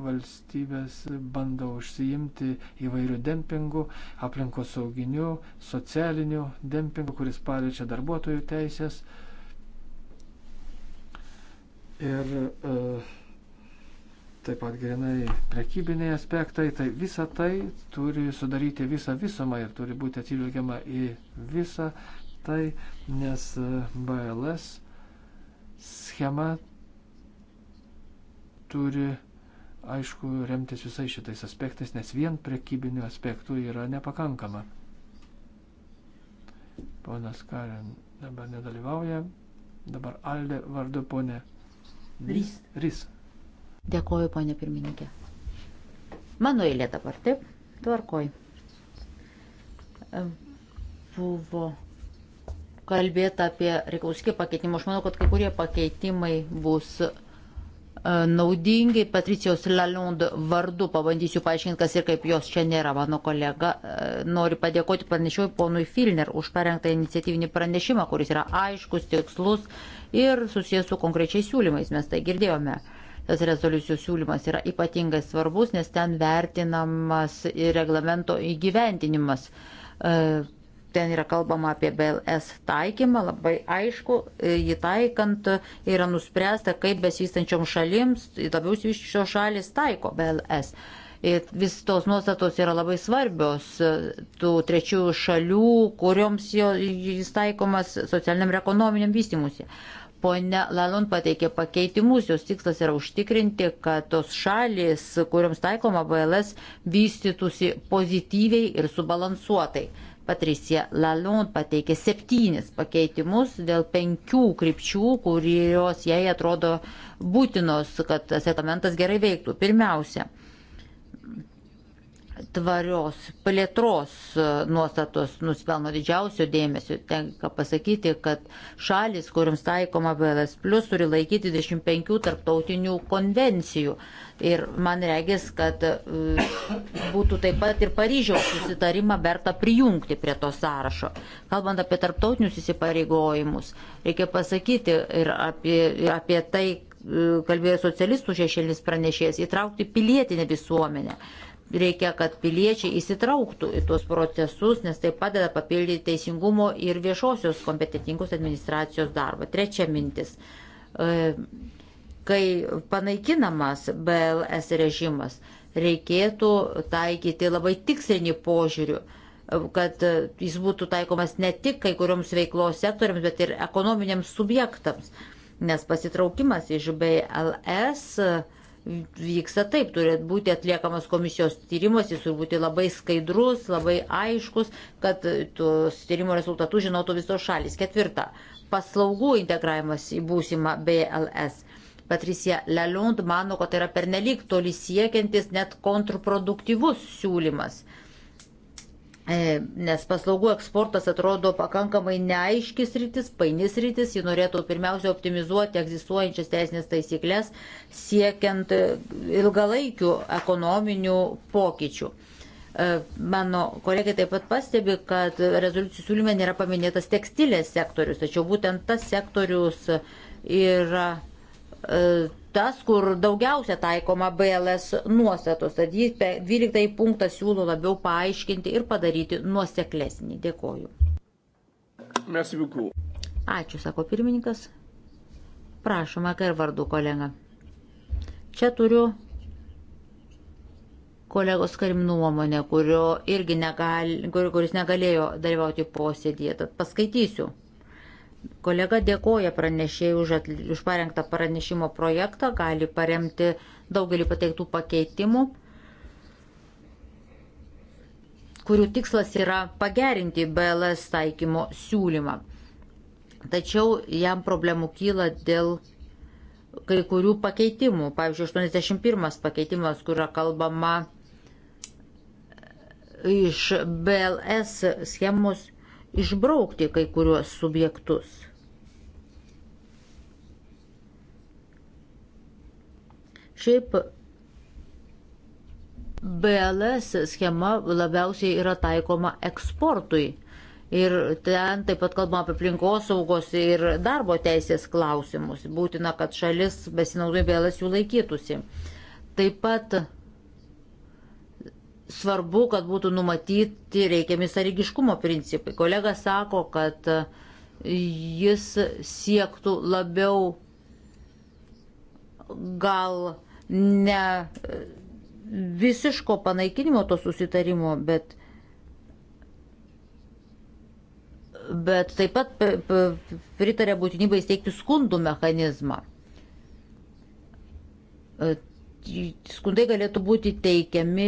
valstybės bando užsiimti įvairių dempingų, aplinkosauginių, socialinių dempingų, kuris paliečia darbuotojų teisės, uh, ir e, taip pat grinai prekybiniai aspektai, tai visa tai turi sudaryti visą visumą ir turi būti atsižvelgiama į visą tai, nes e, BLS schema turi, aišku, remtis visais šitais aspektais, nes vien prekybinių aspektų yra nepakankama. Ponas Karin dabar nedalyvauja, dabar Alde vardu ponė Rys. Rys. Dėkoju, ponė pirmininkė. Mano eilė dabar, taip, tvarkoj. Buvo kalbėta apie reikalus kiek pakeitimų. Aš manau, kad kai kurie pakeitimai bus E, naudingai. Patricijos Lalond vardu pabandysiu paaiškinti, kas ir kaip jos čia nėra. Mano kolega e, nori padėkoti pranešiui ponui Filner už parengtą iniciatyvinį pranešimą, kuris yra aiškus, tikslus ir susijęs su konkrečiais siūlymais. Mes tai girdėjome. Tas rezoliucijų siūlymas yra ypatingai svarbus, nes ten vertinamas reglamento įgyventinimas e, Ten yra kalbama apie BLS taikymą, labai aišku, e, jį taikant e, yra nuspręsta, kaip besivystančiom šalims, labiau įsivyščios šalis taiko BLS. Ir e, vis tos nuostatos yra labai svarbios tų trečiųjų šalių, kurioms jis taikomas socialiniam ir ekonominiam vystimusi. Pone Lalon pateikė pakeitimus, jos tikslas yra užtikrinti, kad tos šalis, kuriams taikoma BLS, vystytųsi pozityviai ir subalansuotai. Patricija Lalon pateikė septynis pakeitimus dėl penkių krypčių, kurios jai atrodo būtinos, kad tas reglamentas gerai veiktų. Pirmiausia, tvarios plėtros nuostatos nuspelno didžiausio dėmesio. Tenka pasakyti, kad šalis, kuriams taikoma BLS, plus, turi laikyti 25 tarptautinių konvencijų. Ir man regis, kad e, būtų taip pat ir Paryžiaus susitarimą verta prijungti prie to sąrašo. Kalbant apie tarptautinius įsipareigojimus, reikia pasakyti ir apie, ir apie tai, e, kalbėjo socialistų šešėlis pranešėjas, įtraukti pilietinę visuomenę. Reikia, kad piliečiai įsitrauktų į tuos procesus, nes tai padeda papildyti teisingumo ir viešosios kompetitingus administracijos darbą. Trečia mintis. E, kai panaikinamas BLS režimas, reikėtų taikyti labai tikslinį požiūrių kad jis būtų taikomas ne tik kai kurioms veiklos sektoriams, bet ir ekonominiams subjektams, nes pasitraukimas iš BLS vyksta taip, turi būti atliekamas komisijos tyrimas, jis turi būti labai skaidrus, labai aiškus, kad tos tyrimo rezultatus žinotų visos šalis. Ketvirta, paslaugų integravimas į būsimą BLS. Patricija Lelund mano, kad tai yra pernelyg toli siekiantis, net kontrproduktyvus siūlymas. E, nes paslaugų eksportas atrodo pakankamai neaiškis rytis, painis rytis, ji norėtų pirmiausia optimizuoti egzistuojančias teisinės taisyklės, siekiant e, ilgalaikių ekonominių pokyčių. E, mano kolegė taip pat pastebi, kad rezoliucijų siūlyme nėra paminėtas tekstilės sektorius, tačiau būtent tas sektorius yra E, tas, kur daugiausia taikoma BLS nuostatos. Tad jis 12 punktą siūlo labiau paaiškinti ir padaryti nuoseklesnį. Dėkoju. Ačiū, sako pirmininkas. Prašoma, kai ir vardu kolega. Čia turiu kolegos Karim nuomonę, kuris negalėjo dalyvauti posėdėje. Tad paskaitysiu. Kolega dėkoja pranešėjai už, atli, už parengtą pranešimo projektą, gali paremti daugelį pateiktų pakeitimų, kurių tikslas yra pagerinti BLS taikymo siūlymą. Tačiau jam problemų kyla dėl kai kurių pakeitimų. Pavyzdžiui, 81 pakeitimas, kur yra kalbama iš BLS schemos išbraukti kai kuriuos subjektus. Šiaip BLS schema labiausiai yra taikoma eksportui. Ir ten taip pat kalbama apie aplinkosaugos ir darbo teisės klausimus. Būtina, kad šalis besinaudojant BLS jų laikytųsi. Taip pat svarbu, kad būtų numatyti reikiami sąlygiškumo principai. Kolega sako, kad jis siektų labiau gal ne visiško panaikinimo to susitarimo, bet, bet taip pat pritarė būtinybą įsteigti skundų mechanizmą skundai galėtų būti teikiami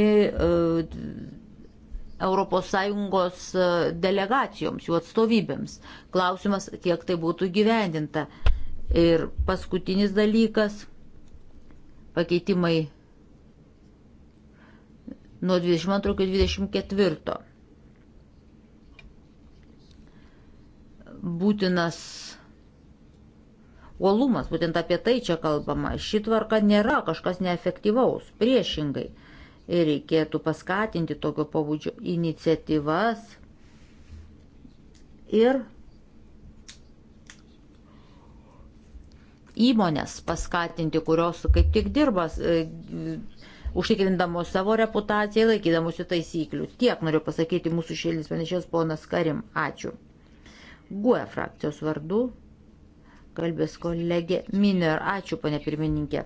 ES e, delegacijoms, jų atstovybėms. Klausimas, kiek tai būtų gyvendinta. Ir paskutinis dalykas - pakeitimai nuo 22 iki 24. Būtinas uolumas, būtent apie tai čia kalbama. Ši tvarka nėra kažkas neefektyvaus, priešingai. Ir reikėtų paskatinti tokio pabudžio iniciatyvas ir įmonės paskatinti, kurios kaip tik dirba, e, užtikrindamos savo reputaciją, laikydamosi taisyklių. Tiek noriu pasakyti mūsų šėlis panašios ponas Karim. Ačiū. GUE frakcijos vardu kalbės kolegė Miner. Ačiū, ponė pirmininkė.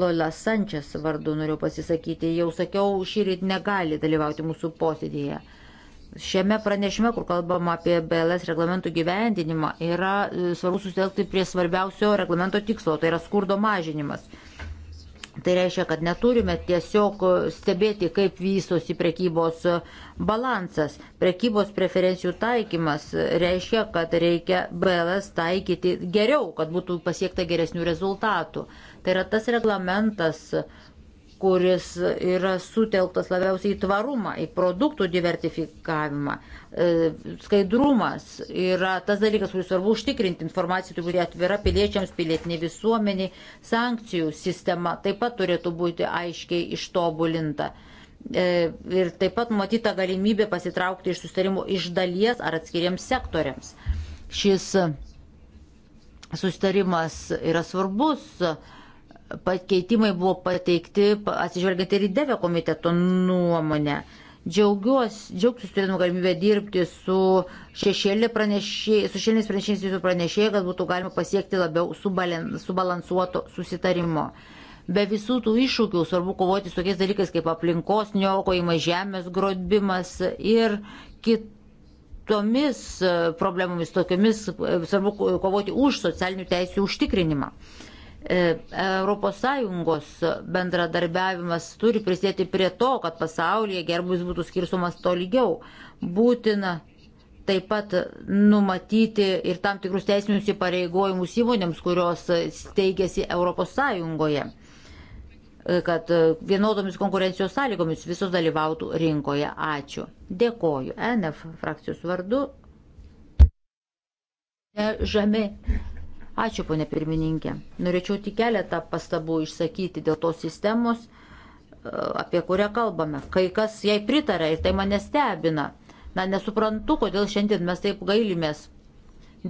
Lola Sančias vardu noriu pasisakyti. Jau sakiau, šį rytą negali dalyvauti mūsų posėdėje. Šiame pranešime, kur kalbama apie BLS reglamentų gyvendinimą, yra e, svarbu susitelkti prie svarbiausio reglamento tikslo, tai yra skurdo mažinimas. Tai reiškia, kad neturime tiesiog stebėti, kaip vystosi prekybos balansas. Prekybos preferencijų taikymas reiškia, kad reikia BLS taikyti geriau, kad būtų pasiekta geresnių rezultatų. Tai yra tas reglamentas, kuris yra sutelktas labiausiai į tvarumą, į produktų diversifikavimą. E, skaidrumas yra tas dalykas, kuris svarbu užtikrinti. Informacija turi būti atvira piliečiams, pilietiniai visuomeniai. Sankcijų sistema taip pat turėtų būti aiškiai ištobulinta. E, ir taip pat matyta galimybė pasitraukti iš sustarimų iš dalies ar atskiriems sektoriams. Šis sustarimas yra svarbus pakeitimai buvo pateikti atsižvelgiant ir į Devio komiteto nuomonę. Džiaugiuosi, džiaugsiuosi turėdami galimybę dirbti su šešėliniais pranešėjais, su pranešėjai, kad būtų galima pasiekti labiau subalansuoto susitarimo. Be visų tų iššūkių svarbu kovoti su tokiais dalykais kaip aplinkos niokojimas, žemės grobimas ir kiti tomis problemomis, tokiamis e, svarbu kovoti už socialinių teisų užtikrinimą. ES bendradarbiavimas turi prisidėti prie to, kad pasaulyje gerbus būtų skirsumas to lygiau. Būtina taip pat numatyti ir tam tikrus teisinius įpareigojimus įmonėms, kurios steigėsi ES e, kad vienodomis konkurencijos sąlygomis visos dalyvautų rinkoje. Ačiū. Dėkoju. NF frakcijos vardu. Žemė Ačiū, ponė pirmininkė. Norėčiau tik keletą pastabų išsakyti dėl tos sistemos, e, apie kurią kalbame. Kai kas jai pritarė ir tai mane stebina. Na, nesuprantu, kodėl šiandien mes taip gailimės.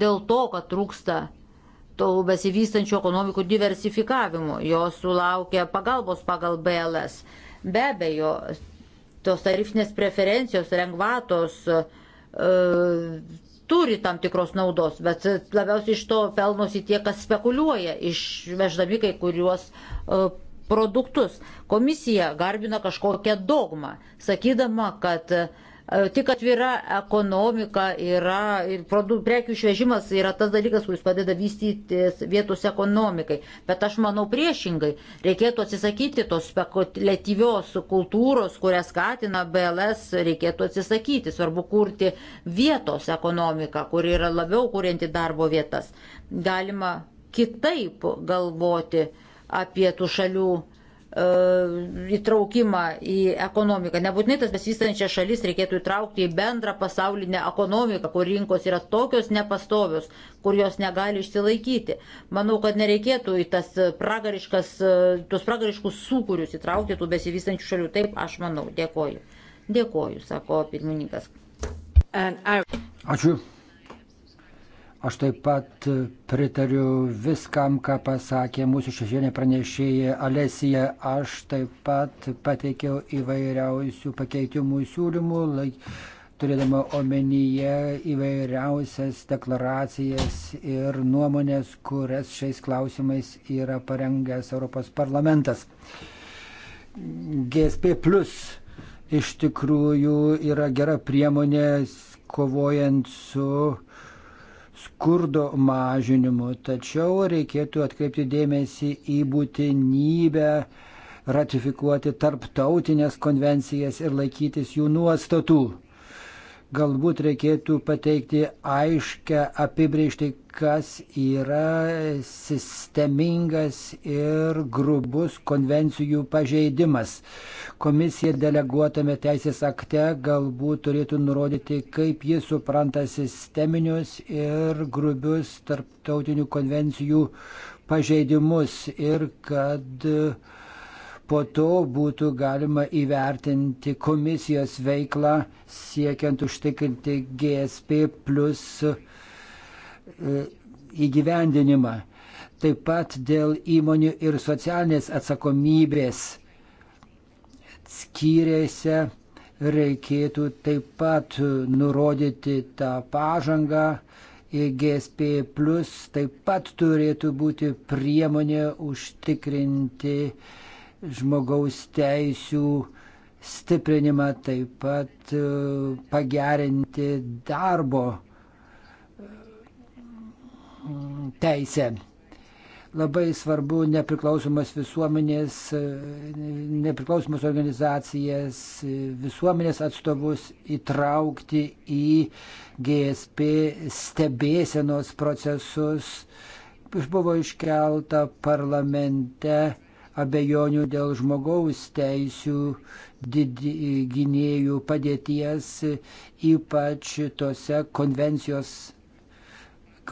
Dėl to, kad trūksta tų besivystančių ekonomikų diversifikavimų. Jos sulaukia pagalbos pagal BLS. Be abejo, tos tarifinės preferencijos, lengvatos, e, turi tam tikros naudos, bet labiausiai iš to pelnosi tie, kas spekuliuoja, išveždami kai kuriuos e, produktus. Komisija garbina kažkokią dogmą, sakydama, kad uh, E, tik atvira ekonomika yra ir prekių išvežimas yra tas dalykas, kuris padeda vystytis vietos ekonomikai. Bet aš manau priešingai, reikėtų atsisakyti tos spekuliatyvios kultūros, kurią skatina BLS, reikėtų atsisakyti. Svarbu kurti vietos ekonomiką, kuri yra labiau kurianti darbo vietas. Galima kitaip galvoti apie tų šalių E, įtraukimą į ekonomiką. Nebūtinai tas besivystančias šalis reikėtų įtraukti į bendrą pasaulinę ekonomiką, kur rinkos yra tokios nepastovios, kur jos negali išsilaikyti. Manau, kad nereikėtų į tas pragariškas, e, tuos pragariškus sūkurius įtraukti tų besivystančių šalių. Taip, aš manau. Dėkoju. Dėkoju, sako pirmininkas. I... Ačiū. Aš taip pat pritariu viskam, ką pasakė mūsų šešienė pranešėja Alesija. Aš taip pat pateikiau įvairiausių pakeitimų siūlymų, laik, turėdama omenyje įvairiausias deklaracijas ir nuomonės, kurias šiais klausimais yra parengęs Europos parlamentas. GSP plus iš tikrųjų yra gera priemonė kovojant su skurdo mažinimu, tačiau reikėtų atkreipti dėmesį į būtinybę ratifikuoti tarptautinės konvencijas ir laikytis jų nuostatų galbūt reikėtų pateikti aiškę apibrėžtį, kas yra sistemingas ir grubus konvencijų pažeidimas. Komisija deleguotame teisės akte galbūt turėtų nurodyti, kaip ji supranta sisteminius ir grubius tarptautinių konvencijų pažeidimus ir kad uh, po to būtų galima įvertinti komisijos veiklą siekiant užtikrinti GSP plus e, įgyvendinimą. Taip pat dėl įmonių ir socialinės atsakomybės skyrėse reikėtų taip pat nurodyti tą pažangą. GSP plus taip pat turėtų būti priemonė užtikrinti uh, žmogaus teisių stiprinimą, taip pat e, pagerinti darbo mm, teisę. Labai svarbu nepriklausomas visuomenės, e, nepriklausomas organizacijas, e, visuomenės atstovus įtraukti į GSP stebėsenos procesus. Buvo iškelta parlamente abejonių dėl žmogaus teisių gynėjų padėties, ypač tose konvencijos,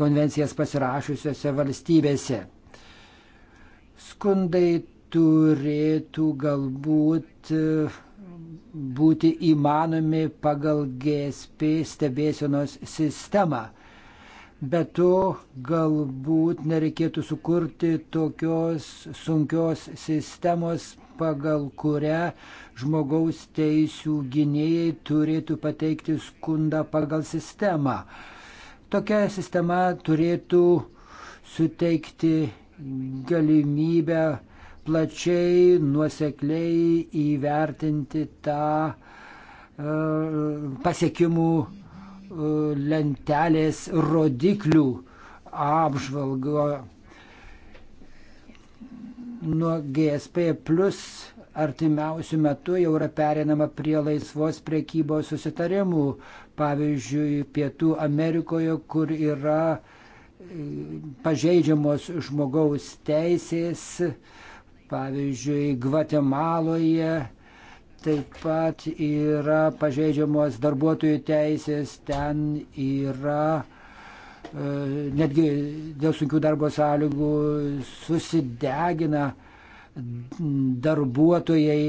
konvencijas pasirašusiose valstybėse. Skundai turėtų galbūt būti įmanomi pagal GSP stebėsienos sistemą. Bet to galbūt nereikėtų sukurti tokios sunkios sistemos, pagal kurią žmogaus teisų gynėjai turėtų pateikti skundą pagal sistemą. Tokia sistema turėtų suteikti galimybę plačiai, nuosekliai įvertinti tą e, pasiekimų lentelės rodiklių apžvalgo nuo GSP plus artimiausių metų jau yra perinama prie laisvos priekybos susitarimų. Pavyzdžiui, Pietų Amerikoje, kur yra e, pažeidžiamos žmogaus teisės, pavyzdžiui, Gvatemaloje Taip pat yra pažeidžiamos darbuotojų teisės, ten yra e, netgi dėl sunkių darbo sąlygų susidegina darbuotojai.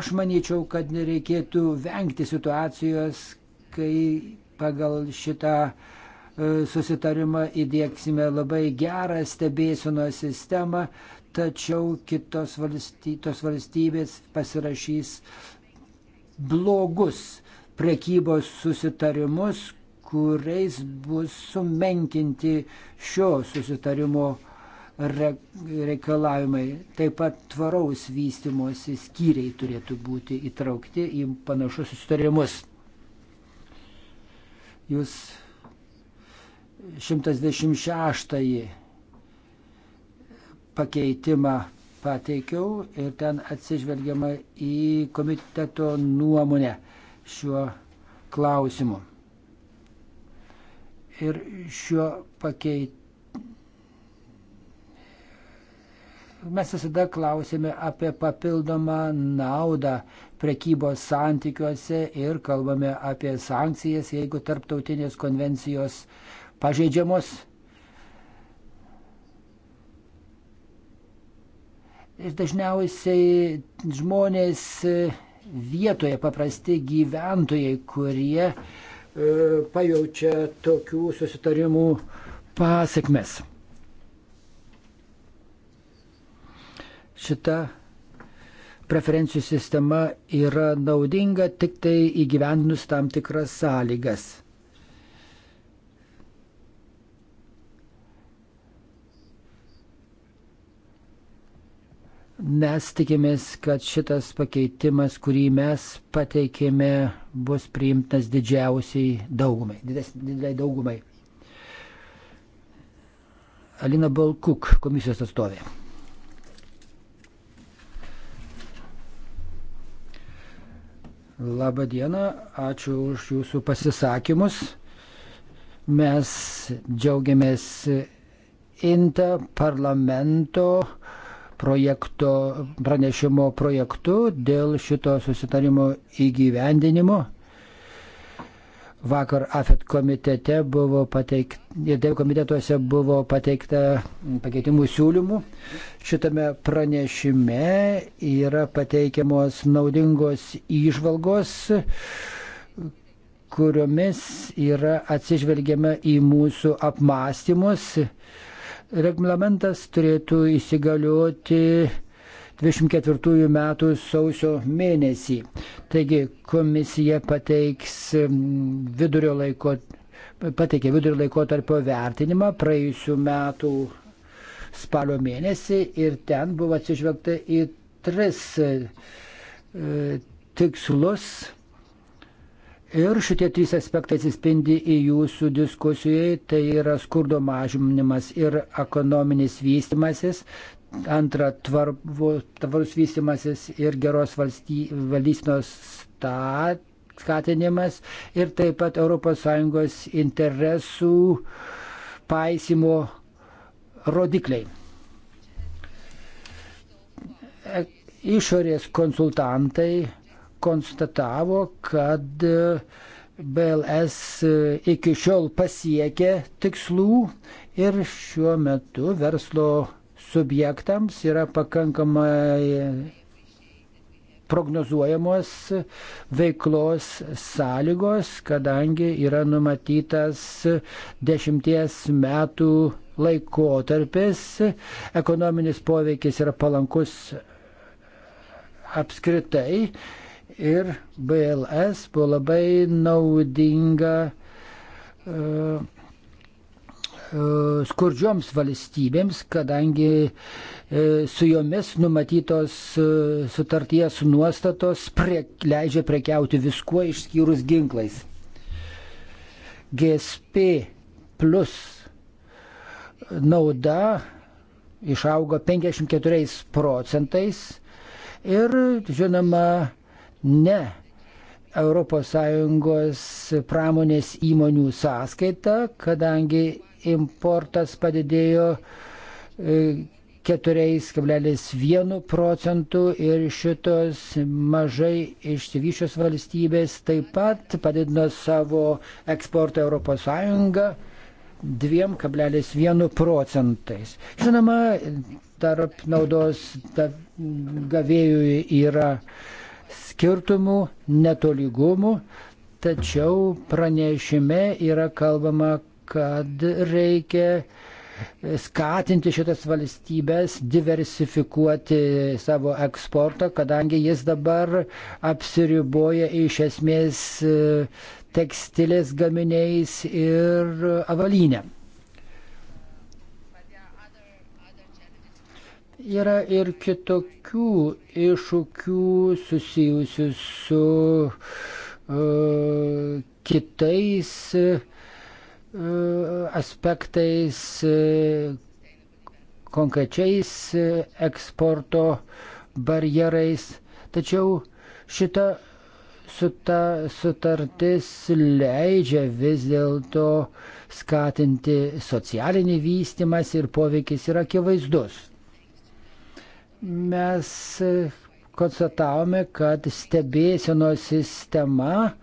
Aš manyčiau, kad nereikėtų vengti situacijos, kai pagal šitą e, susitarimą įdėksime labai gerą stebėsino sistemą, tačiau kitos valstytos valstybės pasirašys blogus prekybos susitarimus, kuriais bus sumenkinti šio susitarimo reikalavimai. Taip pat tvaraus vystimosi skyriai turėtų būti įtraukti į panašus susitarimus. Jūs 116 pakeitimą pateikiau ir ten atsižvelgiama į komiteto nuomonę šiuo klausimu. Ir šiuo pakeitimu. Mes visada klausėme apie papildomą naudą prekybos santykiuose ir kalbame apie sankcijas, jeigu tarptautinės konvencijos pažeidžiamos Ir dažniausiai žmonės e, vietoje paprasti gyventojai, kurie e, pajaučia tokių susitarimų pasiekmes. Šita preferencijų sistema yra naudinga tik tai įgyvendinus tam tikras sąlygas. Mes tikimės, kad šitas pakeitimas, kurį mes pateikėme, bus priimtas didžiausiai daugumai, dideliai daugumai. Alina Balkuk, komisijos atstovė. Labą dieną, ačiū už jūsų pasisakymus. Mes džiaugiamės INTA parlamento uh, projekto, pranešimo projektu dėl šito susitarimo įgyvendinimo. Vakar AFET komitete buvo pateikta, dėl komitetuose buvo pateikta pakeitimų siūlymų. Šitame pranešime yra pateikiamos naudingos įžvalgos, kuriomis yra atsižvelgiama į mūsų apmąstymus Reglamentas turėtų įsigalioti 24 metų sausio mėnesį. Taigi komisija pateiks vidurio laiko, pateikė vidurio laiko tarpio vertinimą praėjusių metų spalio mėnesį ir ten buvo atsižvelgta į tris e, tikslus Ir šitie trys aspektai atsispindi į jūsų diskusijoje, tai yra skurdo mažinimas ir ekonominis vystimasis, antra tvarbu, tvarus vystimasis ir geros valdysinos skatinimas ir taip pat ES interesų paisimo rodikliai. E, išorės konsultantai konstatavo, kad e, BLS e, iki šiol pasiekė tikslų ir šiuo metu verslo subjektams yra pakankamai prognozuojamos veiklos sąlygos, kadangi yra numatytas dešimties metų laikotarpis, ekonominis poveikis yra palankus apskritai ir BLS buvo labai naudinga uh, skurdžioms valstybėms, kadangi e, su jomis numatytos sutarties nuostatos prie, leidžia prekiauti viskuo išskyrus ginklais. GSP plus nauda išaugo 54 procentais ir, žinoma, ne ES pramonės įmonių sąskaita, kadangi importas padidėjo 4,1 e, procentų ir šitos mažai išsivyšios valstybės taip pat padidino savo eksportą ES 2,1 procentais. Žinoma, tarp naudos gavėjų yra uh, skirtumų, netolygumų, tačiau pranešime yra kalbama, kad reikia skatinti šitas valstybės, diversifikuoti savo eksportą, kadangi jis dabar apsiriboja iš esmės e, tekstilės gaminiais ir avalynėm. Yra ir kitokių iššūkių susijusių su uh, kitais uh, aspektais, uh, konkrečiais uh, eksporto barjerais. Tačiau šita suta, sutartis leidžia vis dėlto skatinti socialinį vystimas ir poveikis yra akivaizdus mes konstatavome, kad stebėsienos sistema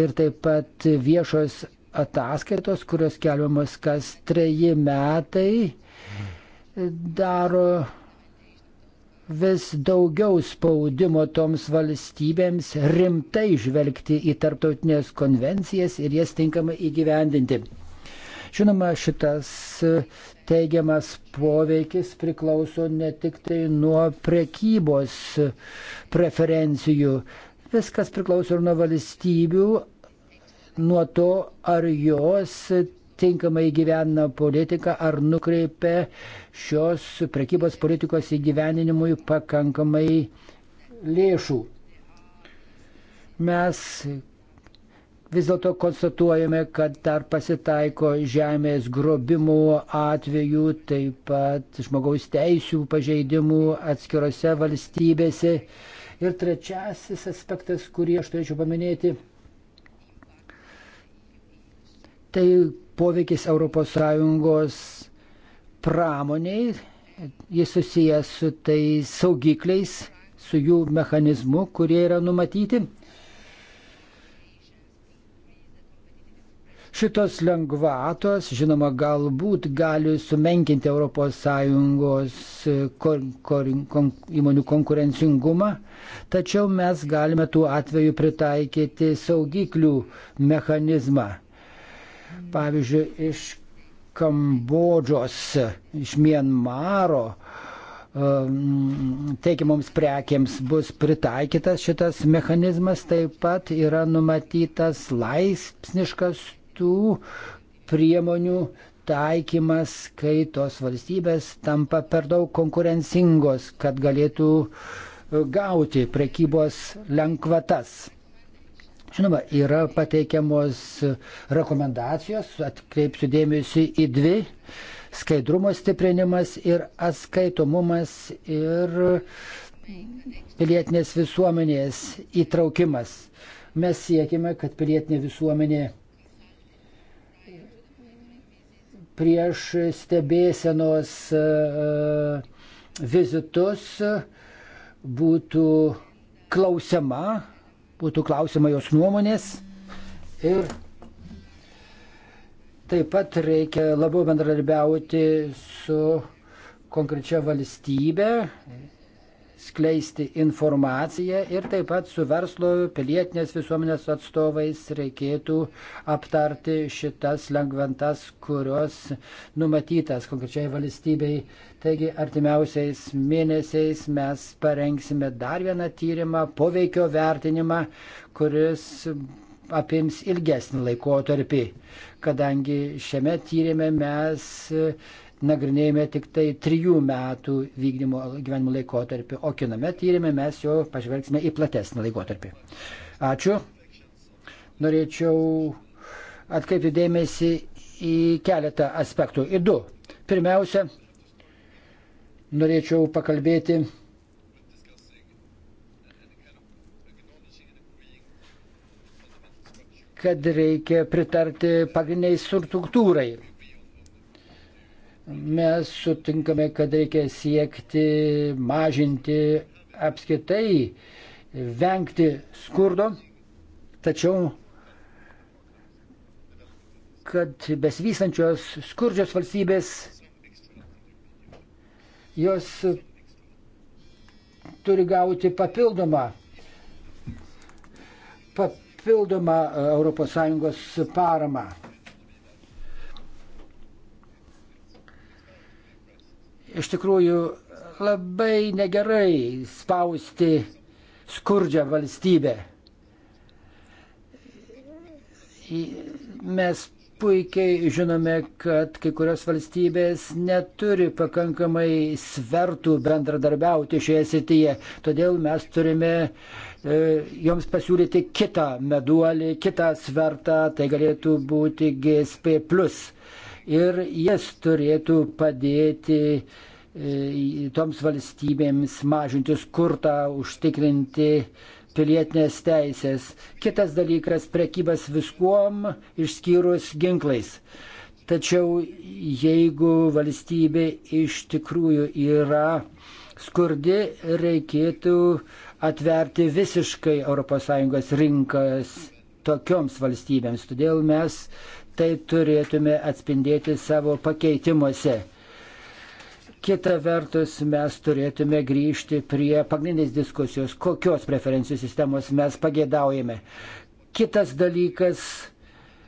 ir taip pat viešos ataskaitos, kurios keliamos kas treji metai, daro vis daugiau spaudimo toms valstybėms rimtai žvelgti į tarptautinės konvencijas ir jas tinkamai įgyvendinti. Žinoma, šitas e, teigiamas poveikis priklauso ne tik tai nuo prekybos preferencijų, viskas priklauso ir nuo valstybių, nuo to, ar jos tinkamai gyvena politiką, ar nukreipia šios prekybos politikos įgyveninimui pakankamai lėšų. Mes vis dėlto konstatuojame, kad dar pasitaiko žemės grobimų atvejų, taip pat žmogaus teisų pažeidimų atskirose valstybėse. Ir trečiasis aspektas, kurį aš turėčiau paminėti, tai poveikis ES pramoniai, jis susijęs su tais saugikliais, su jų mechanizmu, kurie yra numatyti Šitos lengvatos, žinoma, galbūt gali sumenkinti ES kon, kon, kon, įmonių konkurencingumą, tačiau mes galime tuo atveju pritaikyti saugiklių mechanizmą. Pavyzdžiui, iš Kambodžos, iš Mienmaro teikiamoms prekiams bus pritaikytas šitas mechanizmas, taip pat yra numatytas laipsniškas tų priemonių taikymas, kai tos valstybės tampa per daug konkurencingos, kad galėtų e, gauti prekybos lengvatas. Žinoma, yra pateikiamos rekomendacijos, atkreipsiu dėmesį į dvi - skaidrumo stiprinimas ir atskaitomumas ir pilietinės visuomenės įtraukimas. Mes siekime, kad pilietinė visuomenė prieš stebėsenos e, e, vizitus būtų klausiama, būtų klausima jos nuomonės ir taip pat reikia labiau bendradarbiauti su konkrečia valstybe skleisti informaciją ir taip pat su verslo pilietinės visuomenės atstovais reikėtų aptarti šitas lengventas, kurios numatytas konkrečiai valstybei. Taigi artimiausiais mėnesiais mes parengsime dar vieną tyrimą, poveikio vertinimą, kuris apims ilgesnį laikotarpį, kadangi šiame tyrimė mes nagrinėjame tik tai trijų metų vykdymo gyvenimo laikotarpį, o kiname tyrimė mes jau pažvelgsime į platesnį laikotarpį. Ačiū. Norėčiau atkreipti dėmesį į keletą aspektų, į du. Pirmiausia, norėčiau pakalbėti kad reikia pritarti pagrindiniai struktūrai mes sutinkame, kad reikia siekti, mažinti, apskaitai vengti skurdo, tačiau kad besvysančios skurdžios valstybės jos turi gauti papildomą, papildomą ES paramą. iš tikrųjų labai negerai spausti skurdžią valstybę. Mes puikiai žinome, kad kai kurios valstybės neturi pakankamai svertų bendradarbiauti šioje srityje. Todėl mes turime e, joms pasiūlyti kitą meduolį, kitą svertą, tai galėtų būti GSP. Plus ir jas turėtų padėti e, toms valstybėms mažinti skurtą, užtikrinti pilietinės teisės. Kitas dalykas - prekybas viskuom išskyrus ginklais. Tačiau jeigu valstybė iš tikrųjų yra skurdi, reikėtų atverti visiškai ES rinkas tokioms valstybėms. Todėl mes tai turėtume atspindėti savo pakeitimuose. Kita vertus, mes turėtume grįžti prie pagrindinės diskusijos, kokios preferencijų sistemos mes pagėdaujame. Kitas dalykas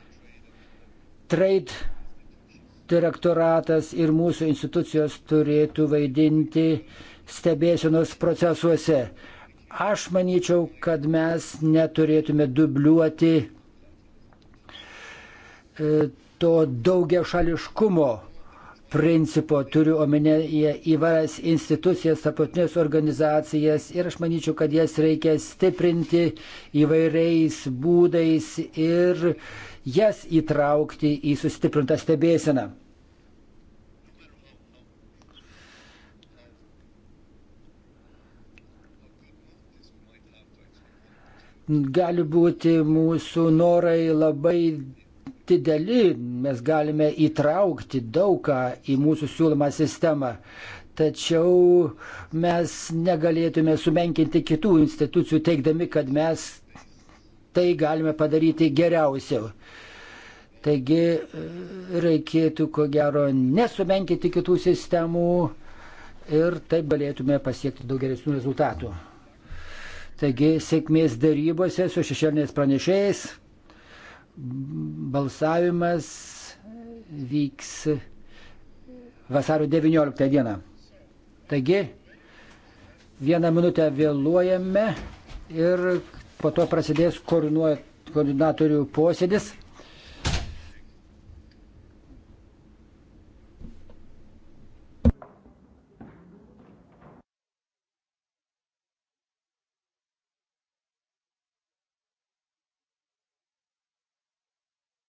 - trade direktoratas ir mūsų institucijos turėtų vaidinti stebėsienos procesuose. Aš manyčiau, kad mes neturėtume dubliuoti E, to daugia šališkumo principo, turiu omenyje įvairias institucijas, tarptautinės organizacijas ir aš manyčiau, kad jas reikia stiprinti įvairiais būdais ir jas įtraukti į sustiprintą stebėseną. Gali būti mūsų norai labai dideli, mes galime įtraukti daugą į mūsų siūlomą sistemą. Tačiau mes negalėtume sumenkinti kitų institucijų, teikdami, kad mes tai galime padaryti geriausiau. Taigi e, reikėtų, ko gero, nesumenkinti kitų sistemų ir taip galėtume pasiekti daug geresnių rezultatų. Taigi sėkmės darybose su šešėliniais pranešėjais. Balsavimas vyks vasario 19 dieną. Taigi, vieną minutę vėluojame ir po to prasidės koordinuoja koordinatorių posėdis.